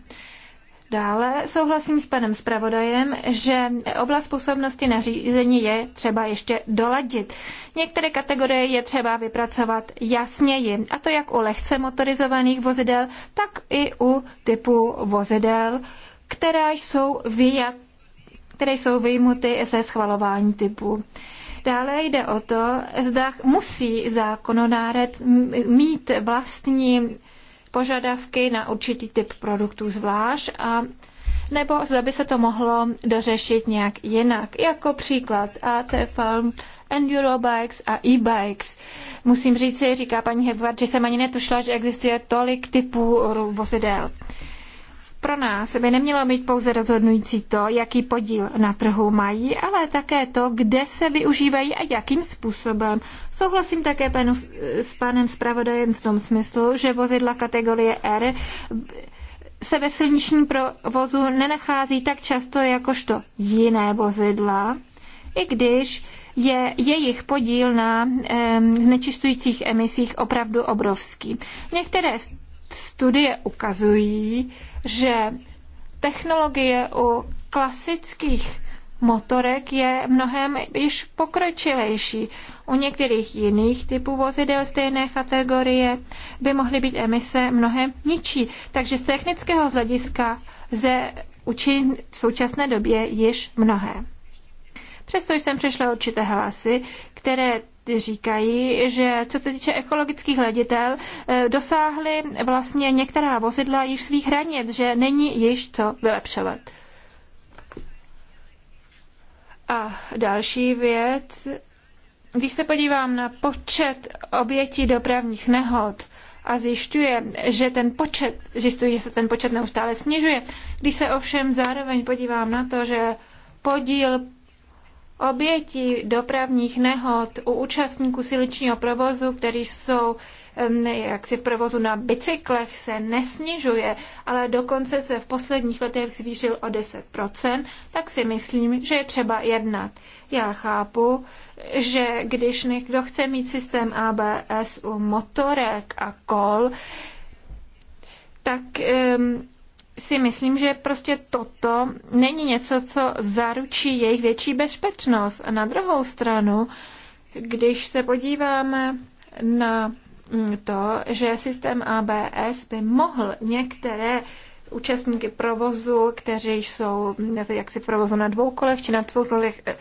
Dále souhlasím s panem zpravodajem, že oblast působnosti nařízení je třeba ještě doladit. Některé kategorie je třeba vypracovat jasněji, a to jak u lehce motorizovaných vozidel, tak i u typu vozidel, které jsou vyja- které jsou vyjmuty se schvalování typu. Dále jde o to, zda musí zákonodárec mít vlastní požadavky na určitý typ produktů zvlášť a nebo zda by se to mohlo dořešit nějak jinak. Jako příklad ATFL, Endurobikes a e-bikes. Musím říct si, říká paní Hedvard, že jsem ani netušila, že existuje tolik typů vozidel. Pro nás by nemělo být pouze rozhodnující to, jaký podíl na trhu mají, ale také to, kde se využívají a jakým způsobem. Souhlasím také panu, s panem zpravodajem v tom smyslu, že vozidla kategorie R se ve silničním provozu nenachází tak často jakožto jiné vozidla, i když je jejich podíl na eh, znečistujících emisích opravdu obrovský. Některé studie ukazují, že technologie u klasických motorek je mnohem již pokročilejší. U některých jiných typů vozidel stejné kategorie by mohly být emise mnohem ničí. Takže z technického hlediska ze učit v současné době již mnohé. Přesto jsem přišla určité hlasy, které říkají, že co se týče ekologických leditel, eh, dosáhly vlastně některá vozidla již svých hranic, že není již co vylepšovat. A další věc, když se podívám na počet obětí dopravních nehod a zjišťuje, že ten počet, zjišťuje, že se ten počet neustále snižuje, když se ovšem zároveň podívám na to, že podíl Oběti dopravních nehod u účastníků silničního provozu, kteří jsou jaksi v provozu na bicyklech, se nesnižuje, ale dokonce se v posledních letech zvýšil o 10%, tak si myslím, že je třeba jednat. Já chápu, že když někdo chce mít systém ABS u motorek a kol, tak um, si myslím, že prostě toto není něco, co zaručí jejich větší bezpečnost. A na druhou stranu, když se podíváme na mm, to, že systém ABS by mohl některé účastníky provozu, kteří jsou jaksi v provozu na dvou kolech či na dvou kolech, eh,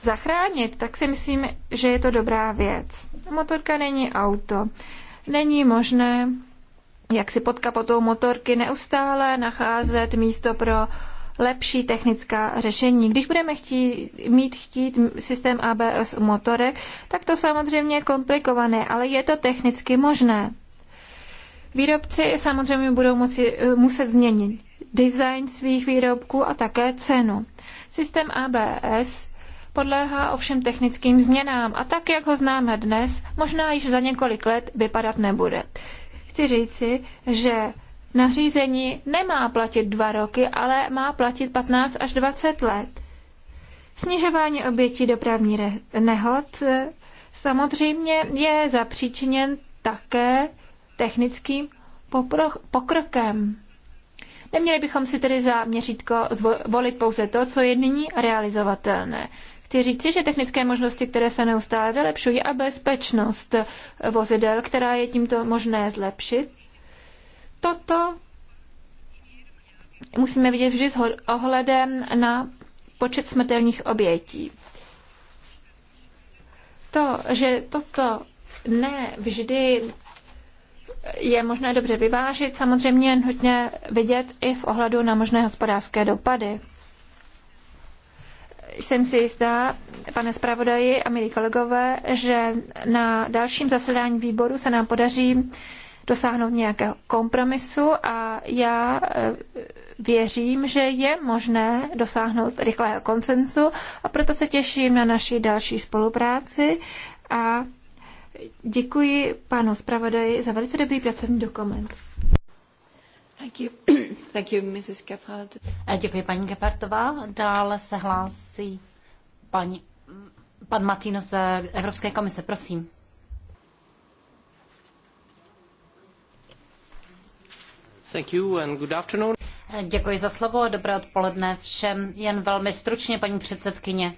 zachránit, tak si myslím, že je to dobrá věc. Motorka není auto. Není možné jak si pod kapotou motorky neustále nacházet místo pro lepší technická řešení. Když budeme chtít, mít chtít systém ABS motorek, tak to samozřejmě je komplikované, ale je to technicky možné. Výrobci samozřejmě budou moci, eh, muset změnit design svých výrobků a také cenu. Systém ABS podléhá ovšem technickým změnám a tak, jak ho známe dnes, možná již za několik let vypadat nebude chci říci, že nařízení nemá platit dva roky, ale má platit 15 až 20 let. Snižování obětí dopravní nehod eh, samozřejmě je zapříčiněn také technickým pokrokem. Neměli bychom si tedy za měřítko volit pouze to, co je nyní realizovatelné. Chci říci, že technické možnosti, které se neustále vylepšují a bezpečnost vozidel, která je tímto možné zlepšit, toto musíme vidět vždy s ohledem na počet smrtelných obětí. To, že toto ne vždy je možné dobře vyvážit, samozřejmě hodně vidět i v ohledu na možné hospodářské dopady jsem si jistá, pane zpravodaji a milí kolegové, že na dalším zasedání výboru se nám podaří dosáhnout nějakého kompromisu a já e, věřím, že je možné dosáhnout rychlého konsensu a proto se těším na naši další spolupráci a děkuji panu zpravodaji za velice dobrý pracovní dokument. Thank you. Thank you, Mrs. Gephardt. Děkuji, paní Gephardtová. Dále se hlásí paní, pan Martino z Evropské komise. Prosím. Thank you and good afternoon. Děkuji za slovo, dobré odpoledne všem. Jen velmi stručně, paní předsedkyně.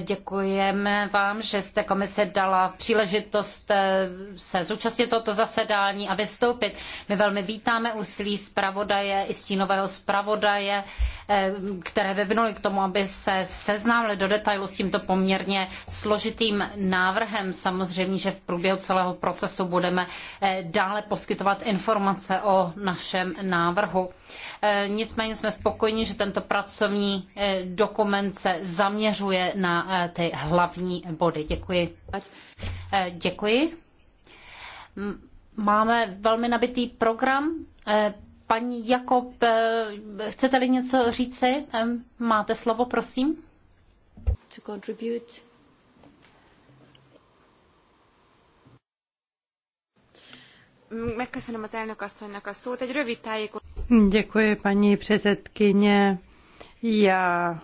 Děkujeme vám, že jste komise dala příležitost eh, se zúčastnit tohoto zasedání a vystoupit. My velmi vítáme úsilí zpravodaje i stínového zpravodaje, eh, které vyvinuli k tomu, aby se seznámili do detailu s tímto poměrně složitým návrhem. Samozřejmě, že v průběhu celého procesu budeme eh, dále poskytovat informace o našem návrhu. Nicméně jsme spokojeni, že tento pracovní eh, dokument se zaměřuje na eh, ty hlavní body. Děkuji. Eh, děkuji. Máme velmi nabitý program. Paní Jakob, chcete-li něco říci? Máte slovo, prosím. To contribute. Megköszönöm az elnök asszonynak a szót. Egy rövid tájékoztató. Děkuji, paní předsedkyně. Já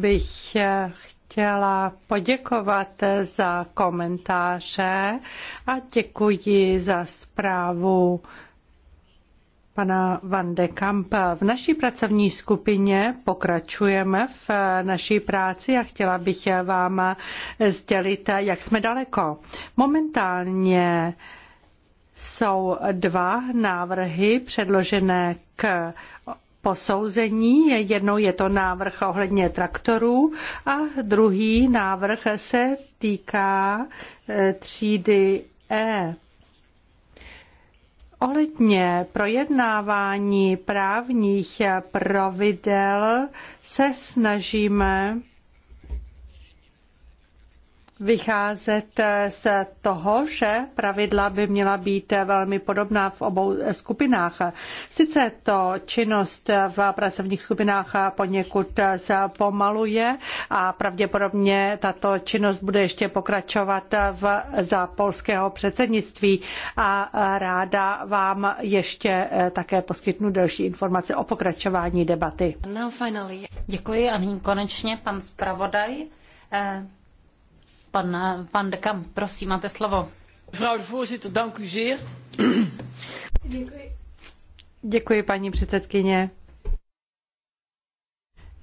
bych chtěla poděkovat za komentáře a děkuji za zprávu pana Van de Kampa. V naší pracovní skupině pokračujeme v naší práci a chtěla bych vám sdělit, jak jsme daleko. Momentálně jsou dva návrhy předložené k posouzení. Jednou je to návrh ohledně traktorů a druhý návrh se týká e, třídy E. Ohledně projednávání právních pravidel se snažíme vycházet eh, z toho, že pravidla by měla být eh, velmi podobná v obou eh, skupinách. Sice to činnost v pracovních skupinách poněkud pomaluje a pravděpodobně tato činnost bude ještě pokračovat v, za polského předsednictví a ráda vám ještě také poskytnu další informace o pokračování debaty. Děkuji a nyní konečně pan zpravodaj. Pan Van de Kamp, prosím, máte slovo. Mevrouw de voorzitter, dank u zeer. Děkuji. Děkuji, paní předsedkyně.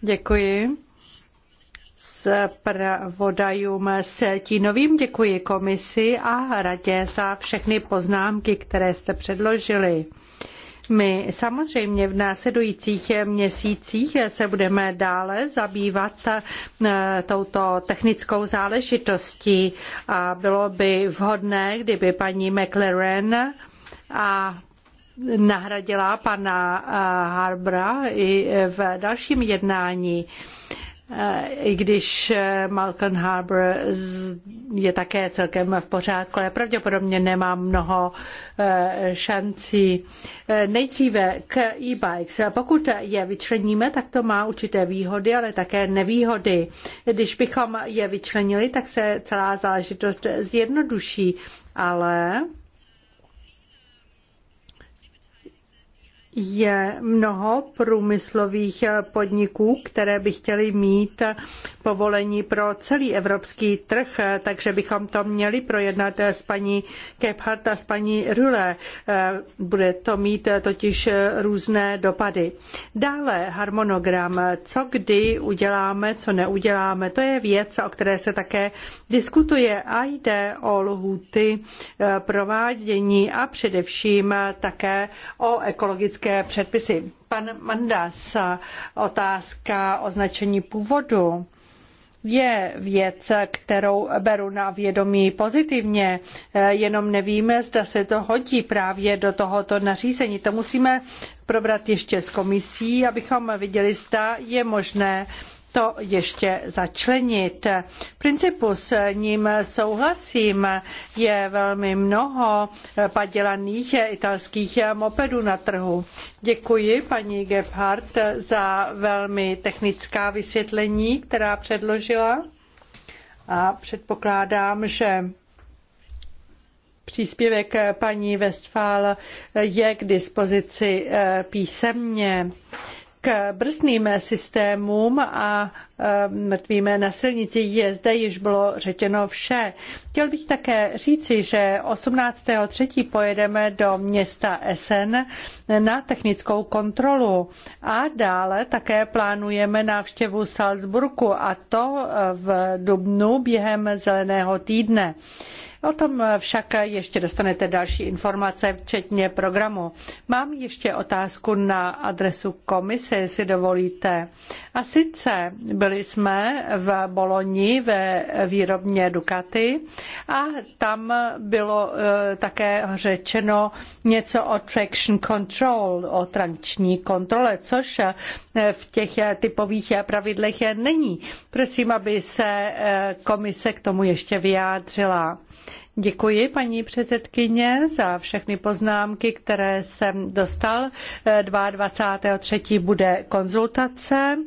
Děkuji. S pravodajům s Tínovým děkuji komisi a radě za všechny poznámky, které jste předložili. My samozřejmě v následujících měsících se budeme dále zabývat eh, touto technickou záležitostí a bylo by vhodné, kdyby paní McLaren a nahradila pana eh, Harbra i v dalším jednání. Eh, i když eh, Malcolm Harbour je také celkem v pořádku, ale pravděpodobně nemá mnoho eh, šancí. Nejdříve k e-bikes. Pokud je vyčleníme, tak to má určité výhody, ale také nevýhody. Když bychom je vyčlenili, tak se celá záležitost zjednoduší, ale je mnoho průmyslových podniků, které by chtěly mít povolení pro celý evropský trh, takže bychom to měli projednat s paní Gebhardt a s paní Rule. Bude to mít totiž různé dopady. Dále harmonogram, co kdy uděláme, co neuděláme, to je věc, o které se také diskutuje a jde o lhůty provádění a především také o ekologické evropské předpisy. Pan Mandas, otázka označení původu je věc, kterou beru na vědomí pozitivně, jenom nevíme, zda se to hodí právě do tohoto nařízení. To musíme probrat ještě s komisí, abychom viděli, zda je možné to ještě začlenit. Principu s ním souhlasím. Je velmi mnoho padělaných italských mopedů na trhu. Děkuji paní Gebhardt za velmi technická vysvětlení, která předložila. A předpokládám, že příspěvek paní Westphal je k dispozici eh, písemně k brzdným systémům a eh, mrtvým na silnici je zde již bylo řečeno vše. Chtěl bych také říci, že 18.3. pojedeme do města Essen na technickou kontrolu a dále také plánujeme návštěvu Salzburgu a to eh, v dubnu během zeleného týdne. O tom však ještě dostanete další informace, včetně programu. Mám ještě otázku na adresu komise, jestli dovolíte. A sice byli jsme v Boloni ve výrobně Ducati a tam bylo e, také řečeno něco o traction control, o tranční kontrole, což e, v těch typových pravidlech není. Prosím, aby se e, komise k tomu ještě vyjádřila. Děkuji, paní předsedkyně, za všechny poznámky, které jsem dostal. 22.3. bude konzultace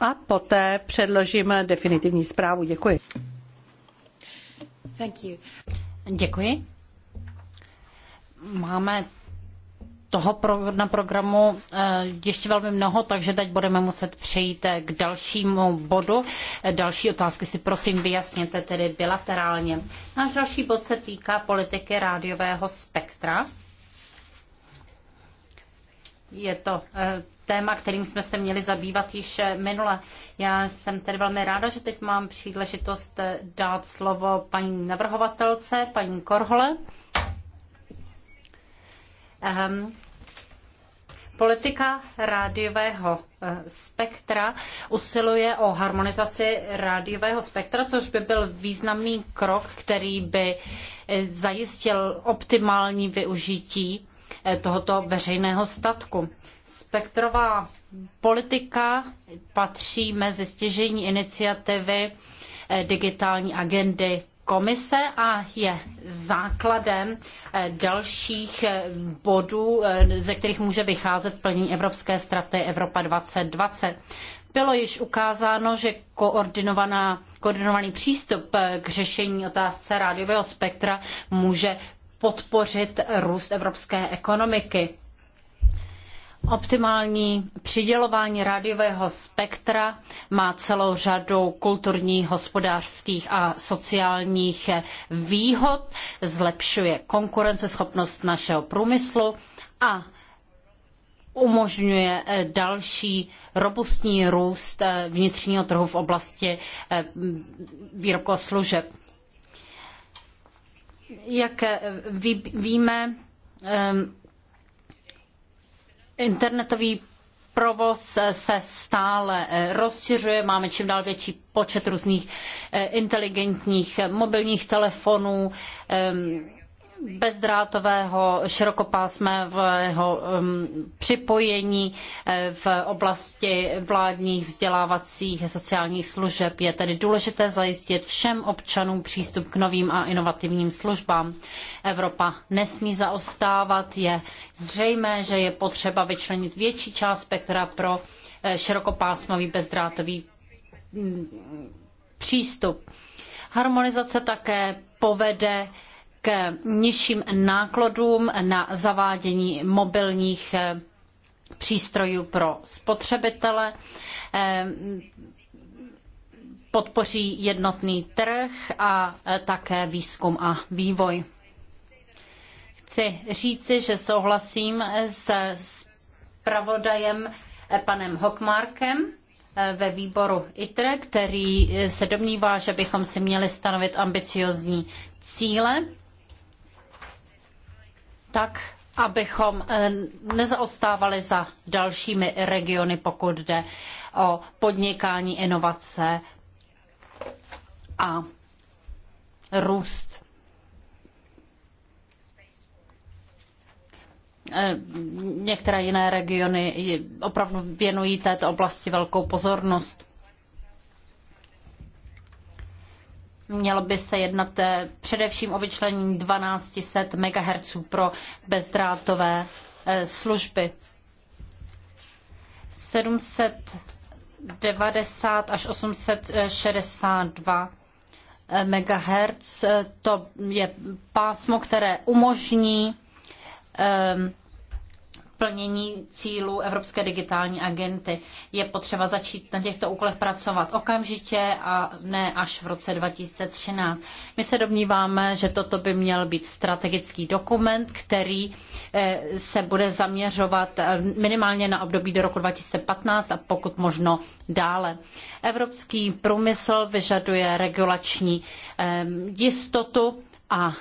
a poté předložím definitivní zprávu. Děkuji. Thank you. Děkuji. Máme toho pro, na programu eh, ještě velmi mnoho, takže teď budeme muset přejít eh, k dalšímu bodu. Eh, další otázky si prosím vyjasněte tedy bilaterálně. Náš další bod se týká politiky rádiového spektra. Je to téma, kterým jsme se měli zabývat již minule. Já jsem tedy velmi ráda, že teď mám příležitost dát slovo paní navrhovatelce, paní Korhole. Um, politika rádiového eh, spektra usiluje o harmonizaci rádiového spektra, což by byl významný krok, který by eh, zajistil optimální využití eh, tohoto veřejného statku. Spektrová politika patří mezi stěžení iniciativy digitální agendy komise a je základem eh, dalších eh, bodů, eh, ze kterých může vycházet plnění Evropské strategie Evropa 2020. Bylo již ukázáno, že koordinovaný přístup k řešení otázce rádiového spektra může podpořit růst evropské ekonomiky. Optimální přidělování rádiového spektra má celou řadu kulturních, hospodářských a sociálních výhod, zlepšuje konkurenceschopnost našeho průmyslu a umožňuje eh, další robustní růst eh, vnitřního trhu v oblasti eh, výrobků a služeb. Jak víme, Internetový provoz se stále eh, rozšiřuje, máme čím dál větší počet různých eh, inteligentních mobilních telefonů, ehm, bezdrátového širokopásmého um, připojení eh, v oblasti vládních vzdělávacích a sociálních služeb. Je tedy důležité zajistit všem občanům přístup k novým a inovativním službám. Evropa nesmí zaostávat, je zřejmé, že je potřeba vyčlenit větší část spektra pro eh, širokopásmový bezdrátový mm, přístup. Harmonizace také povede k nižším nákladům na zavádění mobilních eh, přístrojů pro spotřebitele, eh, podpoří jednotný trh a eh, také výzkum a vývoj. Chci říci, že souhlasím se zpravodajem panem Hockmarkem ve výboru ITRE, který se domnívá, že bychom si měli stanovit ambiciozní cíle tak abychom eh, nezaostávali za dalšími regiony, pokud jde o podnikání, inovace a růst. Eh, některé jiné regiony opravdu věnují této oblasti velkou pozornost. Mělo by se jednat eh, především o vyčlenění 1200 MHz pro bezdrátové eh, služby. 790 až 862 eh, MHz to je pásmo, které umožní plnění cílů Evropské digitální agenty. Je potřeba začít na těchto úkolech pracovat okamžitě a ne až v roce 2013. My se domníváme, že toto by měl být strategický dokument, který eh, se bude zaměřovat eh, minimálně na období do roku 2015 a pokud možno dále. Evropský průmysl vyžaduje regulační eh, jistotu a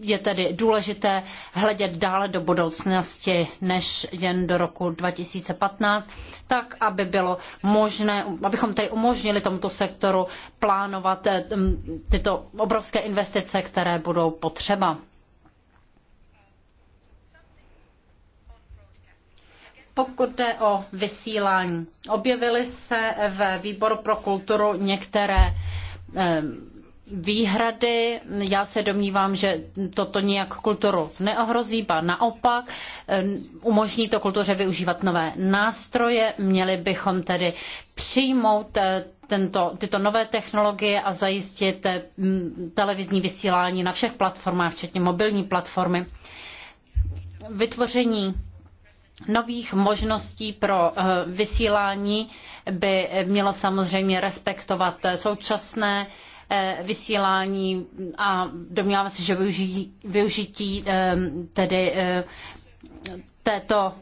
je tedy důležité hledět dále do budoucnosti než jen do roku 2015, tak aby bylo možné, abychom tady umožnili tomuto sektoru plánovat eh, tyto obrovské investice, které budou potřeba. Pokud jde o vysílání, objevily se ve výboru pro kulturu některé eh, výhrady. Já se domnívám, že toto nijak kulturu neohrozí, ba naopak umožní to kultuře využívat nové nástroje. Měli bychom tedy přijmout eh, tento, tyto nové technologie a zajistit eh, televizní vysílání na všech platformách, včetně mobilní platformy. Vytvoření nových možností pro eh, vysílání by mělo samozřejmě respektovat současné Eh, vysílání a domnívám se, že využití, využití eh, tedy eh, této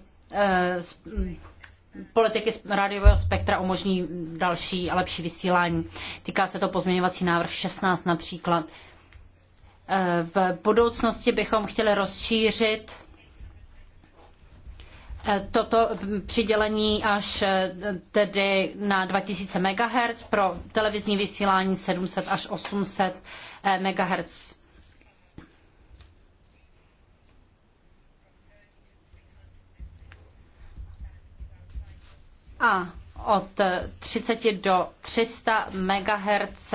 politiky rádiového spektra umožní další a lepší vysílání. Týká se to pozměňovací návrh 16 například. V budoucnosti bychom chtěli rozšířit toto přidělení až e, tedy na 2000 MHz, pro televizní vysílání 700 až 800 e, MHz. A od 30 do 300 MHz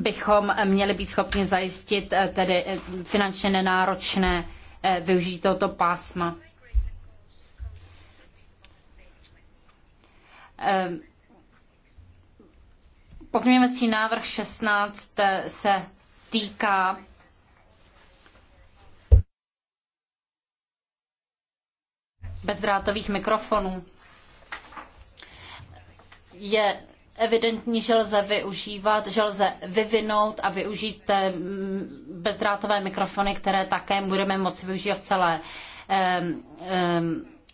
bychom měli být schopni zajistit e, tedy finančně nenáročné Eh, využít tohoto pásma. Ehm, pozměňovací návrh 16 eh, se týká bezdrátových mikrofonů. Je evidentní, že lze využívat, že lze vyvinout a využít mm, bezdrátové mikrofony, které také budeme moci využívat v celé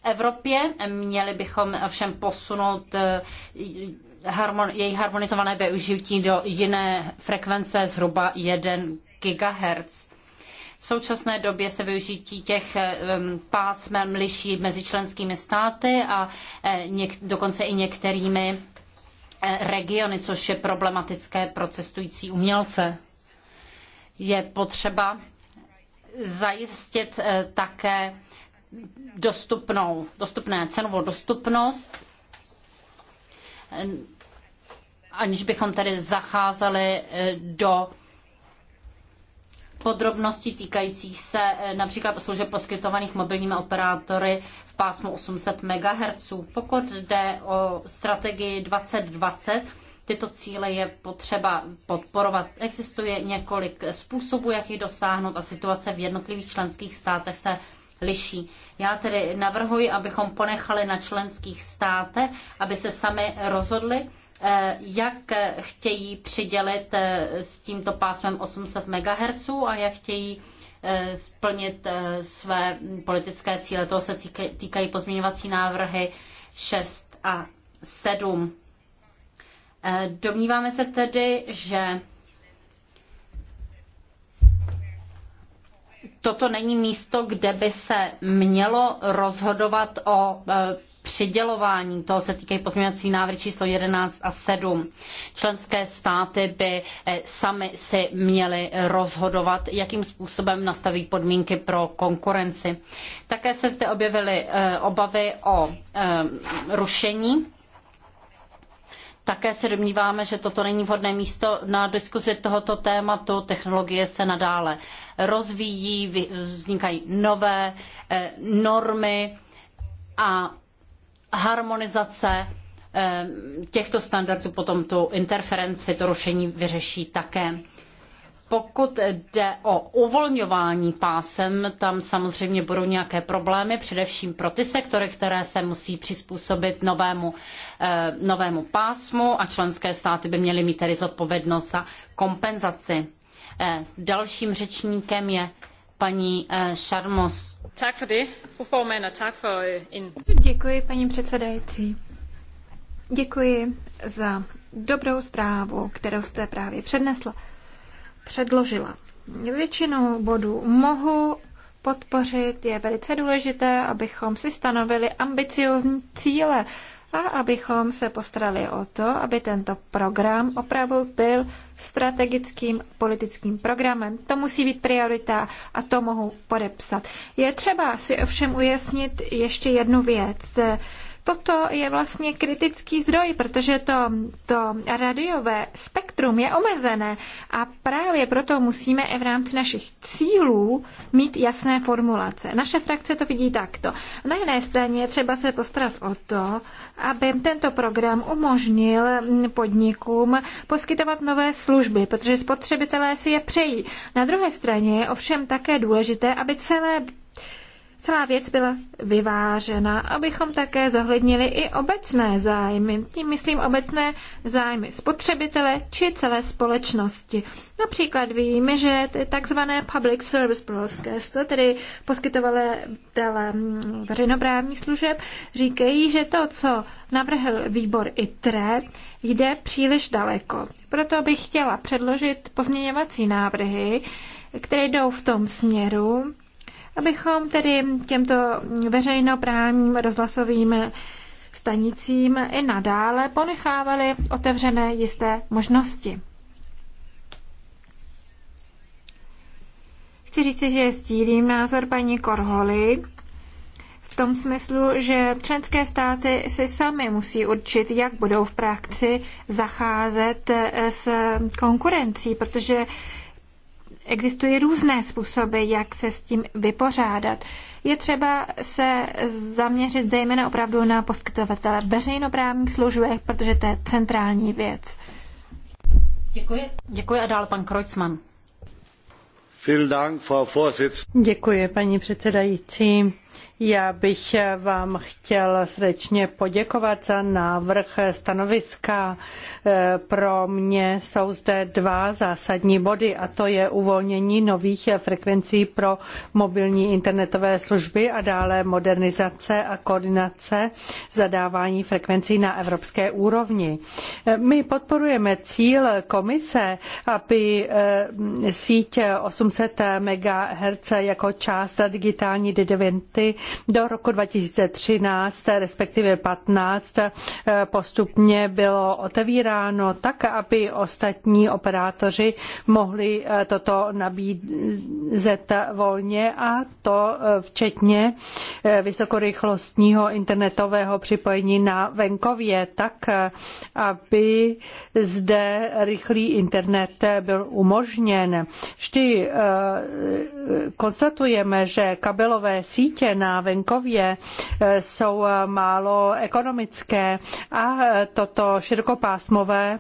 Evropě. Měli bychom všem posunout eh, její harmonizované využití do jiné frekvence zhruba 1 GHz. V současné době se využití těch pásmem liší mezi členskými státy a eh, dokonce i některými regiony, což je problematické pro cestující umělce. Je potřeba zajistit eh, také dostupnou, dostupné cenovou dostupnost, eh, aniž bychom tedy zacházeli eh, do Podrobnosti týkajících se eh, například služeb poskytovaných mobilními operátory v pásmu 800 MHz. Pokud jde o strategii 2020, tyto cíle je potřeba podporovat. Existuje několik způsobů, jak je dosáhnout a situace v jednotlivých členských státech se liší. Já tedy navrhuji, abychom ponechali na členských státech, aby se sami rozhodli, Eh, jak chtějí přidělit eh, s tímto pásmem 800 MHz a jak chtějí eh, splnit své politické cíle. Toho se týkají pozměňovací návrhy 6 a 7. Domníváme se tedy, že toto není místo, kde by se mělo rozhodovat o přidělování. Toho se týkají pozměňovací návrhy číslo 11 a 7. Členské státy by eh, sami si měly rozhodovat, jakým způsobem nastaví podmínky pro konkurenci. Také se zde objevily eh, obavy o eh, rušení také se domníváme, že toto není vhodné místo na diskuzi tohoto tématu. Technologie se nadále rozvíjí, vznikají nové normy a harmonizace eh, těchto standardů potom tu interferenci, to rušení vyřeší také. Pokud jde o uvolňování pásem, tam samozřejmě budou nějaké problémy, především pro ty sektory, které se musí přizpůsobit novému, eh, novému pásmu a členské státy by měly mít tedy zodpovědnost za kompenzaci. Eh, dalším řečníkem je paní eh, Šarmos. Tak for fru formand, tak for eh, en... Děkuji, paní předsedající. Děkuji za dobrou zprávu, kterou jste právě přednesla, předložila. Většinu bodů mohu podpořit. Je velice důležité, abychom si stanovili ambiciozní cíle a abychom se postarali o to, aby tento program opravdu byl strategickým politickým programem. To musí být priorita a to mohu podepsat. Je třeba si ovšem ujasnit ještě jednu věc. Toto je vlastně kritický zdroj, protože to, to radiové spektrum je omezené a právě proto musíme i v rámci našich cílů mít jasné formulace. Naše frakce to vidí takto. Na jedné straně je třeba se postarat o to, aby tento program umožnil podnikům poskytovat nové služby, protože spotřebitelé si je přejí. Na druhé straně je ovšem také důležité, aby celé Celá věc byla vyvážena, abychom také zohlednili i obecné zájmy. Tím myslím obecné zájmy spotřebitele či celé společnosti. Například víme, že ty takzvané public service broadcast, tedy poskytovatele mm, veřejnoprávních služeb, říkají, že to, co navrhl výbor ITRE, jde příliš daleko. Proto bych chtěla předložit pozměňovací návrhy, které jdou v tom směru, abychom tedy těmto veřejnoprávním rozhlasovým stanicím i nadále ponechávali otevřené jisté možnosti. Chci říci, že sdílím názor paní Korholy v tom smyslu, že členské státy si sami musí určit, jak budou v praxi zacházet s konkurencí, protože existují různé způsoby, jak se s tím vypořádat. Je třeba se zaměřit zejména opravdu na poskytovatele veřejnoprávních služeb, protože to je centrální věc. Děkuji. Děkuji a dál pan Kreuzmann. Děkuji, paní předsedající já bych vám chtěl srdečně poděkovat za návrh stanoviska. E, pro mě jsou zde dva zásadní body a to je uvolnění nových frekvencí pro mobilní internetové služby a dále modernizace a koordinace zadávání frekvencí na evropské úrovni. E, my podporujeme cíl komise, aby e, síť 800 MHz jako část digitální dividendy do roku 2013, respektive 15, eh, postupně bylo otevíráno tak, aby ostatní operátoři mohli eh, toto nabízet volně a to eh, včetně vysokorychlostního internetového připojení na venkově, tak aby zde rychlý internet byl umožněn. Vždy konstatujeme, že kabelové sítě na na venkově eh, jsou eh, málo ekonomické a eh, toto širokopásmové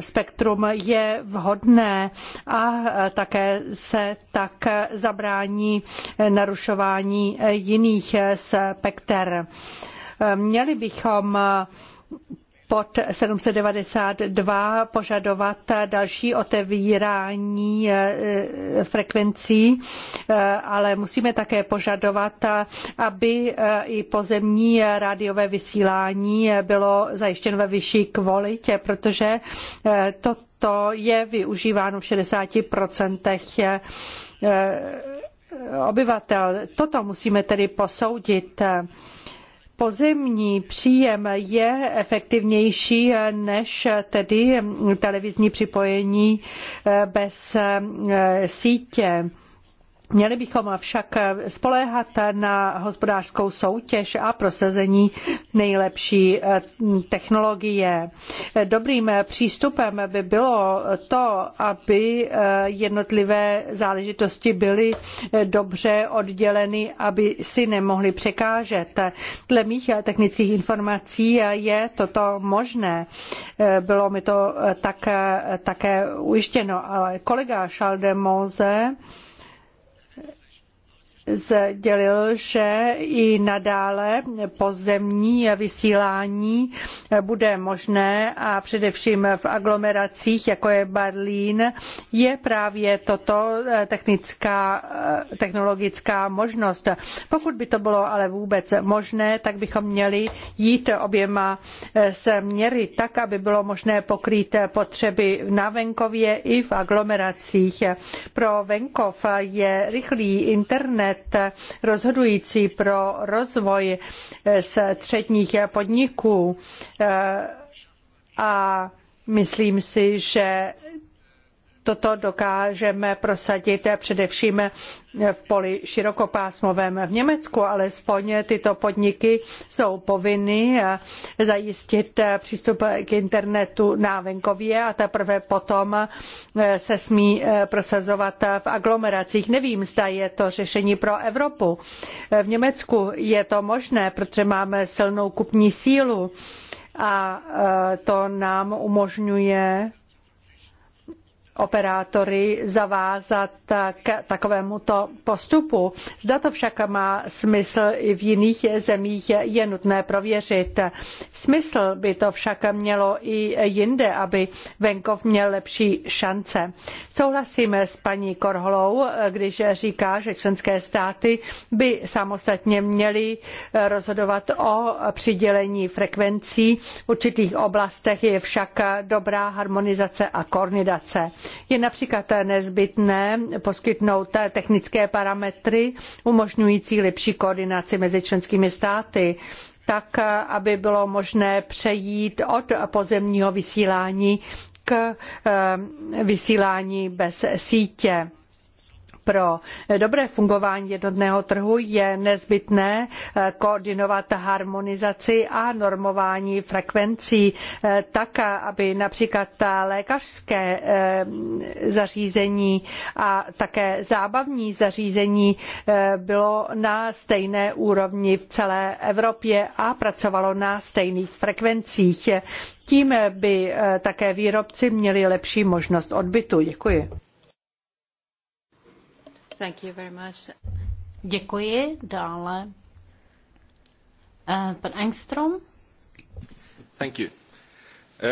spektrum je vhodné a také se tak zabrání narušování jiných spekter. Měli bychom pod 792 požadovat další otevírání eh, eh, frekvencí, eh, ale musíme také požadovat, aby i pozemní rádiové vysílání bylo zajištěno ve vyšší kvalitě, protože to to je využíváno v 60% obyvatel. Toto musíme tedy posoudit pozemní příjem je efektivnější než tedy televizní připojení bez sítě. Měli bychom však spoléhat na hospodářskou soutěž a prosazení nejlepší eh, technologie. Dobrým přístupem by bylo to, aby eh, jednotlivé záležitosti byly eh, dobře odděleny, aby si nemohly překážet. Dle mých technických informací je toto možné. Bylo mi to tak, také ujištěno. Ale kolega Schaldemose sdělil, že i nadále pozemní vysílání bude možné a především v aglomeracích, jako je Berlín, je právě toto eh, technická, eh, technologická možnost. Pokud by to bylo ale vůbec možné, tak bychom měli jít oběma eh, směry tak, aby bylo možné pokrýt potřeby na venkově i v aglomeracích. Pro venkov je rychlý internet opět rozhodující pro rozvoj středních podniků a myslím si, že toto dokážeme prosadit především v poli širokopásmovém v Německu, alespoň tyto podniky jsou povinny zajistit přístup k internetu na venkově a teprve potom se smí prosazovat v aglomeracích. Nevím, zda je to řešení pro Evropu. V Německu je to možné, protože máme silnou kupní sílu a to nám umožňuje operátory zavázat k takovémuto postupu. Zda to však má smysl i v jiných zemích, je nutné prověřit. Smysl by to však mělo i jinde, aby venkov měl lepší šance. Souhlasím s paní Korholou, když říká, že členské státy by samostatně měly rozhodovat o přidělení frekvencí. V určitých oblastech je však dobrá harmonizace a koordinace. Je například nezbytné poskytnout technické parametry umožňující lepší koordinaci mezi členskými státy tak, aby bylo možné přejít od pozemního vysílání k eh, vysílání bez sítě. Pro dobré fungování jednotného trhu je nezbytné eh, koordinovat harmonizaci a normování frekvencí eh, tak, aby například lékařské eh, zařízení a také zábavní zařízení bylo na stejné úrovni v celé Evropě a pracovalo na stejných frekvencích. Tím by také výrobci měli lepší možnost odbytu. Děkuji. Thank you very much. Děkuji. Dále eh, pan Engstrom. Thank you.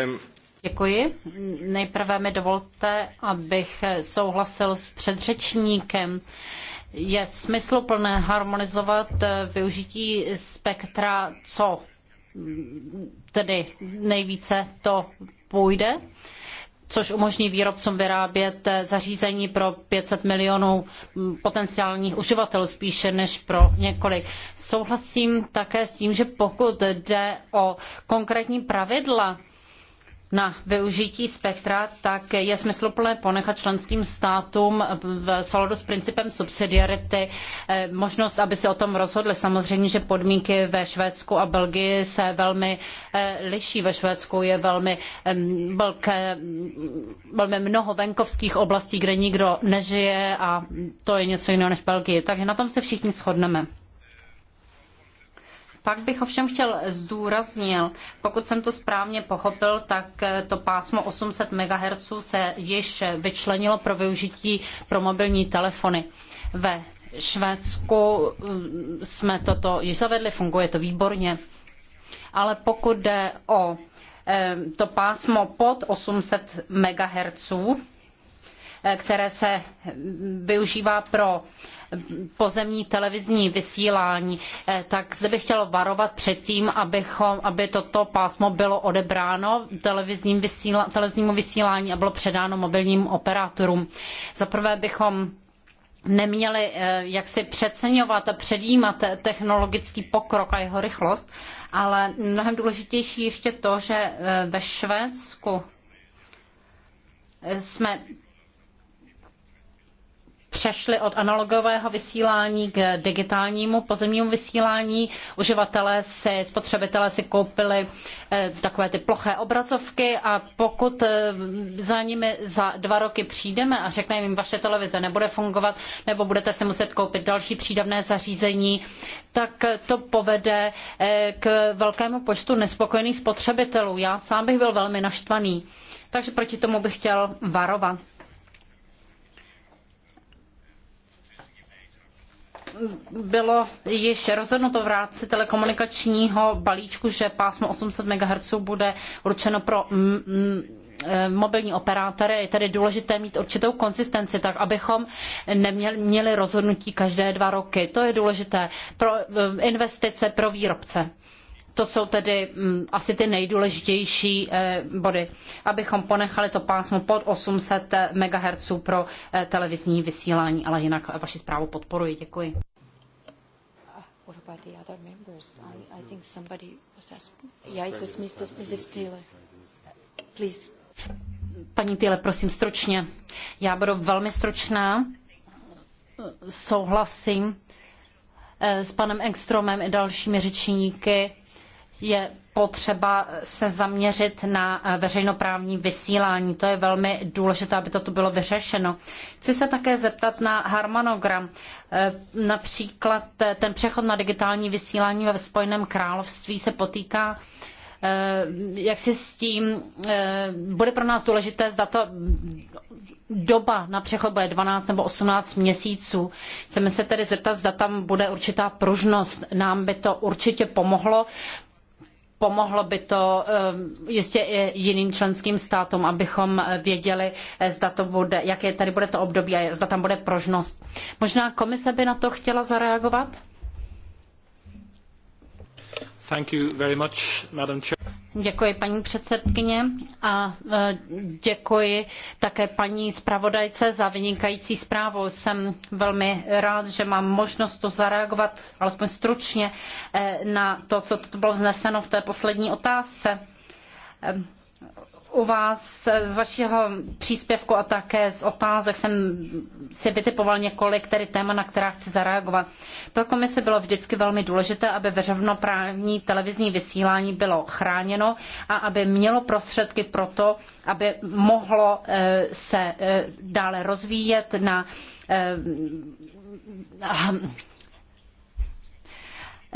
Um... Děkuji. Nejprve mi dovolte, abych souhlasil s předřečníkem je smysluplné harmonizovat eh, využití spektra co tedy nejvíce to půjde což umožní výrobcům vyrábět eh, zařízení pro 500 milionů mm, potenciálních uživatelů spíše než pro několik. Souhlasím také s tím, že pokud jde o konkrétní pravidla, na využití spektra, tak je smysluplné ponechat členským státům v souladu s principem subsidiarity eh, možnost, aby se o tom rozhodli. Samozřejmě, že podmínky ve Švédsku a Belgii se velmi eh, liší. Ve Švédsku je velmi, velké, velmi mnoho venkovských oblastí, kde nikdo nežije a to je něco jiného než Belgii. Takže na tom se všichni shodneme. Pak bych ovšem chtěl zdůraznil, pokud jsem to správně pochopil, tak eh, to pásmo 800 MHz se již vyčlenilo pro využití pro mobilní telefony. Ve Švédsku mm, jsme toto již zavedli, funguje to výborně. Ale pokud jde o eh, to pásmo pod 800 MHz, které se využívá pro pozemní televizní vysílání, tak zde bych chtěla varovat před tím, abychom, aby toto pásmo bylo odebráno televizním vysíla, televiznímu vysílání a bylo předáno mobilním operátorům. Za prvé bychom neměli eh, jaksi přeceňovat a předjímat technologický pokrok a jeho rychlost, ale mnohem důležitější ještě to, že eh, ve Švédsku jsme přešli od analogového vysílání k digitálnímu pozemnímu vysílání. Uživatelé si, spotřebitelé si koupili eh, takové ty ploché obrazovky a pokud eh, za nimi za dva roky přijdeme a řekneme jim, vaše televize nebude fungovat nebo budete si muset koupit další přídavné zařízení, tak to povede eh, k velkému počtu nespokojených spotřebitelů. Já sám bych byl velmi naštvaný. Takže proti tomu bych chtěl varovat. bylo již rozhodnuto v rámci telekomunikačního balíčku, že pásmo 800 MHz bude určeno pro mobilní operátory, je tedy důležité mít určitou konzistenci, tak abychom neměli rozhodnutí každé dva roky. To je důležité pro e, investice, pro výrobce. To jsou tedy mm, asi ty nejdůležitější eh, body, abychom ponechali to pásmo pod 800 MHz pro eh, televizní vysílání, ale jinak eh, vaši zprávu podporuji. Děkuji. Ah, Paní Týle, prosím stručně. Já budu velmi stručná. Souhlasím s panem Engstromem i dalšími řečníky je potřeba se zaměřit na eh, veřejnoprávní vysílání. To je velmi důležité, aby toto bylo vyřešeno. Chci se také zeptat na harmonogram. Eh, například eh, ten přechod na digitální vysílání ve Spojeném království se potýká jak si s tím bude pro nás důležité, zda ta doba na přechod bude 12 nebo 18 měsíců. Chceme se tedy zeptat, zda tam bude určitá pružnost. Nám by to určitě pomohlo Pomohlo by to ehm, jistě i jiným členským státům, abychom věděli, eh, zda to bude, jaké tady bude to období a zda tam bude prožnost. Možná komise by na to chtěla zareagovat? Thank you very much, Madam Chair. Děkuji paní předsedkyně a e, děkuji také paní zpravodajce za vynikající zprávu. Jsem velmi rád, že mám možnost to zareagovat alespoň stručně e, na to, co to bylo vzneseno v té poslední otázce e, u vás, z vašeho příspěvku a také z otázek jsem si vytipoval několik tedy téma, na která chci zareagovat. Pro komisi bylo vždycky velmi důležité, aby veřejnoprávní televizní vysílání bylo chráněno a aby mělo prostředky pro to, aby mohlo eh, se eh, dále rozvíjet na eh,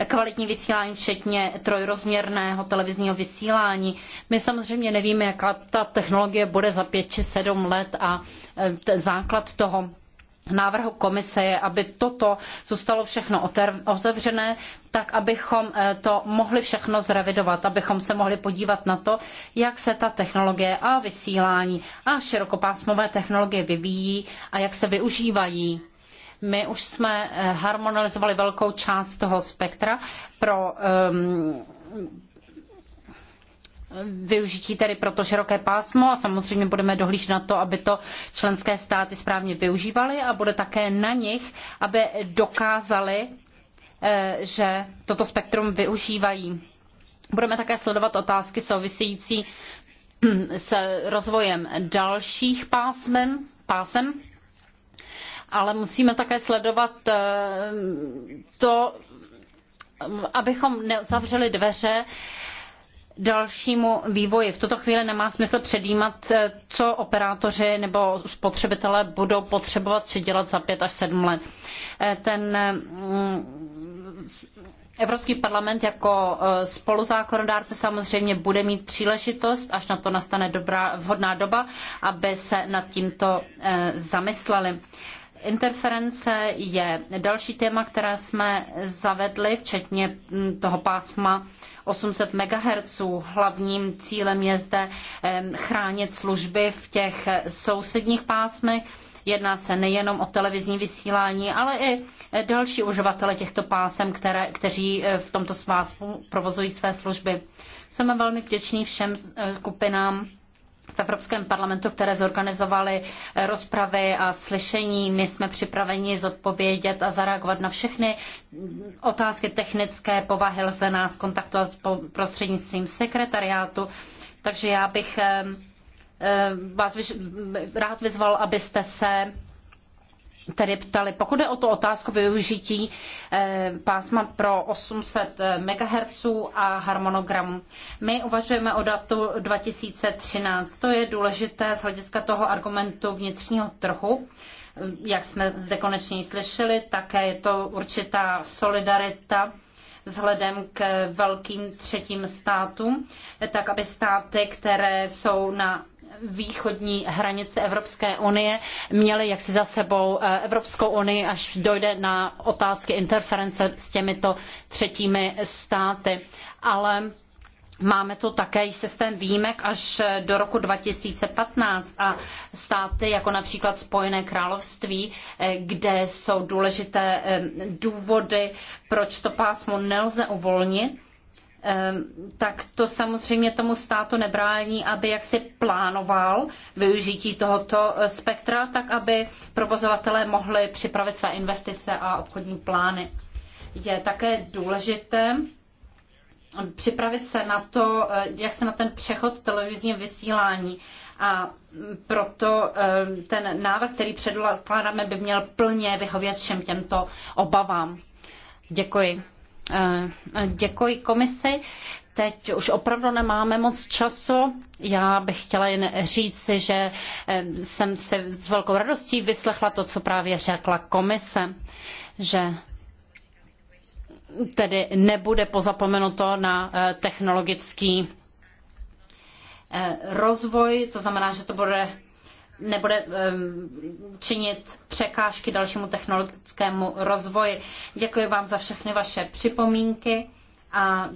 kvalitní vysílání, včetně trojrozměrného televizního vysílání. My samozřejmě nevíme, jaká ta technologie bude za pět či sedm let a e, ten základ toho návrhu komise je, aby toto zůstalo všechno otevřené, tak abychom e, to mohli všechno zrevidovat, abychom se mohli podívat na to, jak se ta technologie a vysílání a širokopásmové technologie vyvíjí a jak se využívají my už jsme eh, harmonizovali velkou část toho spektra pro um, využití tedy pro to široké pásmo a samozřejmě budeme dohlížet na to, aby to členské státy správně využívaly a bude také na nich, aby dokázali, eh, že toto spektrum využívají. Budeme také sledovat otázky související hm, s rozvojem dalších pásem ale musíme také sledovat eh, to, abychom nezavřeli dveře dalšímu vývoji. V tuto chvíli nemá smysl předjímat, eh, co operátoři nebo spotřebitelé budou potřebovat si dělat za pět až sedm let. Eh, ten mm, Evropský parlament jako spoluzákonodárce samozřejmě bude mít příležitost, až na to nastane dobrá, vhodná doba, aby se nad tímto zamysleli. Interference je další téma, které jsme zavedli, včetně mm, toho pásma 800 MHz. Hlavním cílem je zde chránit služby v těch sousedních pásmech. Jedná se nejenom o televizní vysílání, ale i e, další uživatele těchto pásem, které, kteří e, v tomto svásku provozují své služby. Jsme velmi vděční všem e, skupinám v Evropském parlamentu, které zorganizovaly eh, rozpravy a slyšení. My jsme připraveni zodpovědět a zareagovat na všechny mm, otázky technické povahy. Lze nás kontaktovat prostřednictvím sekretariátu. Takže já bych eh, eh, vás rád vyzval, abyste se tedy ptali, pokud je o tu otázku využití eh, pásma pro 800 eh, MHz a harmonogramu. My uvažujeme o datu 2013. To je důležité z hlediska toho argumentu vnitřního trhu. Eh, jak jsme zde konečně slyšeli, také je to určitá solidarita vzhledem k velkým třetím státům, tak aby státy, které jsou na východní hranice Evropské unie měly jaksi za sebou eh, Evropskou unii, až dojde na otázky interference s těmito třetími státy. Ale Máme tu také systém výjimek až eh, do roku 2015 a státy jako například Spojené království, eh, kde jsou důležité důvody, proč to pásmo nelze uvolnit, Ehm, tak to samozřejmě tomu státu nebrání, aby jaksi plánoval využití tohoto eh, spektra, tak aby provozovatelé mohli připravit své investice a obchodní plány. Je také důležité ehm, připravit se na to, eh, jak se na ten přechod televizního vysílání. A mm, proto ehm, ten návrh, který předkládáme, by měl plně vyhovět všem těmto obavám. Děkuji. Eh, děkuji komisi. Teď už opravdu nemáme moc času. Já bych chtěla jen říci, že eh, jsem se s velkou radostí vyslechla to, co právě řekla komise, že tedy nebude pozapomenuto na eh, technologický rozvoj, to znamená, že to bude nebude eh, činit překážky dalšímu technologickému rozvoji. Děkuji vám za všechny vaše připomínky a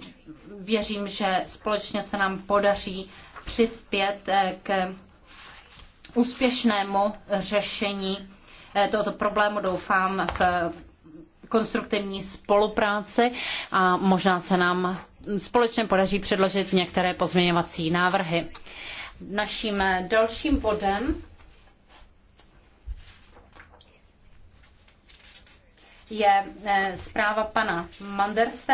věřím, že společně se nám podaří přispět eh, k úspěšnému řešení eh, tohoto problému. Doufám v konstruktivní spolupráci a možná se nám společně podaří předložit některé pozměňovací návrhy. Naším dalším bodem je eh, zpráva pana Manderse.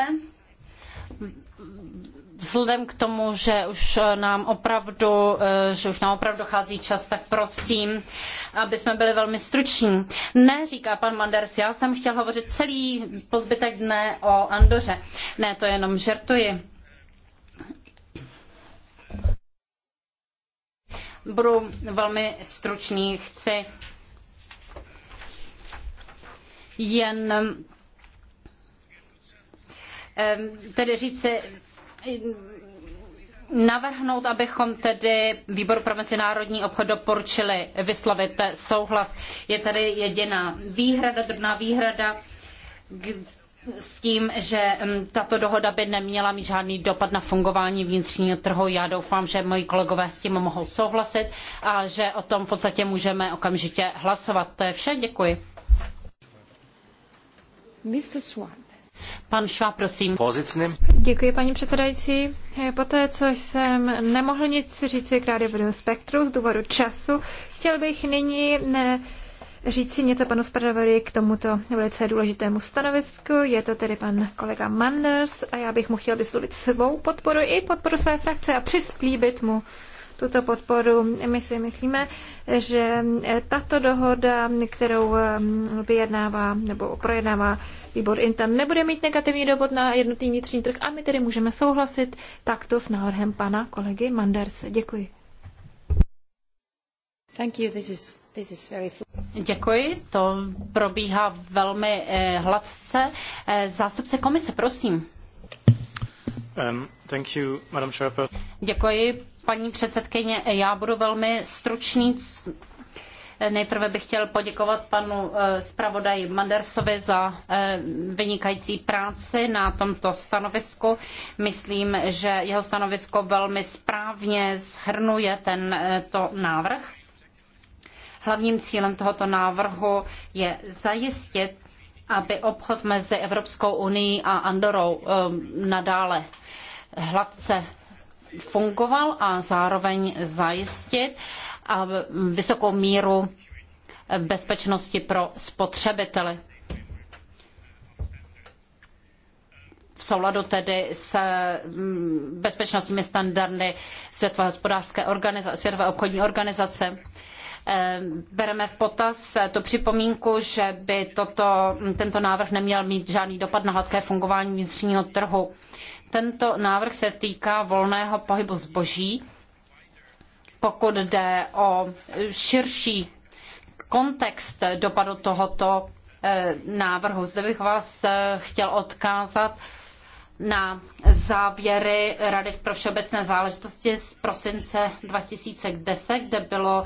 Vzhledem k tomu, že už nám opravdu, eh, že už nám opravdu dochází čas, tak prosím, aby jsme byli velmi struční. Ne, říká pan Manders, já jsem chtěl hovořit celý pozbytek dne o Andoře. Ne, to jenom žertuji. Budu velmi stručný, chci jen tedy říci, navrhnout, abychom tedy výboru pro mezinárodní obchod doporučili vyslovit souhlas. Je tady jediná výhrada, drobná výhrada s tím, že tato dohoda by neměla mít žádný dopad na fungování vnitřního trhu. Já doufám, že moji kolegové s tím mohou souhlasit a že o tom v podstatě můžeme okamžitě hlasovat. To je vše, děkuji. Pan Švá, prosím. Pozicným. Děkuji, paní předsedající. Poté, co jsem nemohl nic říci k rádiovému spektru z důvodu času, chtěl bych nyní ne, eh, říct něco panu Spravovi k tomuto velice důležitému stanovisku. Je to tedy pan kolega Manders a já bych mu chtěl vyslovit svou podporu i podporu své frakce a přislíbit mu, tuto podporu. My si myslíme, že tato dohoda, kterou eh, vyjednává nebo projednává výbor Intam, nebude mít negativní dopad na jednotný vnitřní trh a my tedy můžeme souhlasit takto s návrhem pana kolegy Manderse. Děkuji. Thank you. This is, this is very... Děkuji, to probíhá velmi eh, hladce. Eh, zástupce komise, prosím. Um, you, Děkuji, paní předsedkyně. Já budu velmi stručný. Nejprve bych chtěl poděkovat panu eh, zpravodaji Mandersovi za eh, vynikající práci na tomto stanovisku. Myslím, že jeho stanovisko velmi správně shrnuje tento eh, návrh. Hlavním cílem tohoto návrhu je zajistit, aby obchod mezi Evropskou unií a Andorou nadále hladce fungoval a zároveň zajistit vysokou míru bezpečnosti pro spotřebitele. V souladu tedy s mm, bezpečnostními standardy Světové hospodářské organizace, Světové obchodní organizace eh, bereme v potaz tu připomínku, že by toto, tento návrh neměl mít žádný dopad na hladké fungování vnitřního trhu. Tento návrh se týká volného pohybu zboží, pokud jde o širší kontext dopadu tohoto eh, návrhu. Zde bych vás eh, chtěl odkázat na závěry Rady pro všeobecné záležitosti z prosince 2010, kde bylo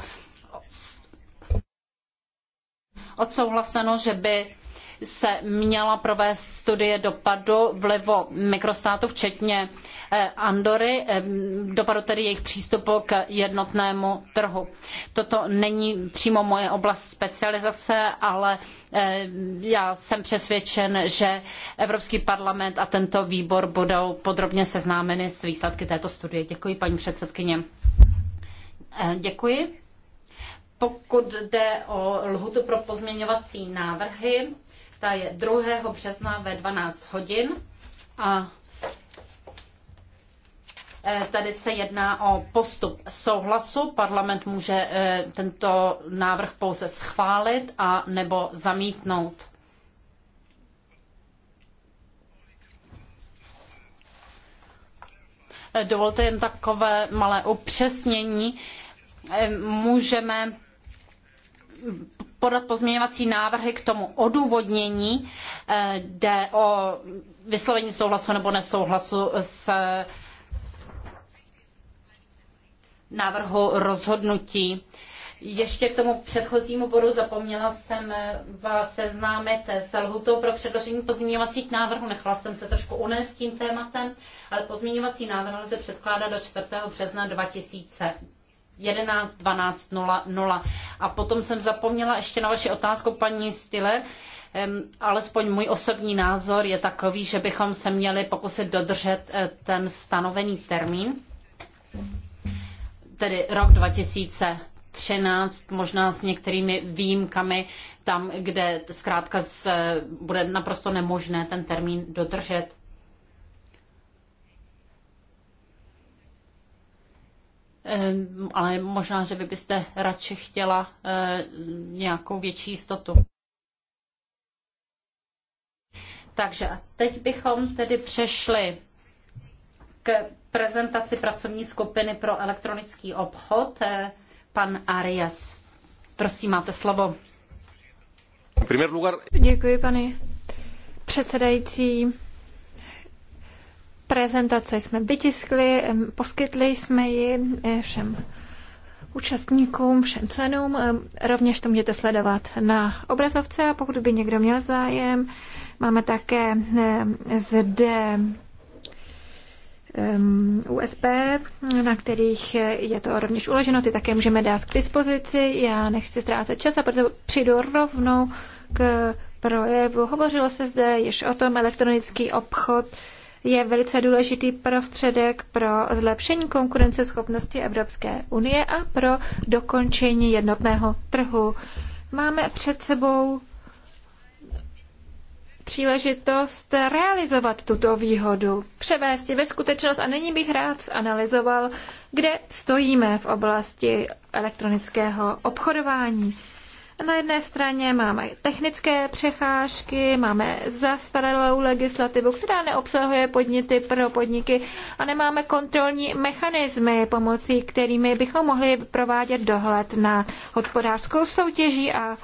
odsouhlaseno, že by se měla provést studie dopadu vlivu mikrostátů, včetně eh, Andory, eh, dopadu tedy jejich přístupu k jednotnému trhu. Toto není přímo moje oblast specializace, ale eh, já jsem přesvědčen, že Evropský parlament a tento výbor budou podrobně seznámeny s výsledky této studie. Děkuji, paní předsedkyně. Děkuji. Pokud jde o lhutu pro pozměňovací návrhy, ta je 2. března ve 12 hodin a e, Tady se jedná o postup souhlasu. Parlament může e, tento návrh pouze schválit a nebo zamítnout. E, dovolte jen takové malé upřesnění. Můžeme podat pozměňovací návrhy k tomu odůvodnění, eh, jde o vyslovení souhlasu nebo nesouhlasu s návrhu rozhodnutí. Ještě k tomu předchozímu bodu zapomněla jsem vás seznámit se lhutou pro předložení pozměňovacích návrhů. Nechala jsem se trošku unést tím tématem, ale pozměňovací návrh lze předkládat do 4. března 2000. 11.12.00. A potom jsem zapomněla ještě na vaši otázku, paní Stiller. Alespoň můj osobní názor je takový, že bychom se měli pokusit dodržet eh, ten stanovený termín, tedy rok 2013, možná s některými výjimkami, tam, kde zkrátka eh, bude naprosto nemožné ten termín dodržet. ale možná, že vy byste radši chtěla eh, nějakou větší jistotu. Takže teď bychom tedy přešli k prezentaci pracovní skupiny pro elektronický obchod. Eh, pan Arias, prosím, máte slovo. Děkuji, pane předsedající prezentaci jsme vytiskli, poskytli jsme ji eh, všem účastníkům, všem členům. Rovněž to můžete sledovat na obrazovce a pokud by někdo měl zájem, máme také zde USB, na kterých je to rovněž uloženo, ty také můžeme dát k dispozici. Já nechci ztrácet čas a proto přijdu rovnou k projevu. Hovořilo se zde již o tom elektronický obchod je velice důležitý prostředek pro zlepšení konkurenceschopnosti Evropské unie a pro dokončení jednotného trhu. Máme před sebou příležitost realizovat tuto výhodu, převést ji ve skutečnost a nyní bych rád zanalizoval, kde stojíme v oblasti elektronického obchodování. Na jedné straně máme technické přecházky, máme zastaralou legislativu, která neobsahuje podněty pro podniky a nemáme kontrolní mechanismy, pomocí kterými bychom mohli provádět dohled na hospodářskou soutěží a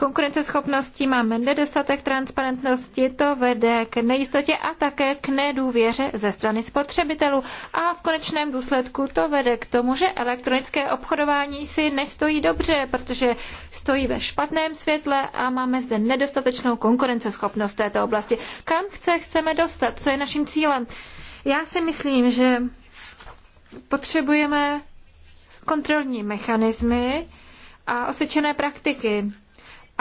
konkurenceschopnosti, máme nedostatek transparentnosti, to vede k nejistotě a také k nedůvěře ze strany spotřebitelů. A v konečném důsledku to vede k tomu, že elektronické obchodování si nestojí dobře, protože stojí ve špatném světle a máme zde nedostatečnou konkurenceschopnost této oblasti. Kam chce, chceme dostat? Co je naším cílem? Já si myslím, že potřebujeme kontrolní mechanismy a osvědčené praktiky.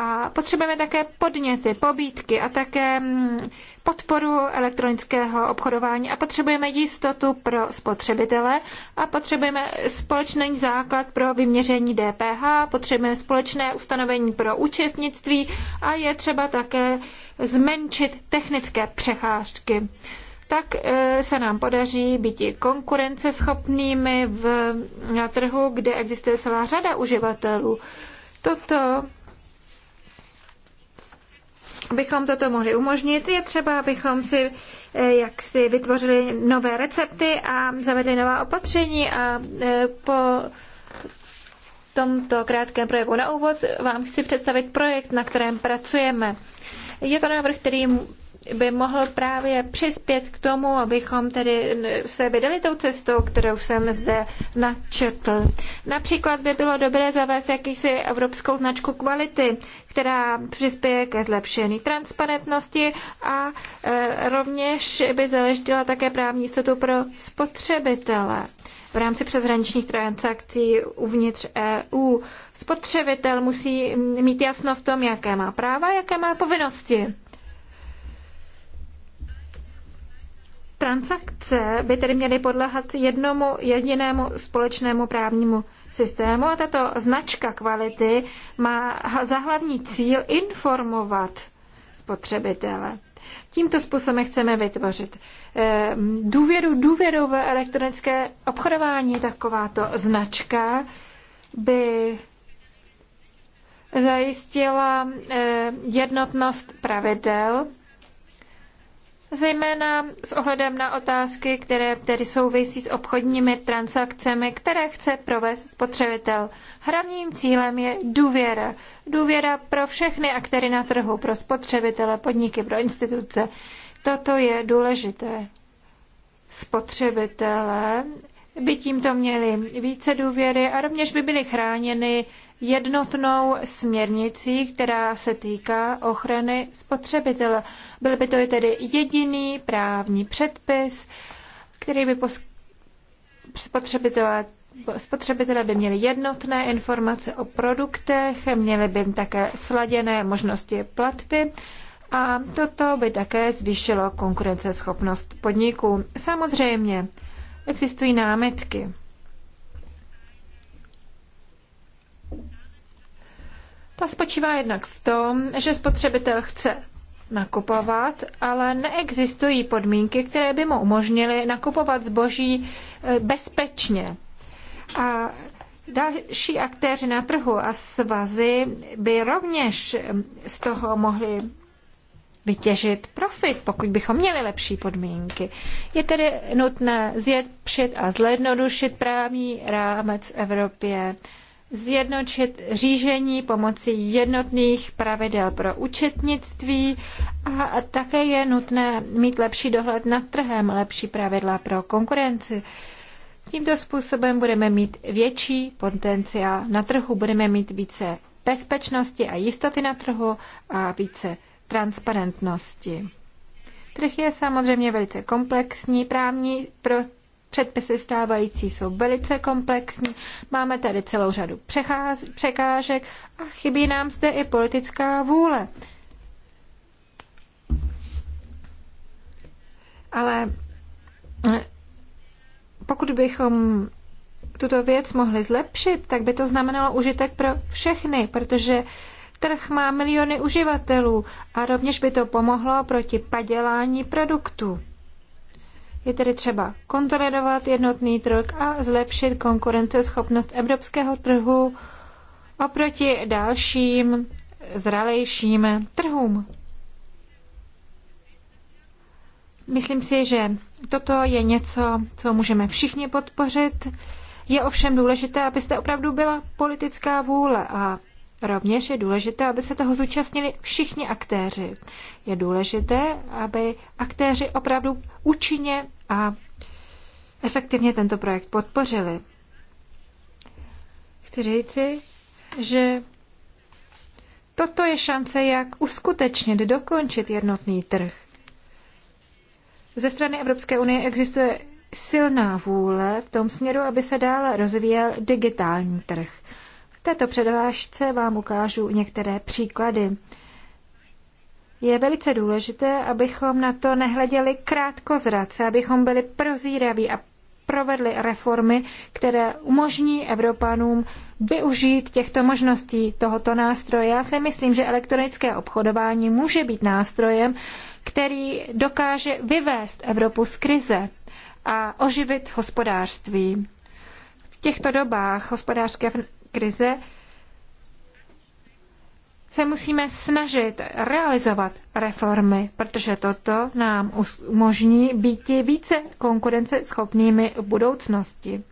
A potřebujeme také podněty, pobídky a také mm, podporu elektronického obchodování a potřebujeme jistotu pro spotřebitele a potřebujeme společný základ pro vyměření DPH, potřebujeme společné ustanovení pro účastnictví a je třeba také zmenšit technické přecházky. Tak e, se nám podaří být i konkurenceschopnými v, na trhu, kde existuje celá řada uživatelů. Toto abychom toto mohli umožnit, je třeba, abychom si eh, jak si vytvořili nové recepty a zavedli nová opatření a eh, po tomto krátkém projevu na úvod vám chci představit projekt, na kterém pracujeme. Je to návrh, který by mohl právě přispět k tomu, abychom tedy se vydali tou cestou, kterou jsem zde načetl. Například by bylo dobré zavést jakýsi evropskou značku kvality, která přispěje ke zlepšení transparentnosti a e, rovněž by zaleždila také právní jistotu pro spotřebitele v rámci přeshraničních transakcí uvnitř EU. Spotřebitel musí mít jasno v tom, jaké má práva, jaké má povinnosti. Transakce by tedy měly podléhat jednomu jedinému společnému právnímu systému a tato značka kvality má za hlavní cíl informovat spotřebitele. Tímto způsobem chceme vytvořit eh, důvěru, důvěru ve elektronické obchodování. Takováto značka by zajistila eh, jednotnost pravidel zejména s ohledem na otázky, které tedy souvisí s obchodními transakcemi, které chce provést spotřebitel. Hlavním cílem je důvěra. Důvěra pro všechny aktéry na trhu, pro spotřebitele, podniky, pro instituce. Toto je důležité. Spotřebitelé by tímto měli více důvěry a rovněž by byli chráněni jednotnou směrnicí, která se týká ochrany spotřebitele. Byl by to tedy jediný právní předpis, který by pos... spotřebitelé Spotřebitelé by měli jednotné informace o produktech, měli by také sladěné možnosti platby a toto by také zvýšilo konkurenceschopnost podniků. Samozřejmě existují námitky. Ta spočívá jednak v tom, že spotřebitel chce nakupovat, ale neexistují podmínky, které by mu umožnily nakupovat zboží e, bezpečně. A další aktéři na trhu a svazy by rovněž e, z toho mohli vytěžit profit, pokud bychom měli lepší podmínky. Je tedy nutné zjednodušit a zjednodušit právní rámec v Evropě zjednočit řížení pomocí jednotných pravidel pro účetnictví a také je nutné mít lepší dohled nad trhem, lepší pravidla pro konkurenci. Tímto způsobem budeme mít větší potenciál na trhu, budeme mít více bezpečnosti a jistoty na trhu a více transparentnosti. Trh je samozřejmě velice komplexní právní předpisy stávající jsou velice komplexní, máme tady celou řadu překážek a chybí nám zde i politická vůle. Ale eh, pokud bychom tuto věc mohli zlepšit, tak by to znamenalo užitek pro všechny, protože trh má miliony uživatelů a rovněž by to pomohlo proti padělání produktů. Je tedy třeba konsolidovat jednotný trh a zlepšit konkurenceschopnost evropského trhu oproti dalším zralejším trhům. Myslím si, že toto je něco, co můžeme všichni podpořit. Je ovšem důležité, abyste opravdu byla politická vůle a Rovněž je důležité, aby se toho zúčastnili všichni aktéři. Je důležité, aby aktéři opravdu účinně a efektivně tento projekt podpořili. Chci říci, že toto je šance, jak uskutečnit, dokončit jednotný trh. Ze strany Evropské unie existuje silná vůle v tom směru, aby se dále rozvíjel digitální trh. V této předvážce vám ukážu některé příklady. Je velice důležité, abychom na to nehleděli krátkozrace, abychom byli prozíraví a provedli reformy, které umožní Evropanům využít těchto možností tohoto nástroje. Já si myslím, že elektronické obchodování může být nástrojem, který dokáže vyvést Evropu z krize a oživit hospodářství. V těchto dobách hospodářské krize se musíme snažit realizovat reformy, protože toto nám umožní být více konkurenceschopnými v budoucnosti.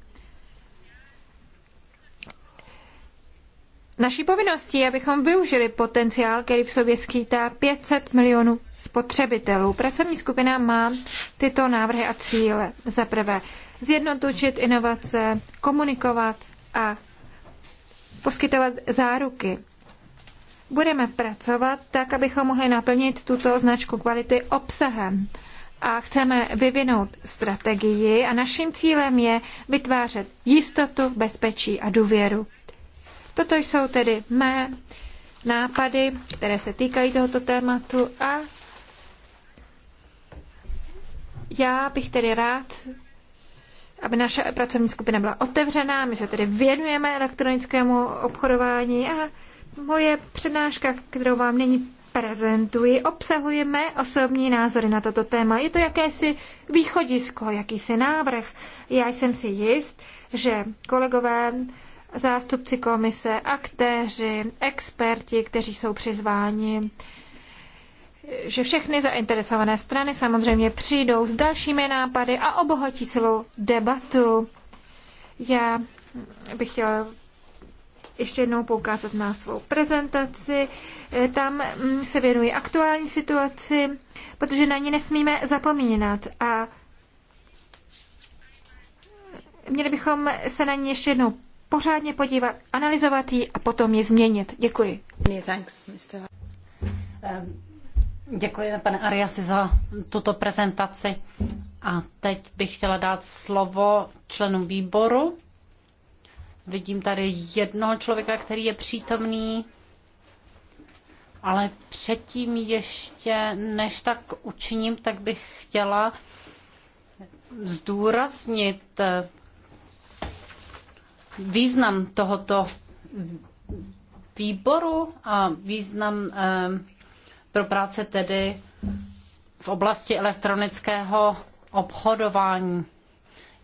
Naší povinností je, abychom využili potenciál, který v sobě skýtá 500 milionů spotřebitelů. Pracovní skupina má tyto návrhy a cíle. Za prvé, zjednotučit inovace, komunikovat a poskytovat záruky. Budeme pracovat tak, abychom mohli naplnit tuto značku kvality obsahem a chceme vyvinout strategii a naším cílem je vytvářet jistotu, bezpečí a důvěru. Toto jsou tedy mé nápady, které se týkají tohoto tématu a já bych tedy rád aby naše pracovní skupina byla otevřená. My se tedy věnujeme elektronickému obchodování a moje přednáška, kterou vám nyní prezentuji, obsahujeme osobní názory na toto téma. Je to jakési východisko, jakýsi návrh. Já jsem si jist, že kolegové, zástupci komise, aktéři, experti, kteří jsou přizváni, že všechny zainteresované strany samozřejmě přijdou s dalšími nápady a obohatí celou debatu. Já bych chtěla ještě jednou poukázat na svou prezentaci. Tam mm, se věnuji aktuální situaci, protože na ní nesmíme zapomínat a měli bychom se na ní ještě jednou pořádně podívat, analyzovat ji a potom ji změnit. Děkuji. Thanks, Mr. Um. Děkujeme, pane Ariasi, za tuto prezentaci. A teď bych chtěla dát slovo členům výboru. Vidím tady jednoho člověka, který je přítomný, ale předtím ještě, než tak učiním, tak bych chtěla zdůraznit eh, význam tohoto výboru a význam eh, pro práce tedy v oblasti elektronického obchodování.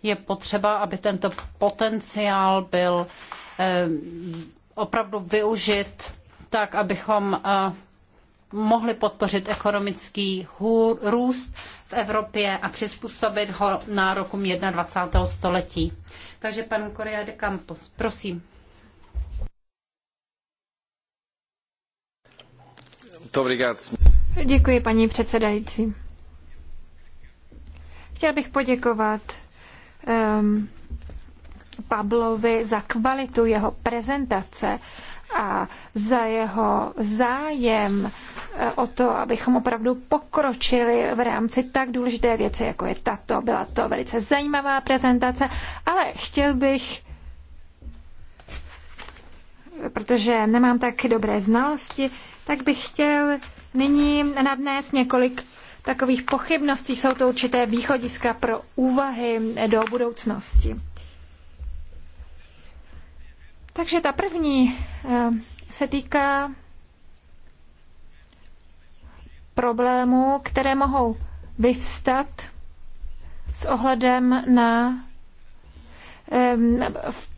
Je potřeba, aby tento potenciál byl eh, opravdu využit tak, abychom eh, mohli podpořit ekonomický růst v Evropě a přizpůsobit ho nárokům 21. století. Takže pan Korea de Campos, prosím. Děkuji, paní předsedající. Chtěl bych poděkovat um, ehm, Pablovi za kvalitu jeho prezentace a za jeho zájem eh, o to, abychom opravdu pokročili v rámci tak důležité věci, jako je tato. Byla to velice zajímavá prezentace, ale chtěl bych protože nemám tak dobré znalosti, tak bych chtěl nyní nadnést několik takových pochybností. Jsou to určité východiska pro úvahy do budoucnosti. Takže ta první eh, se týká problémů, které mohou vyvstat s ohledem na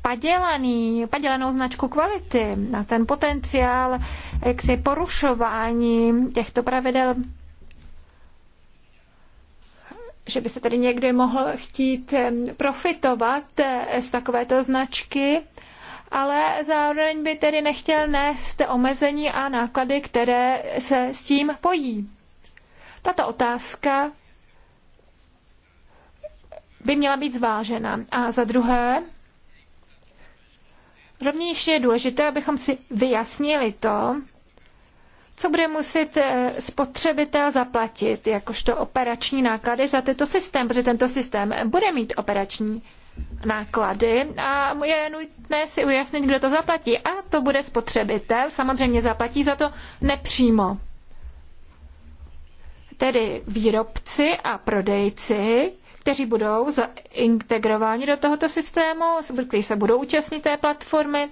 padělaný, padělanou značku kvality, na ten potenciál jaksi porušování těchto pravidel že by se tedy někdy mohl chtít profitovat eh, z takovéto značky, ale zároveň by tedy nechtěl nést omezení a náklady, které se s tím pojí. Tato otázka by měla být zvážena. A za druhé, rovněž je důležité, abychom si vyjasnili to, co bude muset eh, spotřebitel zaplatit, jakožto operační náklady za tento systém, protože tento systém bude mít operační náklady a je nutné si ujasnit, kdo to zaplatí. A to bude spotřebitel, samozřejmě zaplatí za to nepřímo. Tedy výrobci a prodejci kteří budou integrováni do tohoto systému, kteří se budou účastnit té platformy,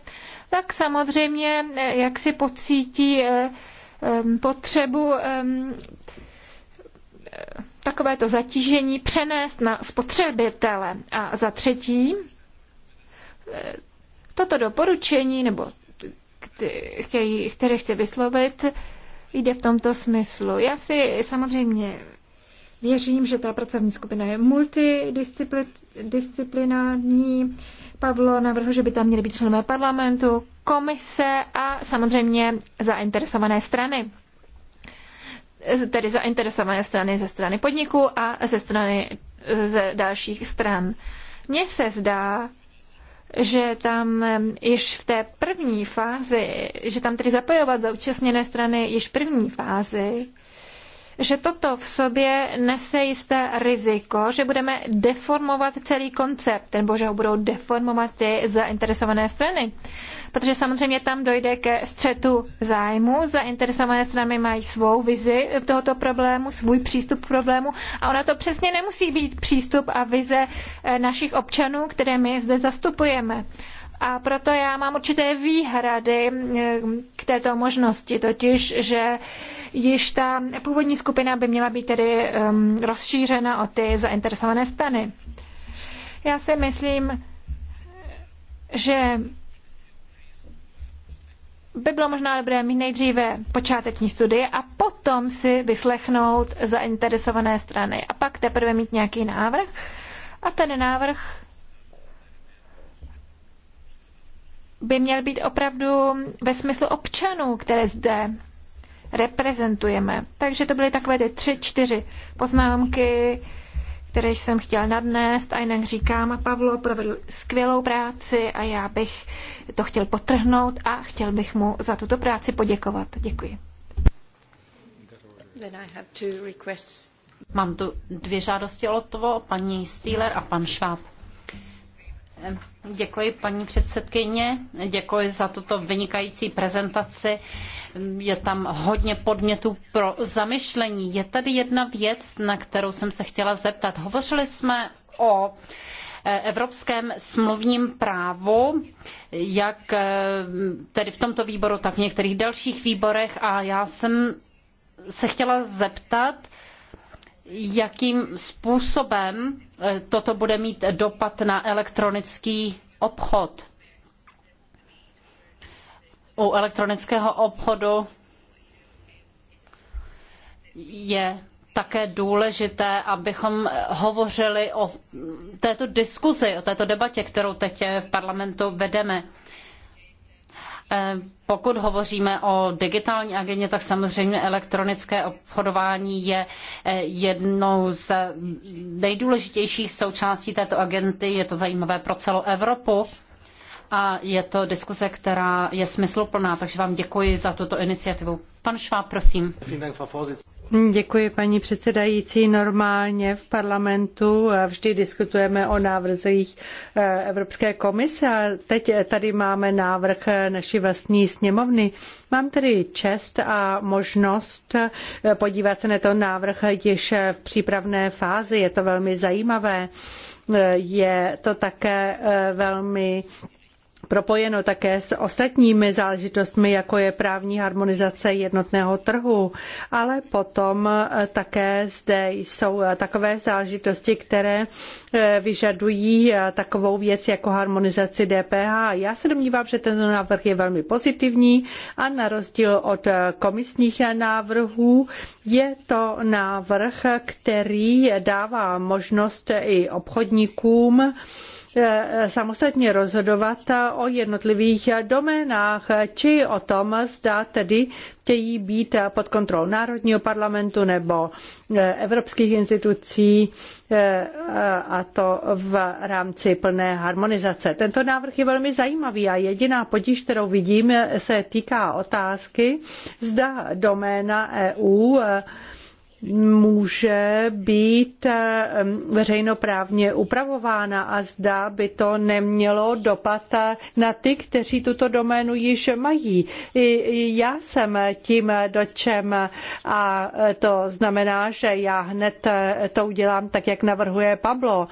tak samozřejmě eh, jak si pocítí eh, potřebu eh, takovéto zatížení přenést na spotřebitele. A za třetí, toto doporučení, nebo které chci vyslovit, jde v tomto smyslu. Já si samozřejmě Věřím, že ta pracovní skupina je multidisciplinární. Pavlo navrhl, že by tam měly být členové parlamentu, komise a samozřejmě zainteresované strany tedy zainteresované strany ze strany podniku a ze strany ze dalších stran. Mně se zdá, že tam již v té první fázi, že tam tedy zapojovat zaúčastněné strany již v první fázi, že toto v sobě nese jisté riziko, že budeme deformovat celý koncept, nebo že ho budou deformovat ty zainteresované strany. Protože samozřejmě tam dojde ke střetu zájmu. Zainteresované strany mají svou vizi tohoto problému, svůj přístup k problému a ona to přesně nemusí být přístup a vize eh, našich občanů, které my zde zastupujeme. A proto já mám určité výhrady eh, k této možnosti, totiž, že již ta původní skupina by měla být tedy ehm, rozšířena o ty zainteresované strany. Já si myslím, že by bylo možná dobré mít nejdříve počáteční studie a potom si vyslechnout zainteresované strany a pak teprve mít nějaký návrh. A ten návrh by měl být opravdu ve smyslu občanů, které zde reprezentujeme. Takže to byly takové ty tři, čtyři poznámky, které jsem chtěl nadnést a jinak říkám, Pavlo provedl skvělou práci a já bych to chtěl potrhnout a chtěl bych mu za tuto práci poděkovat. Děkuji. Mám tu dvě žádosti o to, paní Steeler a pan Schwab. Děkuji, paní předsedkyně. Děkuji za tuto vynikající prezentaci. Je tam hodně podmětů pro zamyšlení. Je tady jedna věc, na kterou jsem se chtěla zeptat. Hovořili jsme o evropském smluvním právu, jak eh, tedy v tomto výboru, tak v některých dalších výborech. A já jsem se chtěla zeptat, jakým způsobem eh, toto bude mít dopad na elektronický obchod. U elektronického obchodu je také důležité, abychom hovořili o této diskuzi, o této debatě, kterou teď eh, v parlamentu vedeme. Eh, pokud hovoříme o digitální agendě, tak samozřejmě elektronické obchodování je eh, jednou z nejdůležitějších součástí této agendy. Je to zajímavé pro celou Evropu a je to diskuse, která je smysluplná, takže vám děkuji za tuto iniciativu. Pan Šváb, prosím. Děkuji, paní předsedající. Normálně v parlamentu eh, vždy diskutujeme o návrzích eh, Evropské komise a teď eh, tady máme návrh naší vlastní sněmovny. Mám tedy čest a možnost podívat se na to návrh již v přípravné fázi. Je to velmi zajímavé. Je to také velmi propojeno také s ostatními záležitostmi, jako je právní harmonizace jednotného trhu, ale potom eh, také zde jsou eh, takové záležitosti, které eh, vyžadují takovou věc jako harmonizaci DPH. Já se domnívám, že tento návrh je velmi pozitivní a na rozdíl od komisních návrhů je to návrh, který dává možnost i obchodníkům, E, samostatně rozhodovat o jednotlivých doménách, či o tom, zda tedy chtějí být pod kontrolou Národního parlamentu nebo e, evropských institucí e, a to v rámci plné harmonizace. Tento návrh je velmi zajímavý a jediná potíž, kterou vidím, se týká otázky, zda doména EU může být veřejnoprávně upravována a zda by to nemělo dopad na ty, kteří tuto doménu již mají. I já jsem tím dočem a to znamená, že já hned to udělám tak, jak navrhuje Pablo.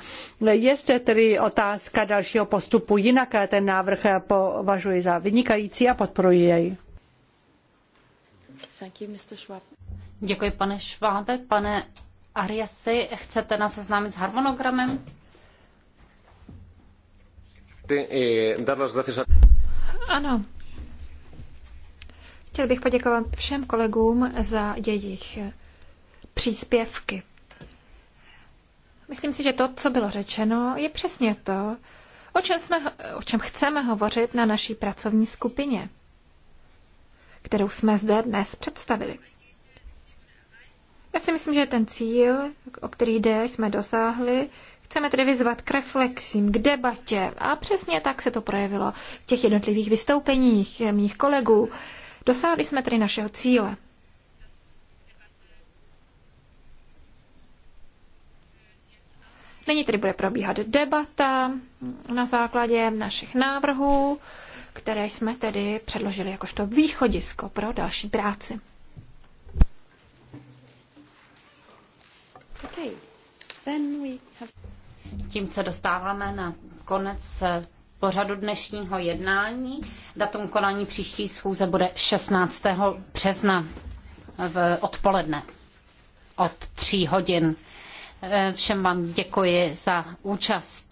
Je zde tedy otázka dalšího postupu, jinak ten návrh považuji za vynikající a podporuji jej. Thank you, Mr. Schwab. Děkuji, pane Švábe. Pane Ariasi, chcete nás seznámit s harmonogramem? Eh, ano. Chtěl bych poděkovat všem kolegům za jejich příspěvky. Myslím si, že to, co bylo řečeno, je přesně to, o čem, jsme, o čem chceme hovořit na naší pracovní skupině, kterou jsme zde dnes představili. Já si myslím, že ten cíl, o který jde, jsme dosáhli. Chceme tedy vyzvat k reflexím, k debatě. A přesně tak se to projevilo v těch jednotlivých vystoupeních mých kolegů. Dosáhli jsme tedy našeho cíle. Nyní tedy bude probíhat debata na základě našich návrhů, které jsme tedy předložili jakožto východisko pro další práci. Okay. Then we have... Tím se dostáváme na konec eh, pořadu dnešního jednání. Datum konání příští schůze bude 16. března v odpoledne od 3 hodin. Eh, všem vám děkuji za účast.